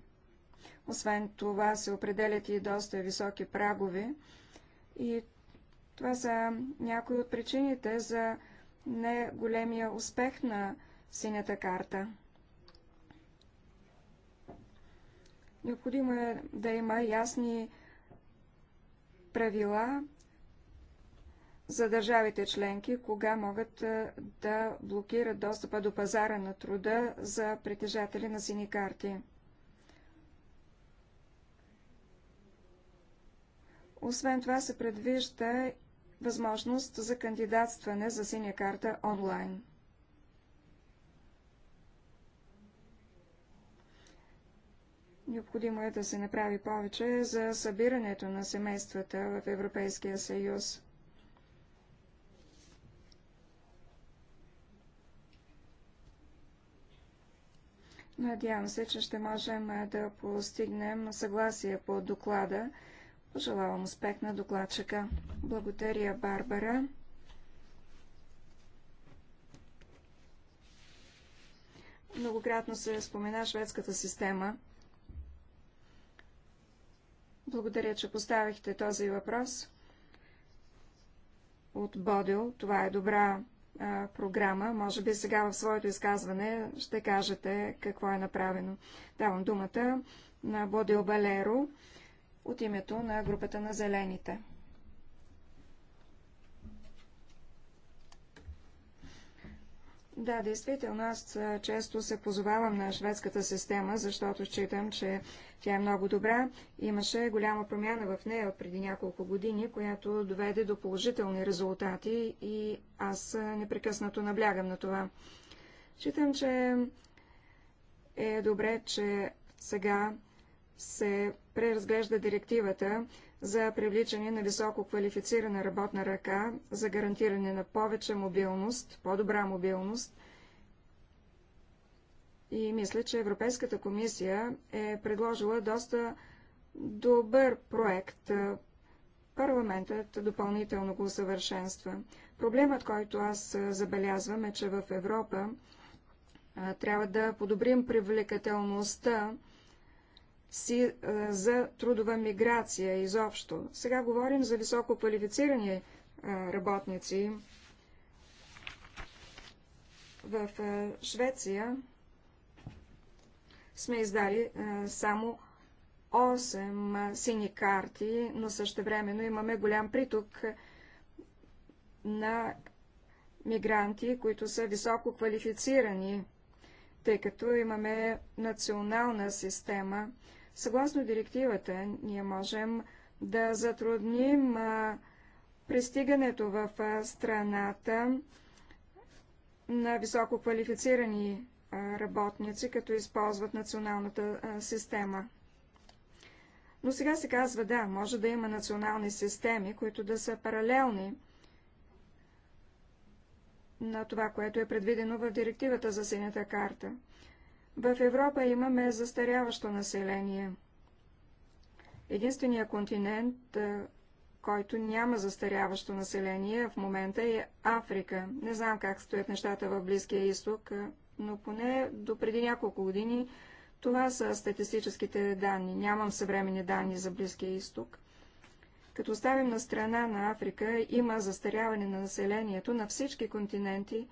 Освен това се определят и доста високи прагове. И това са някои от причините за не големия успех на синята карта. Необходимо е да има ясни правила за държавите членки, кога могат да блокират достъпа до пазара на труда за притежатели на сини карти. Освен това се предвижда възможност за кандидатстване за синя карта онлайн. Необходимо е да се направи повече за събирането на семействата в Европейския съюз. Надявам се, че ще можем да постигнем съгласие по доклада. Пожелавам успех на докладчика. Благодаря, Барбара. Многократно се спомена шведската система. Благодаря, че поставихте този въпрос. От Бодил, това е добра програма. Може би сега в своето изказване ще кажете какво е направено. Давам думата на Бодил Балеро от името на групата на Зелените. Да, действително, аз често се позовавам на шведската система, защото считам, че тя е много добра. Имаше голяма промяна в нея преди няколко години, която доведе до положителни резултати и аз непрекъснато наблягам на това. Считам, че е добре, че сега се преразглежда директивата за привличане на високо квалифицирана работна ръка, за гарантиране на повече мобилност, по-добра мобилност. И мисля, че Европейската комисия е предложила доста добър проект. Парламентът допълнително го усъвършенства. Проблемът, който аз забелязвам е, че в Европа трябва да подобрим привлекателността си е, за трудова миграция изобщо. Сега говорим за високо квалифицирани е, работници. В е, Швеция сме издали само 8 сини карти, но същевременно имаме голям приток на мигранти, които са високо квалифицирани, тъй като имаме национална система Съгласно директивата, ние можем да затрудним пристигането в страната на високо квалифицирани работници, като използват националната система. Но сега се казва, да, може да има национални системи, които да са паралелни на това, което е предвидено в директивата за синята карта. В Европа имаме застаряващо население. Единственият континент, който няма застаряващо население в момента е Африка. Не знам как стоят нещата в Близкия изток, но поне до преди няколко години това са статистическите данни. Нямам съвременни данни за Близкия изток. Като оставим на страна на Африка, има застаряване на населението на всички континенти,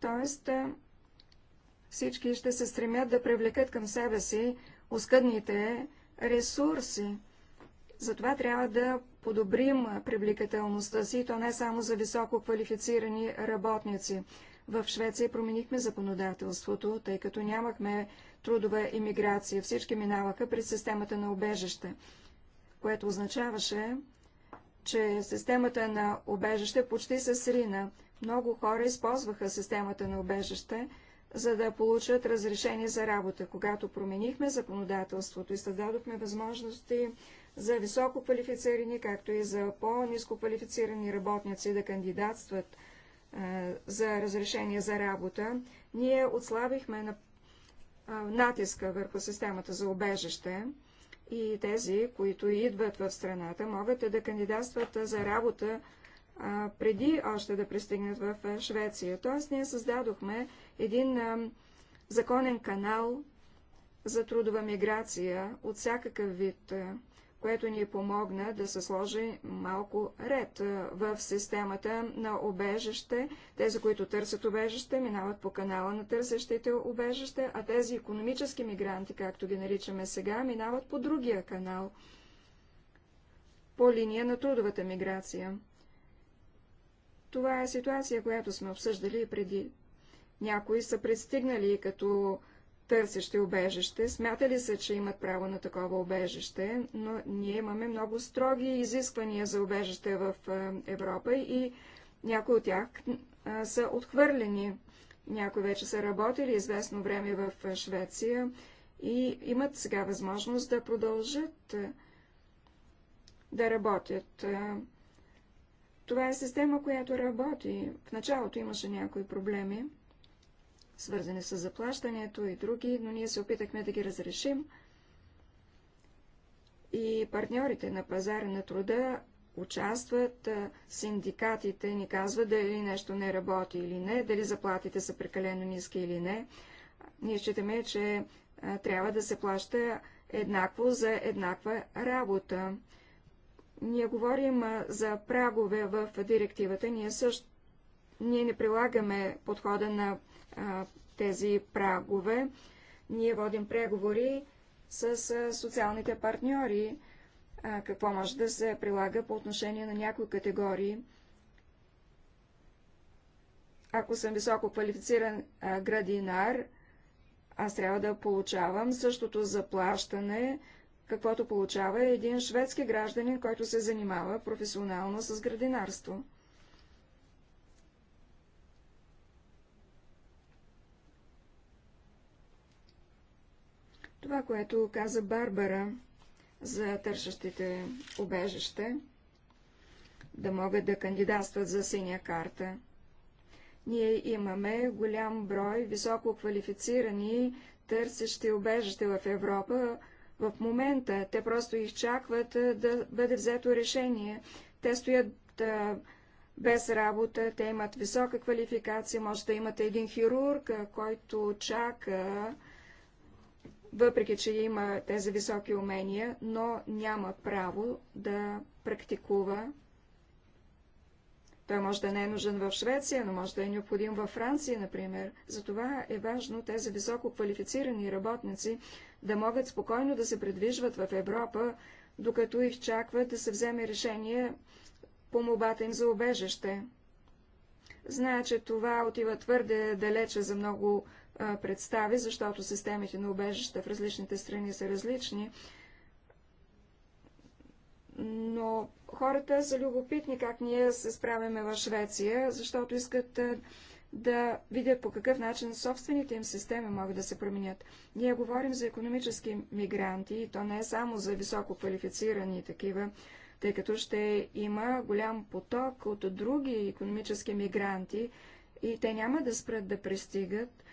т.е. Всички ще се стремят да привлекат към себе си оскъдните ресурси. Затова трябва да подобрим привлекателността си, и то не само за високо квалифицирани работници. В Швеция променихме законодателството, тъй като нямахме трудова иммиграция. Всички минаваха през системата на обежище, което означаваше, че системата на обежище почти се срина. Много хора използваха системата на обежище, за да получат разрешение за работа. Когато променихме законодателството и създадохме възможности за високо квалифицирани, както и за по-низко квалифицирани работници да кандидатстват а, за разрешение за работа, ние отслабихме на, а, натиска върху системата за обежище и тези, които идват в страната, могат да кандидатстват за работа преди още да пристигнат в Швеция. Тоест ние създадохме един законен канал за трудова миграция от всякакъв вид, което ни помогна да се сложи малко ред в системата на обежище. Тези, които търсят обежище, минават по канала на търсещите обежище, а тези економически мигранти, както ги наричаме сега, минават по другия канал, по линия на трудовата миграция. Това е ситуация, която сме обсъждали и преди. Някои са пристигнали като търсещи обежище, смятали са, че имат право на такова обежище, но ние имаме много строги изисквания за обежище в Европа и някои от тях са отхвърлени. Някои вече са работили известно време в Швеция и имат сега възможност да продължат да работят това е система, която работи. В началото имаше някои проблеми, свързани с заплащането и други, но ние се опитахме да ги разрешим. И партньорите на пазара на труда участват, синдикатите ни казват дали нещо не работи или не, дали заплатите са прекалено ниски или не. Ние считаме, че трябва да се плаща еднакво за еднаква работа. Ние говорим за прагове в директивата. Ние също ние не прилагаме подхода на а, тези прагове. Ние водим преговори с а, социалните партньори, а, какво може да се прилага по отношение на някои категории. Ако съм високо квалифициран а, градинар, аз трябва да получавам същото заплащане, каквото получава е един шведски гражданин, който се занимава професионално с градинарство. Това, което каза Барбара за търсещите обежище, да могат да кандидатстват за синя карта. Ние имаме голям брой високо квалифицирани търсещи обежище в Европа, в момента. Те просто изчакват да бъде взето решение. Те стоят без работа, те имат висока квалификация, може да имате един хирург, който чака, въпреки че има тези високи умения, но няма право да практикува той може да не е нужен в Швеция, но може да е необходим във Франция, например. Затова е важно тези високо квалифицирани работници да могат спокойно да се предвижват в Европа, докато чакват да се вземе решение по мобата им за обежище. Зная, че това отива твърде далече за много а, представи, защото системите на обежище в различните страни са различни, но хората са любопитни как ние се справяме в Швеция, защото искат да видят по какъв начин собствените им системи могат да се променят. Ние говорим за економически мигранти, и то не е само за високо квалифицирани такива, тъй като ще има голям поток от други економически мигранти и те няма да спрат да пристигат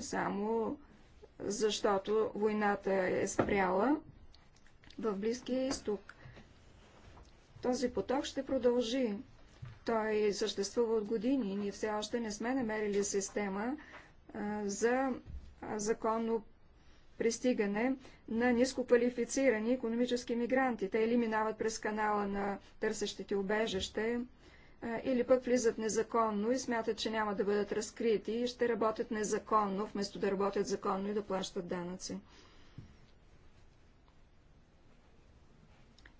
само защото войната е спряла в Близкия изток. Този поток ще продължи. Той съществува от години. Ние все още не сме намерили система а, за законно пристигане на нискоквалифицирани економически мигранти. Те или минават през канала на търсещите убежище, или пък влизат незаконно и смятат, че няма да бъдат разкрити и ще работят незаконно, вместо да работят законно и да плащат данъци.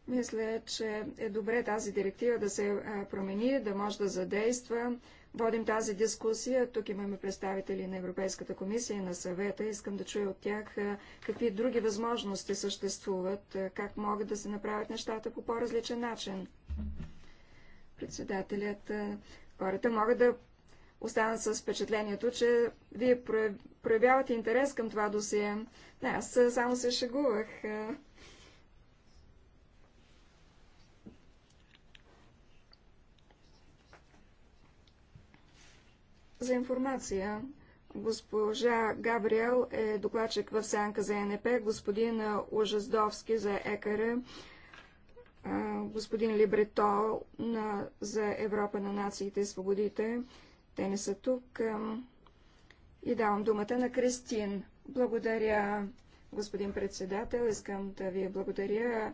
Мисля, че е добре тази директива да се промени, да може да задейства. Водим тази дискусия. Тук имаме представители на Европейската комисия и на съвета. Искам да чуя от тях какви други възможности съществуват, как могат да се направят нещата по по-различен начин. Председателят, хората могат да останат с впечатлението, че вие проявявате интерес към това досие. Не, аз само се шегувах. За информация, госпожа Габриел е докладчик в сянка за НП, господин Ужаздовски за ЕКР, господин Либрето на, за Европа на нациите и свободите. Те не са тук. И давам думата на Кристин. Благодаря, господин председател. Искам да ви благодаря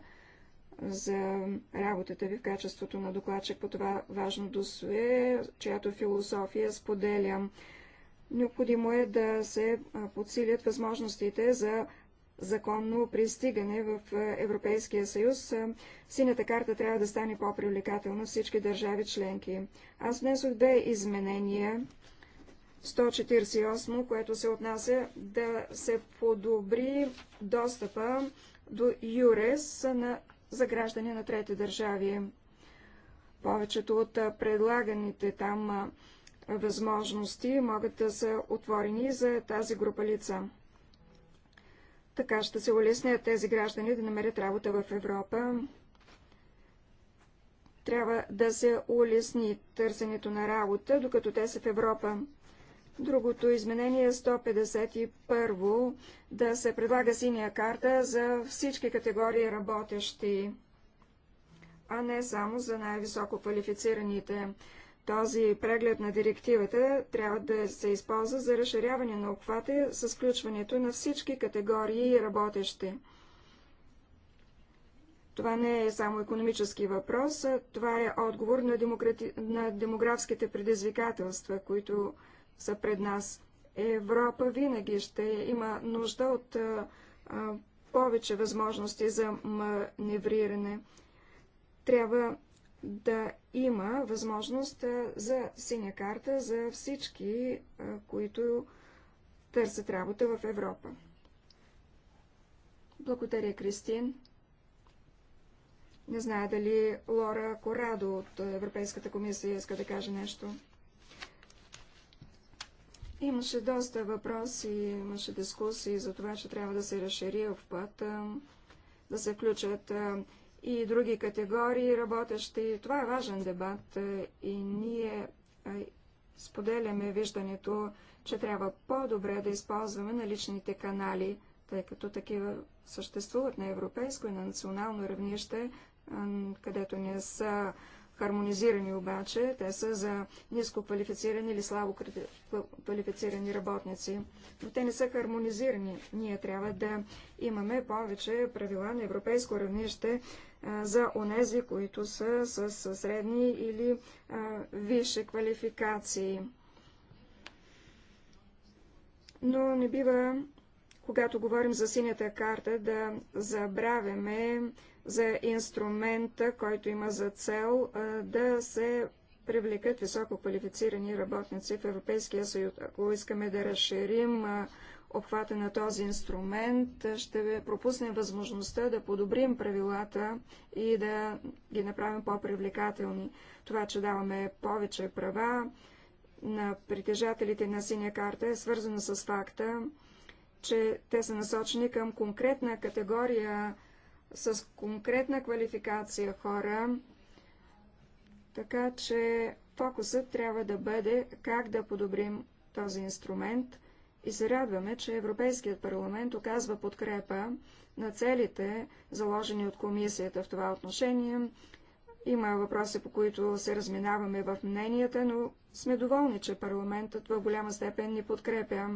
за работата ви в качеството на докладчик по това важно досие, чиято философия споделям. Необходимо е да се подсилят възможностите за законно пристигане в Европейския съюз. Синята карта трябва да стане по-привлекателна всички държави членки. Аз внесох две изменения. 148, което се отнася да се подобри достъпа до ЮРЕС на за граждани на трети държави. Повечето от предлаганите там възможности могат да са отворени за тази група лица. Така ще се улеснят тези граждани да намерят работа в Европа. Трябва да се улесни търсенето на работа, докато те са в Европа. Другото изменение е 151 да се предлага синия карта за всички категории работещи, а не само за най-високо квалифицираните. Този преглед на директивата трябва да се използва за разширяване на обхвата с включването на всички категории работещи. Това не е само економически въпрос, това е отговор на, демократи... на демографските предизвикателства, които са пред нас. Европа винаги ще има нужда от а, а, повече възможности за маневриране. Трябва да има възможност за синя карта за всички, а, които търсят работа в Европа. Благодаря, Кристин. Не зная дали Лора Корадо от Европейската комисия иска да каже нещо. Имаше доста въпроси, имаше дискусии за това, че трябва да се разшири път, да се включат и други категории работещи. Това е важен дебат и ние споделяме виждането, че трябва по-добре да използваме наличните канали, тъй като такива съществуват на европейско и на национално равнище, където не са хармонизирани обаче, те са за ниско квалифицирани или слабо квалифицирани работници, но те не са хармонизирани. Ние трябва да имаме повече правила на европейско равнище за онези, които са с средни или висши квалификации. Но не бива, когато говорим за синята карта, да забравяме за инструмента, който има за цел да се привлекат високо квалифицирани работници в Европейския съюз. Ако искаме да разширим обхвата на този инструмент, ще пропуснем възможността да подобрим правилата и да ги направим по-привлекателни. Това, че даваме повече права на притежателите на синя карта е свързано с факта, че те са насочени към конкретна категория с конкретна квалификация хора, така че фокусът трябва да бъде как да подобрим този инструмент и се радваме, че Европейският парламент оказва подкрепа на целите, заложени от комисията в това отношение. Има въпроси, по които се разминаваме в мненията, но сме доволни, че парламентът в голяма степен ни подкрепя.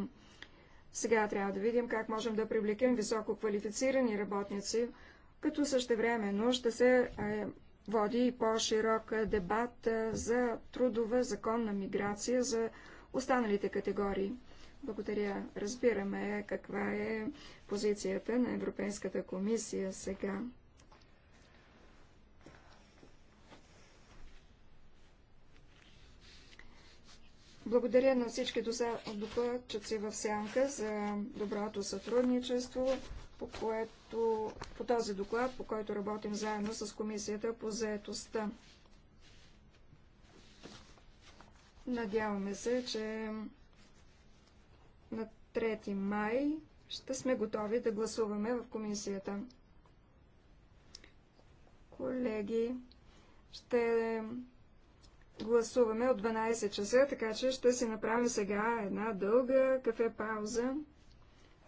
Сега трябва да видим как можем да привлекем високо квалифицирани работници като същевременно ще се е, води и по-широк е, дебат е, за трудова законна миграция за останалите категории. Благодаря. Разбираме каква е позицията на Европейската комисия сега. Благодаря на всички докладчици в Сянка за доброто сътрудничество по, което, по този доклад, по който работим заедно с Комисията по заетостта. Надяваме се, че на 3 май ще сме готови да гласуваме в комисията. Колеги, ще гласуваме от 12 часа, така че ще си направим сега една дълга кафе пауза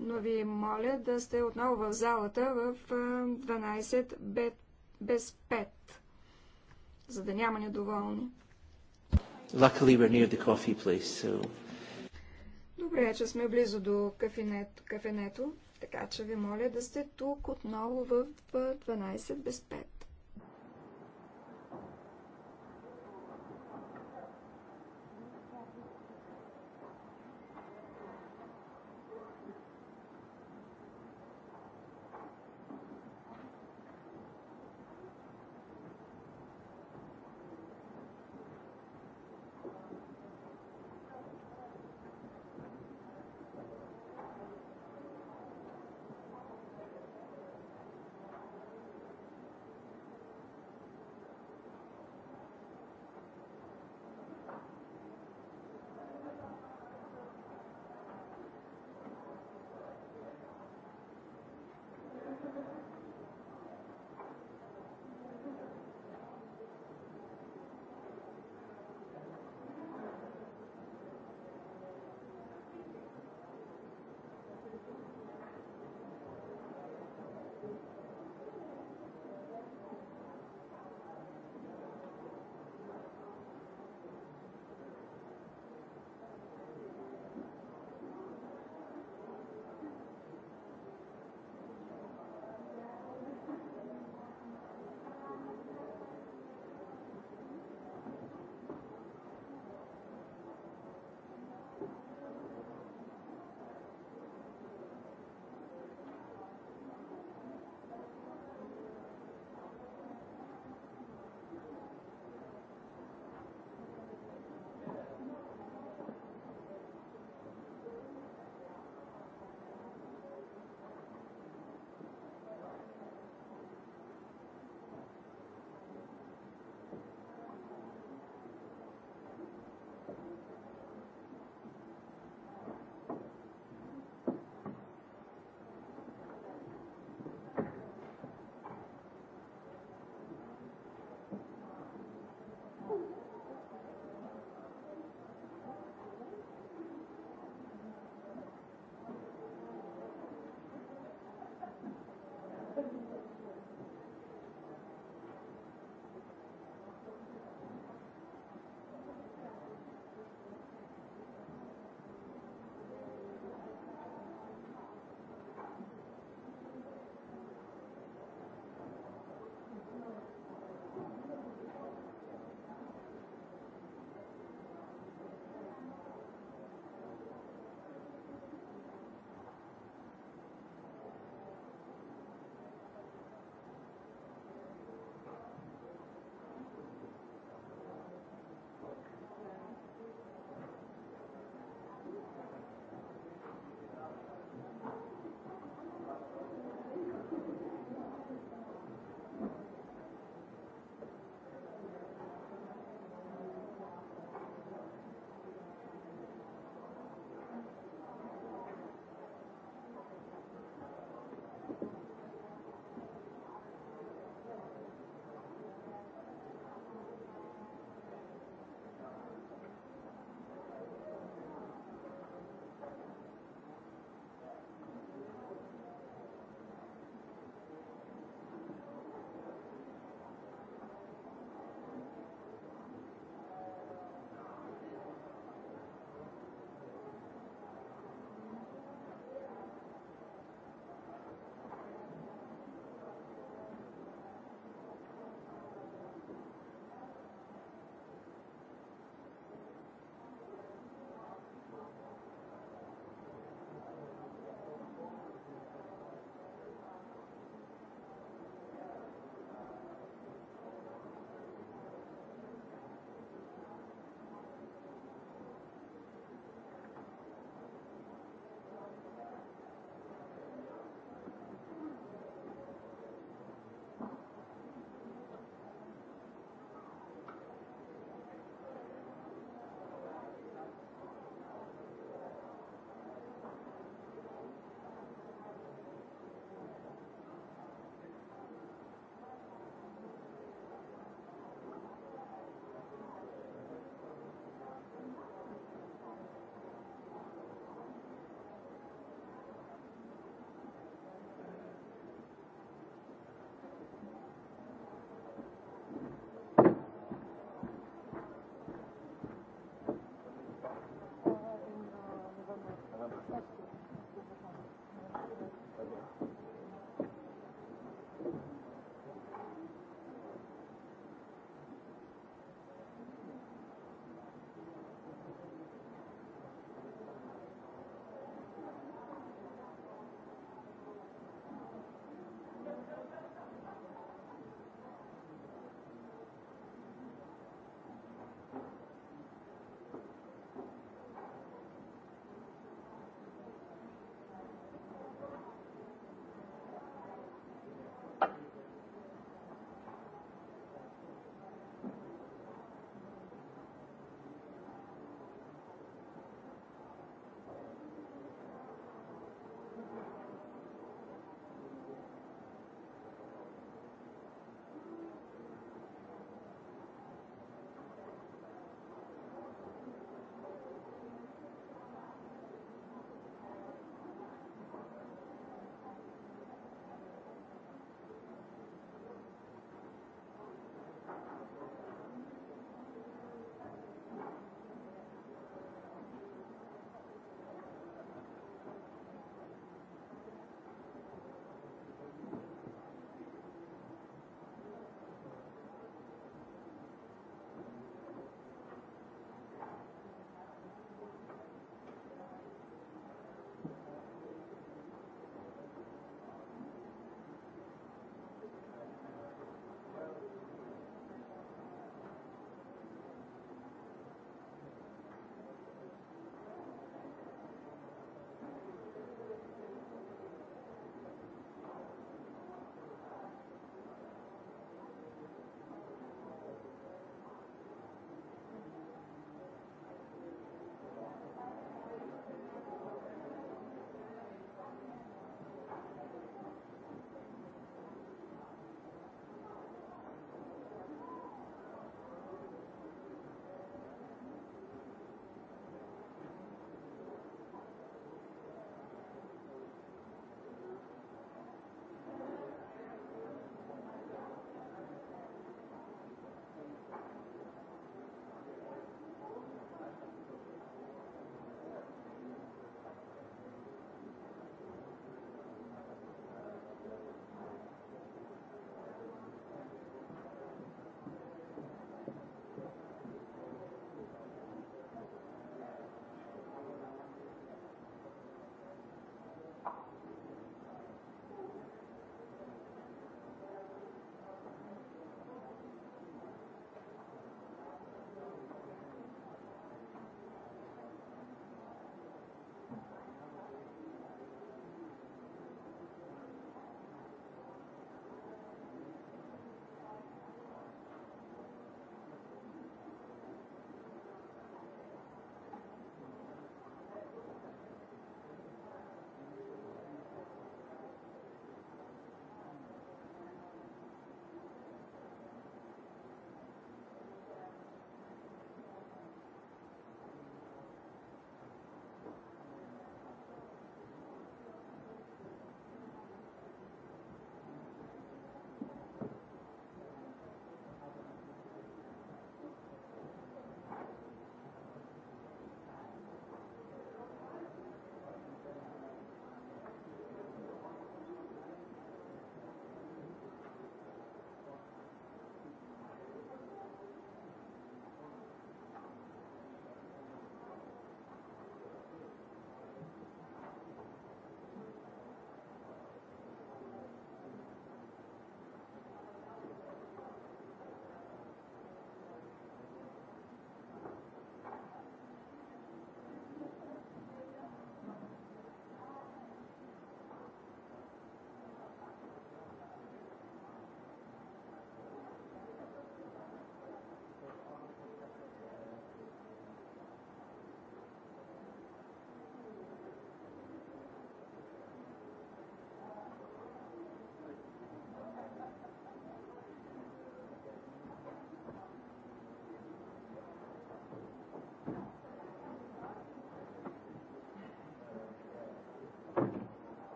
но ви моля да сте отново в залата в 12 без 5, за да няма недоволни. Luckily we're near the coffee place, so... Добре, е, че сме близо до кафенето, кафенето, така че ви моля да сте тук отново в 12 без 5.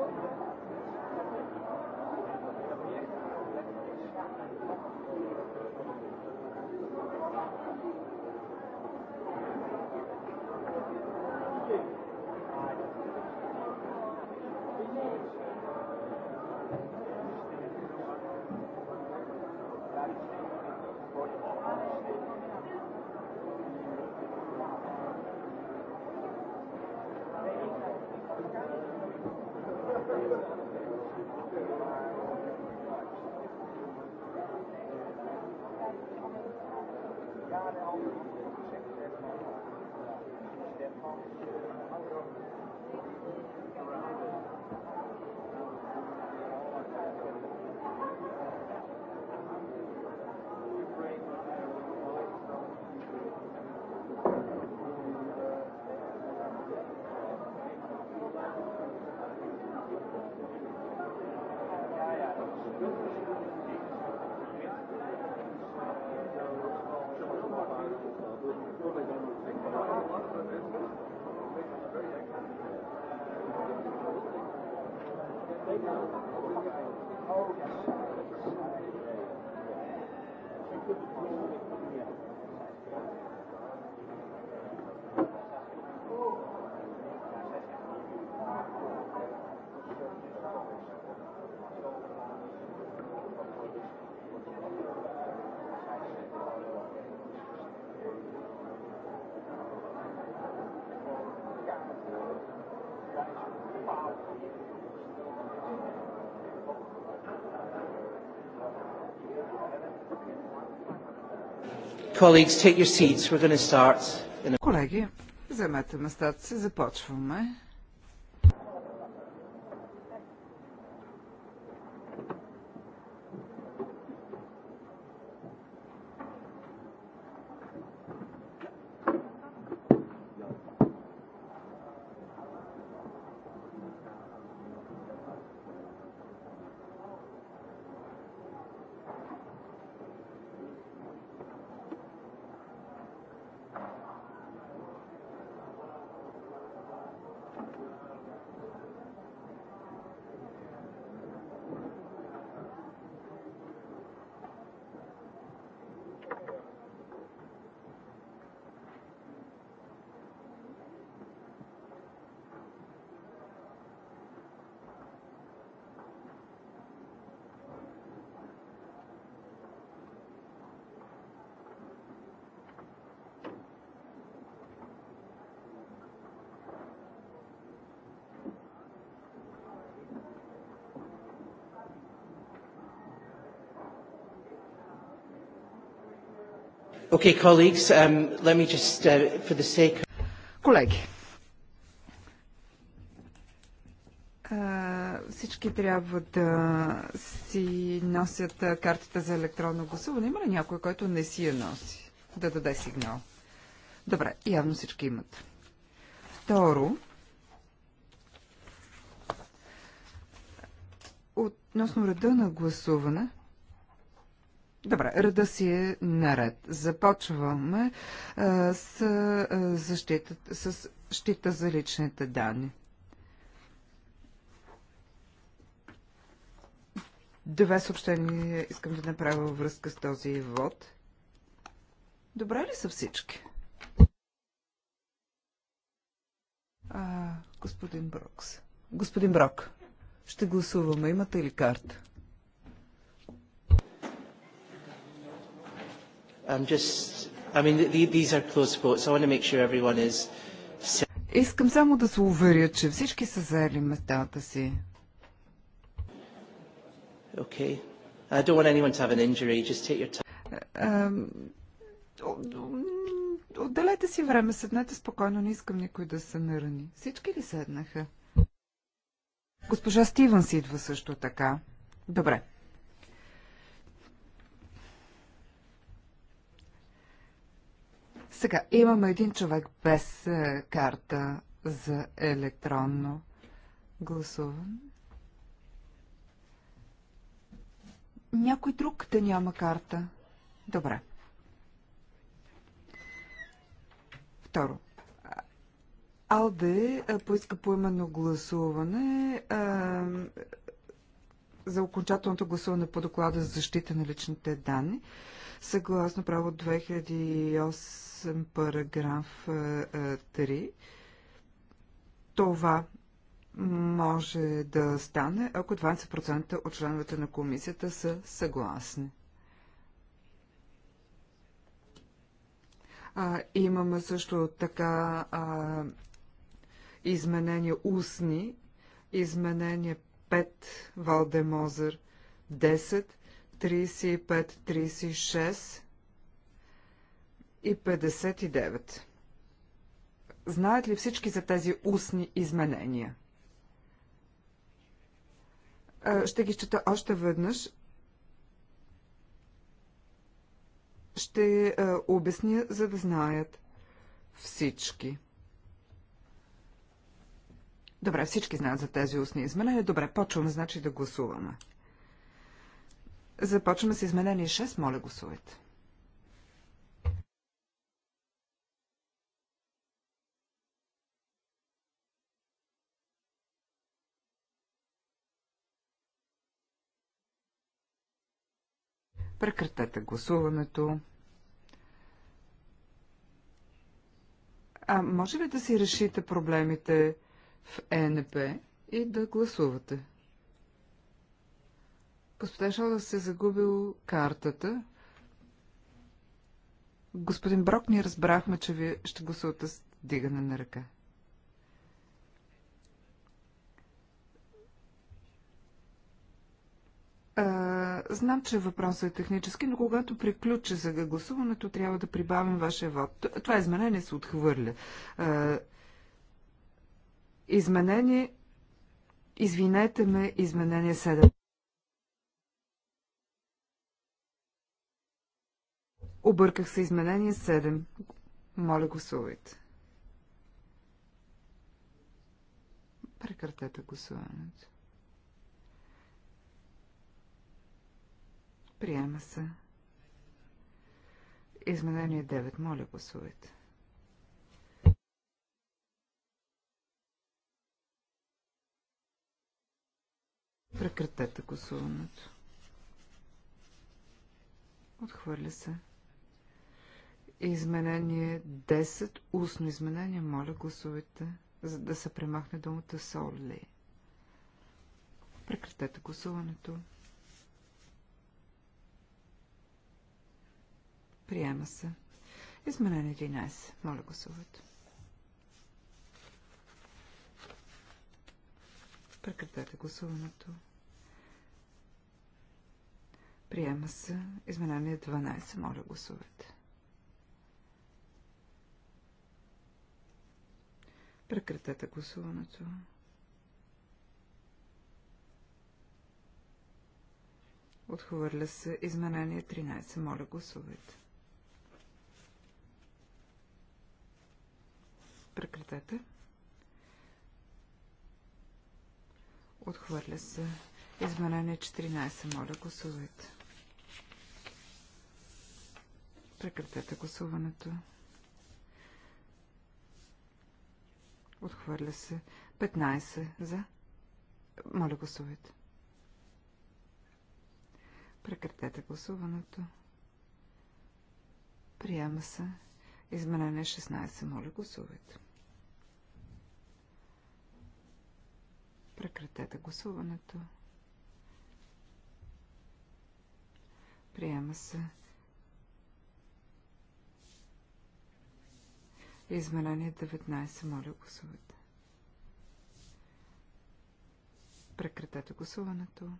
Thank you. Колеги, вземете местата си, започваме. Okay, colleagues, um, let me just, uh, for the sake of... Колеги, всички трябва да си носят картата за електронно гласуване. Има ли някой, който не си я носи? Да даде сигнал. Добре, явно всички имат. Второ, относно реда на гласуване – Добре, реда си е наред. Започваме а, с, а, защита, с щита за личните данни. Две съобщения искам да направя във връзка с този вод. Добре ли са всички? А, господин Брокс. Господин Брок, ще гласуваме. Имате ли карта? I'm just, I mean, these are close votes. I want to make sure everyone is... Искам само да се уверя, че всички са заели местата си. Okay. I don't want anyone to have an injury. Just take your time. Е, отделете си време, седнете спокойно, не искам никой да се нарани. Всички ли седнаха? Госпожа си идва също така. Добре. Сега, имаме един човек без е, карта за електронно гласуване. Някой друг да няма карта. Добре. Второ. Алде е, поиска поименно гласуване а, е, за окончателното гласуване по доклада за защита на личните данни, съгласно право 2008 8, параграф 3. Е, е, Това може да стане, ако 20% от членовете на комисията са съгласни. А, имаме също така а, изменения устни, изменения 5 Валдемозър, 10, 35, 36, и 59. Знаят ли всички за тези устни изменения? Е, ще ги чета още веднъж. Ще е, обясня, за да знаят всички. Добре, всички знаят за тези устни изменения. Добре, почваме, значи да гласуваме. Започваме с изменение 6. Моля, гласувайте. Прекратете гласуването. А може ли да си решите проблемите в ЕНП и да гласувате? Господин Шолдов се загубил картата. Господин Брок, ние разбрахме, че вие ще гласувате с дигане на ръка. Знам, че въпросът е технически, но когато приключи за гласуването, трябва да прибавим вашия вод. Това изменение се отхвърля. Изменение, извинете ме, изменение 7. Обърках се изменение 7. Моля, гласувайте. Прекратете гласуването. Приема се. Изменение 9. Моля, гласувайте. Прекратете гласуването. Отхвърля се. Изменение 10. Устно изменение. Моля, гласувайте, за да се премахне думата Солли. Прекратете гласуването. Приема се. Изменение 11. Моля гласувайте. Прекратете гласуването. Приема се. Изменение 12. Моля гласувайте. Прекратете гласуването. Отхвърля се изменение 13. Моля гласувайте. Прекратете. Отхвърля се. Изменение 14. Моля, гласувайте. Прекратете гласуването. Отхвърля се. 15 за. Моля, гласувайте. Прекратете гласуването. Приема се. Изменение 16. Моля, гласувайте. Прекратете гласуването. Приема се. Изменение 19. Моля, гласувайте. Прекратете гласуването.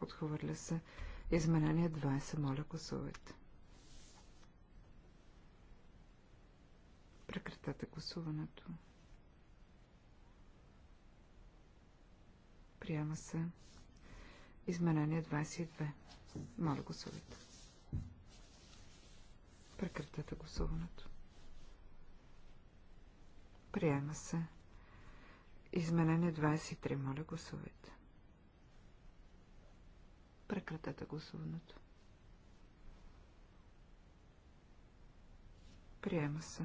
Отхвърля се. Изменение 20. Моля, гласувайте. Прекратете гласуването. Приема се. Изменение 22. Моля, гласувайте. Прекратете гласуването. Приема се. Изменение 23. Моля, гласувайте. Прекратете гласуването. Приема се.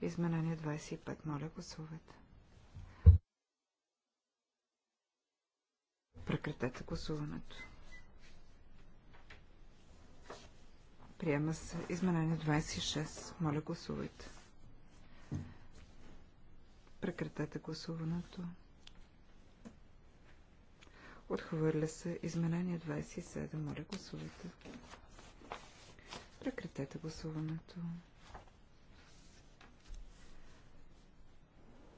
Изменение 25. Моля, гласувайте. Прекратете гласуването. Приема се изменение 26. Моля, гласувайте. Прекратете гласуването. Отхвърля се. Изменение 27. Моля, гласувайте. Прекратете гласуването.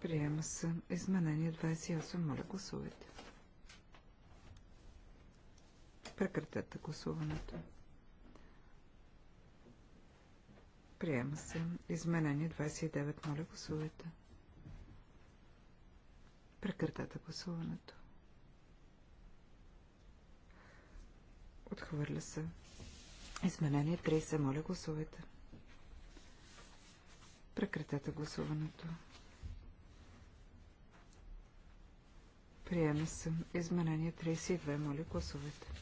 Приема се. Изменение 28. Моля, гласувайте. Прекратете гласуването. Приема се. Изменение 29. Моля, гласувайте. Прекратете гласуването. Отхвърля се. Изменение 30. Моля, гласувайте. Прекратете гласуването. Приема се. Изменение 32. Моля, гласувайте.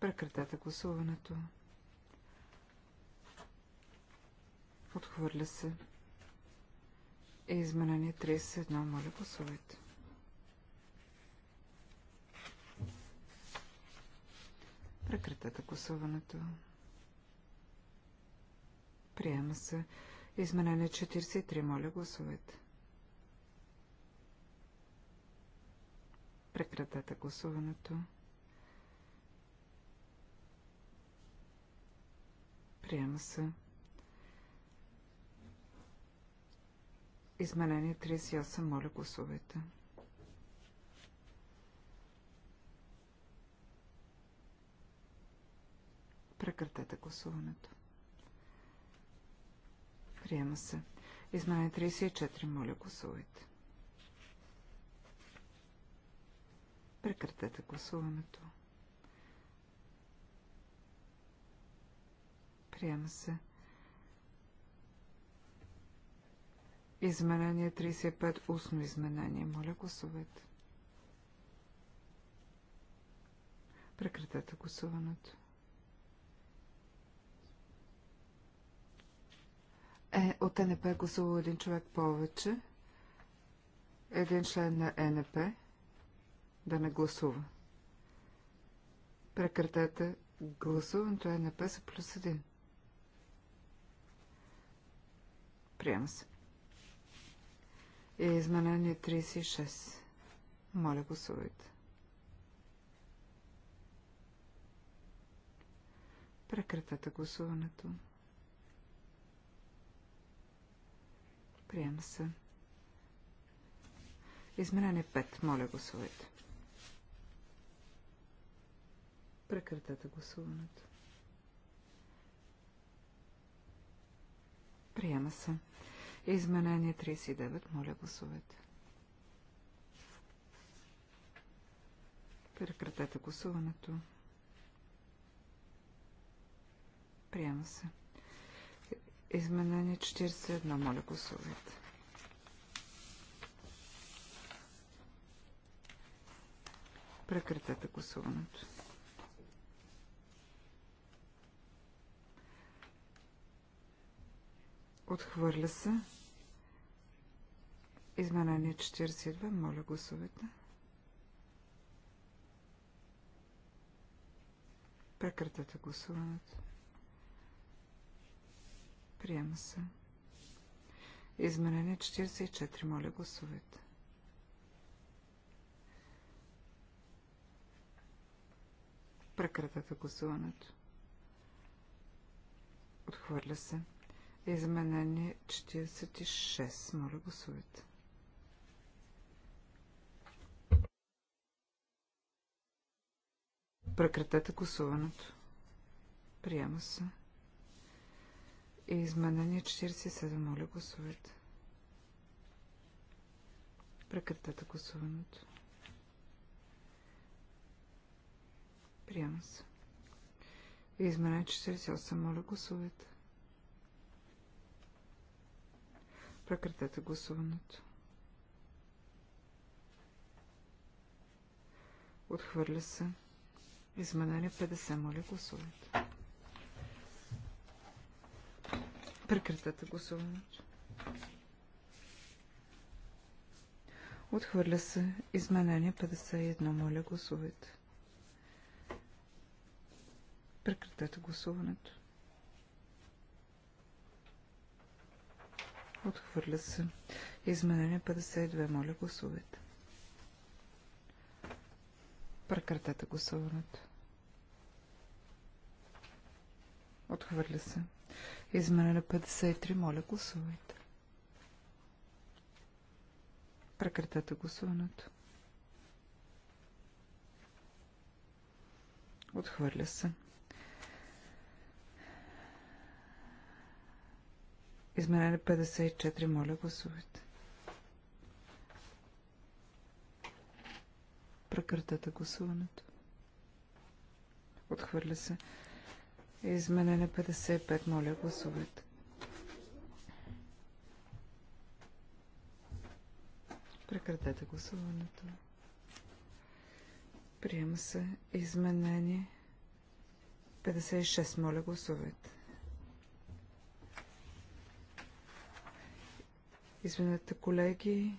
Прекратете гласуването. Отхвърля се. Изменение 31. Моля, гласувайте. Прекратете гласуването. Приема се. Изменение 43. Моля, гласувайте. Прекратете гласуването. Приема се. Изменение 38. Моля, гласувайте. Прекратете гласуването. Приема се. Измене 34. Моля, гласувайте. Прекратете гласуването. Приема се. Изменение 35. Устно изменение. Моля, гласувайте. Прекратете гласуването. Е, от НП е гласува един човек повече. Един член на НП да не гласува. Прекратете гласуването НП са плюс един. Приема се. И изменение 36. Моля, гласувайте. Прекратете гласуването. Приема се. Изменение 5. Моля, гласувайте. Прекратете гласуването. Приема се. Изменение 39. Моля, гласувайте. Прекратете гласуването. Приема се. Изменение 41. Моля, гласувайте. Прекратете гласуването. Отхвърля се. Изменение 42. Моля, гласувайте. Прекратете гласуването. Приема се. Изменение 44. Моля, гласовете. Прекратете гласуването. Отхвърля се. Изменение 46. Моля, гласовете. Прекратете гласуването. Приема се. И Изменение 47. Моля, гласувайте. Прекратете гласуването. Приема се. Изменение 48. Моля, гласувайте. Прекратете гласуването. Отхвърля се. Изменение 50. Моля, гласувайте. Прекратете гласуването. Отхвърля се изменение 51. Моля, гласувайте. Прекратете гласуването. Отхвърля се. Изменение 52. Моля, гласувайте. Прекратете гласуването. Отхвърля се. Изменена 53. Моля, гласувайте. Прекратете гласуването. Отхвърля се. Изменение 54. Моля, гласувайте. Прекратете гласуването. Отхвърля се. Изменене 55. Моля, гласувайте. Прекратете гласуването. Приема се изменение 56. Моля, гласувайте. Извинете, колеги.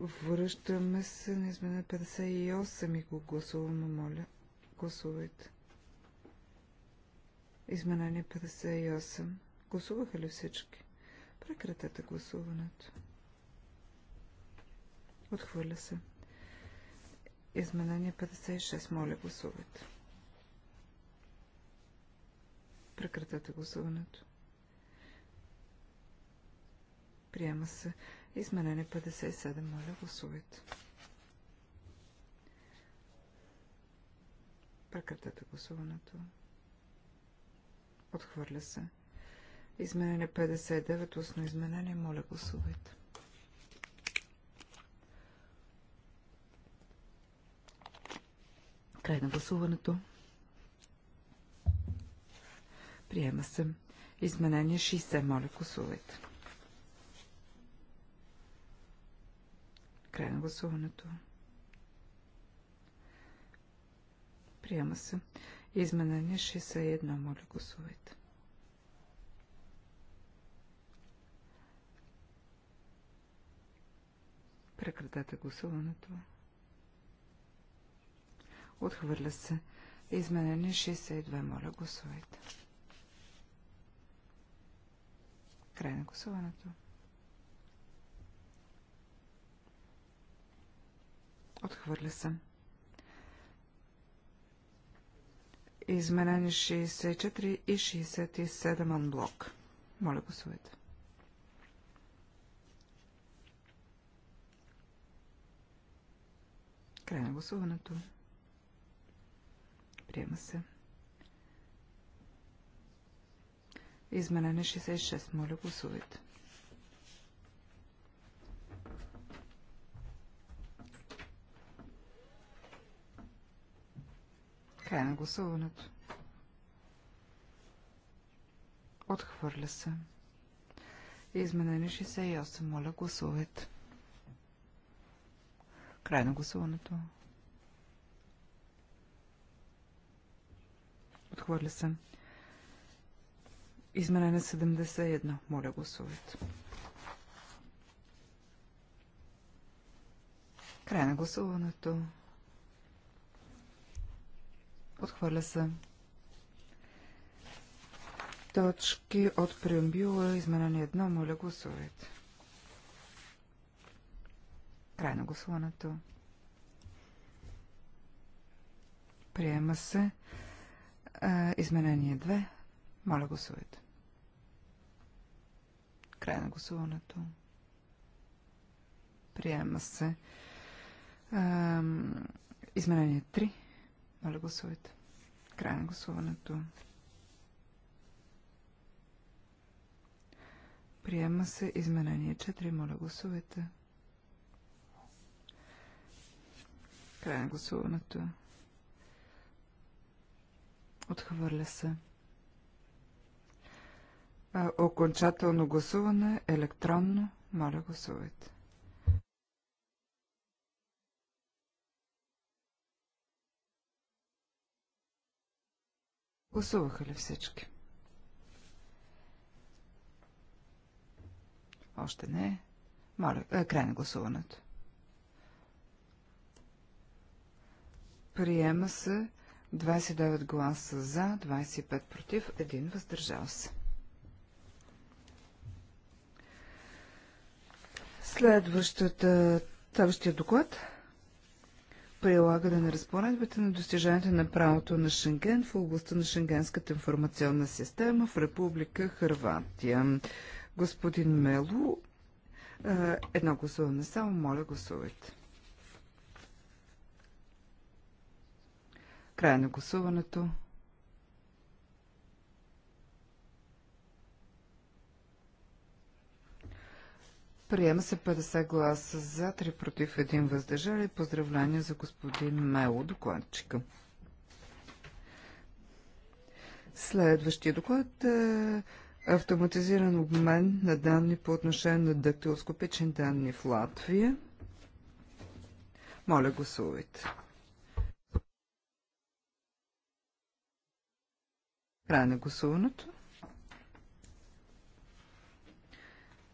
Връщаме се на изменение 58 и го гласуваме, моля гласувайте. Изменение 58. Гласуваха ли всички? Прекратете гласуването. Отхвърля се. Изменение 56. Моля, гласувайте. Прекратете гласуването. Приема се. Изменение 57. Моля, гласувайте. Прекратете гласуването. Отхвърля се. Изменение 59, устно изменение. Моля, гласувайте. Край на гласуването. Приема се. Изменение 60. Моля, гласувайте. Край на гласуването. Приема се. Изменение 61. Моля, гласувайте. Прекратете гласуването. Отхвърля се. Изменение 62. Моля, гласувайте. Край на гласуването. Отхвърля се. изменени 64 и 67 анблок. Моля, гласувайте. Край на гласуването. Приема се. Изменени 66. Моля, гласувайте. Край на гласуването. Отхвърля се. Изменени 68. Моля, гласувайте. Край на гласуването. Отхвърля се. Изменени 71. Моля, гласувайте. Край на гласуването. Отхвърля се. Точки от преамбюла, изменение 1, моля гласувайте. Край на гласуването. Приема се. изменение 2. Моля гласувайте. Край на гласуването. Приема се. изменение 3. Моля гласувайте. Край на гласуването. Приема се изменение 4. Моля гласувайте. Край на гласуването. Отхвърля се. А, окончателно гласуване електронно. Моля гласувайте. Гласуваха ли всички? Още не. Моля, е, край на гласуването. Приема се 29 гласа за, 25 против, 1 въздържал се. Следващата, следващия доклад прилагане на разпоредбите на достиженията на правото на Шенген в областта на Шенгенската информационна система в Република Хрватия. Господин Мело, едно гласуване само, моля гласувайте. Край на гласуването. Приема се 50 гласа за, 3 против, 1 въздържали. Поздравление за господин Мело, докладчика. Следващия доклад е автоматизиран обмен на данни по отношение на дактилоскопични данни в Латвия. Моля, гласувайте. Край на гласуването.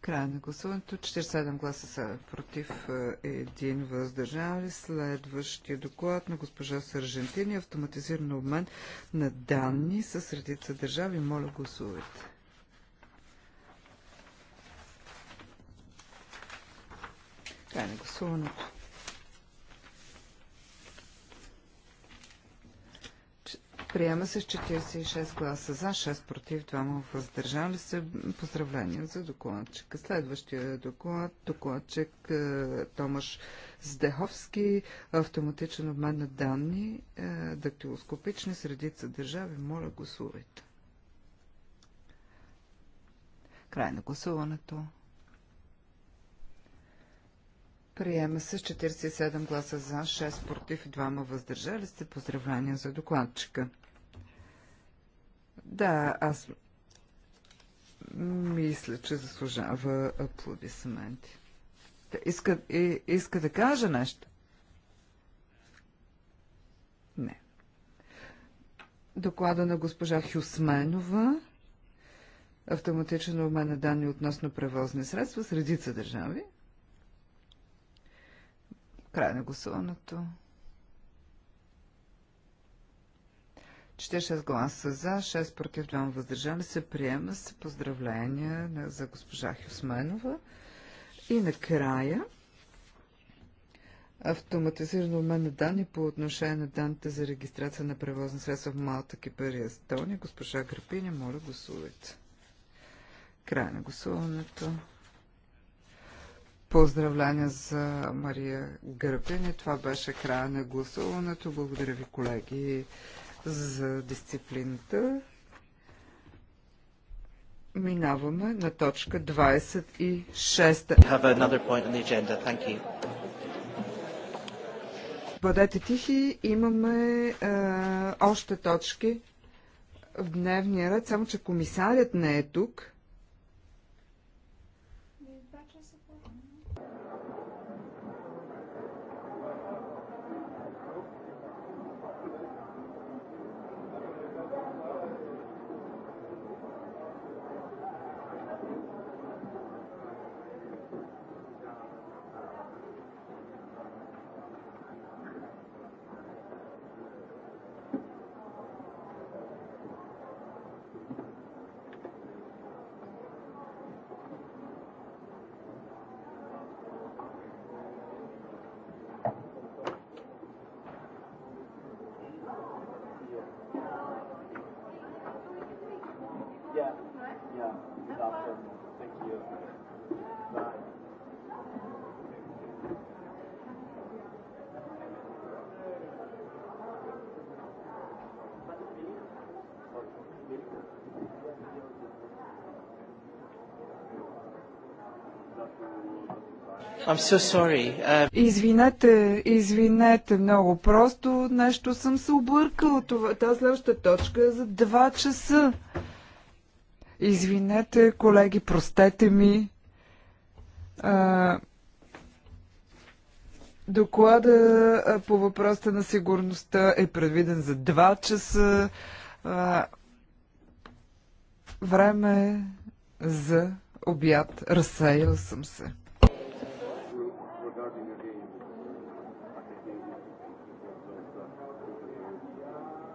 Край на гласуването. 47 гласа са против, е, един въздържал Следващия доклад на госпожа Сържентини. Автоматизиран обмен на данни с редица държави. Моля, гласувайте. Край на гласуването. Приема се с 46 гласа за, 6 против, 2 въздържали се. Поздравления за докладчика. Следващия доклад, докладчик е, Томаш Здеховски, автоматичен обмен на данни, е, дактилоскопични средица държави. Моля, гласувайте. Край на гласуването. Приема се с 47 гласа за, 6 против и 2 въздържали се. Поздравления за докладчика. Да, аз мисля, че заслужава аплодисменти. Та иска, и, иска да кажа нещо? Не. Доклада на госпожа Хюсменова. Автоматичен обмен на данни относно превозни средства с редица държави. Край на гласуването. 46 гласа за, 6 против, 2 въздържали се. Приема се поздравления за госпожа Хюсменова. И накрая автоматизиран обмен на данни по отношение на данните за регистрация на превозни средства в Малта, Кипър и Естония. Госпожа Грапиня, моля гласувайте. Край на гласуването. Поздравления за Мария Грапини. Това беше края на гласуването. Благодаря ви, колеги за дисциплината. Минаваме на точка 26. Бъдете тихи, имаме е, още точки в дневния ред, само че комисарят не е тук. I'm so sorry. Uh... Извинете, извинете много. Просто нещо съм се объркала. Това, тази следваща точка е за 2 часа. Извинете, колеги, простете ми. А, доклада по въпроса на сигурността е предвиден за 2 часа. А, време е за обяд. Разсеял съм се.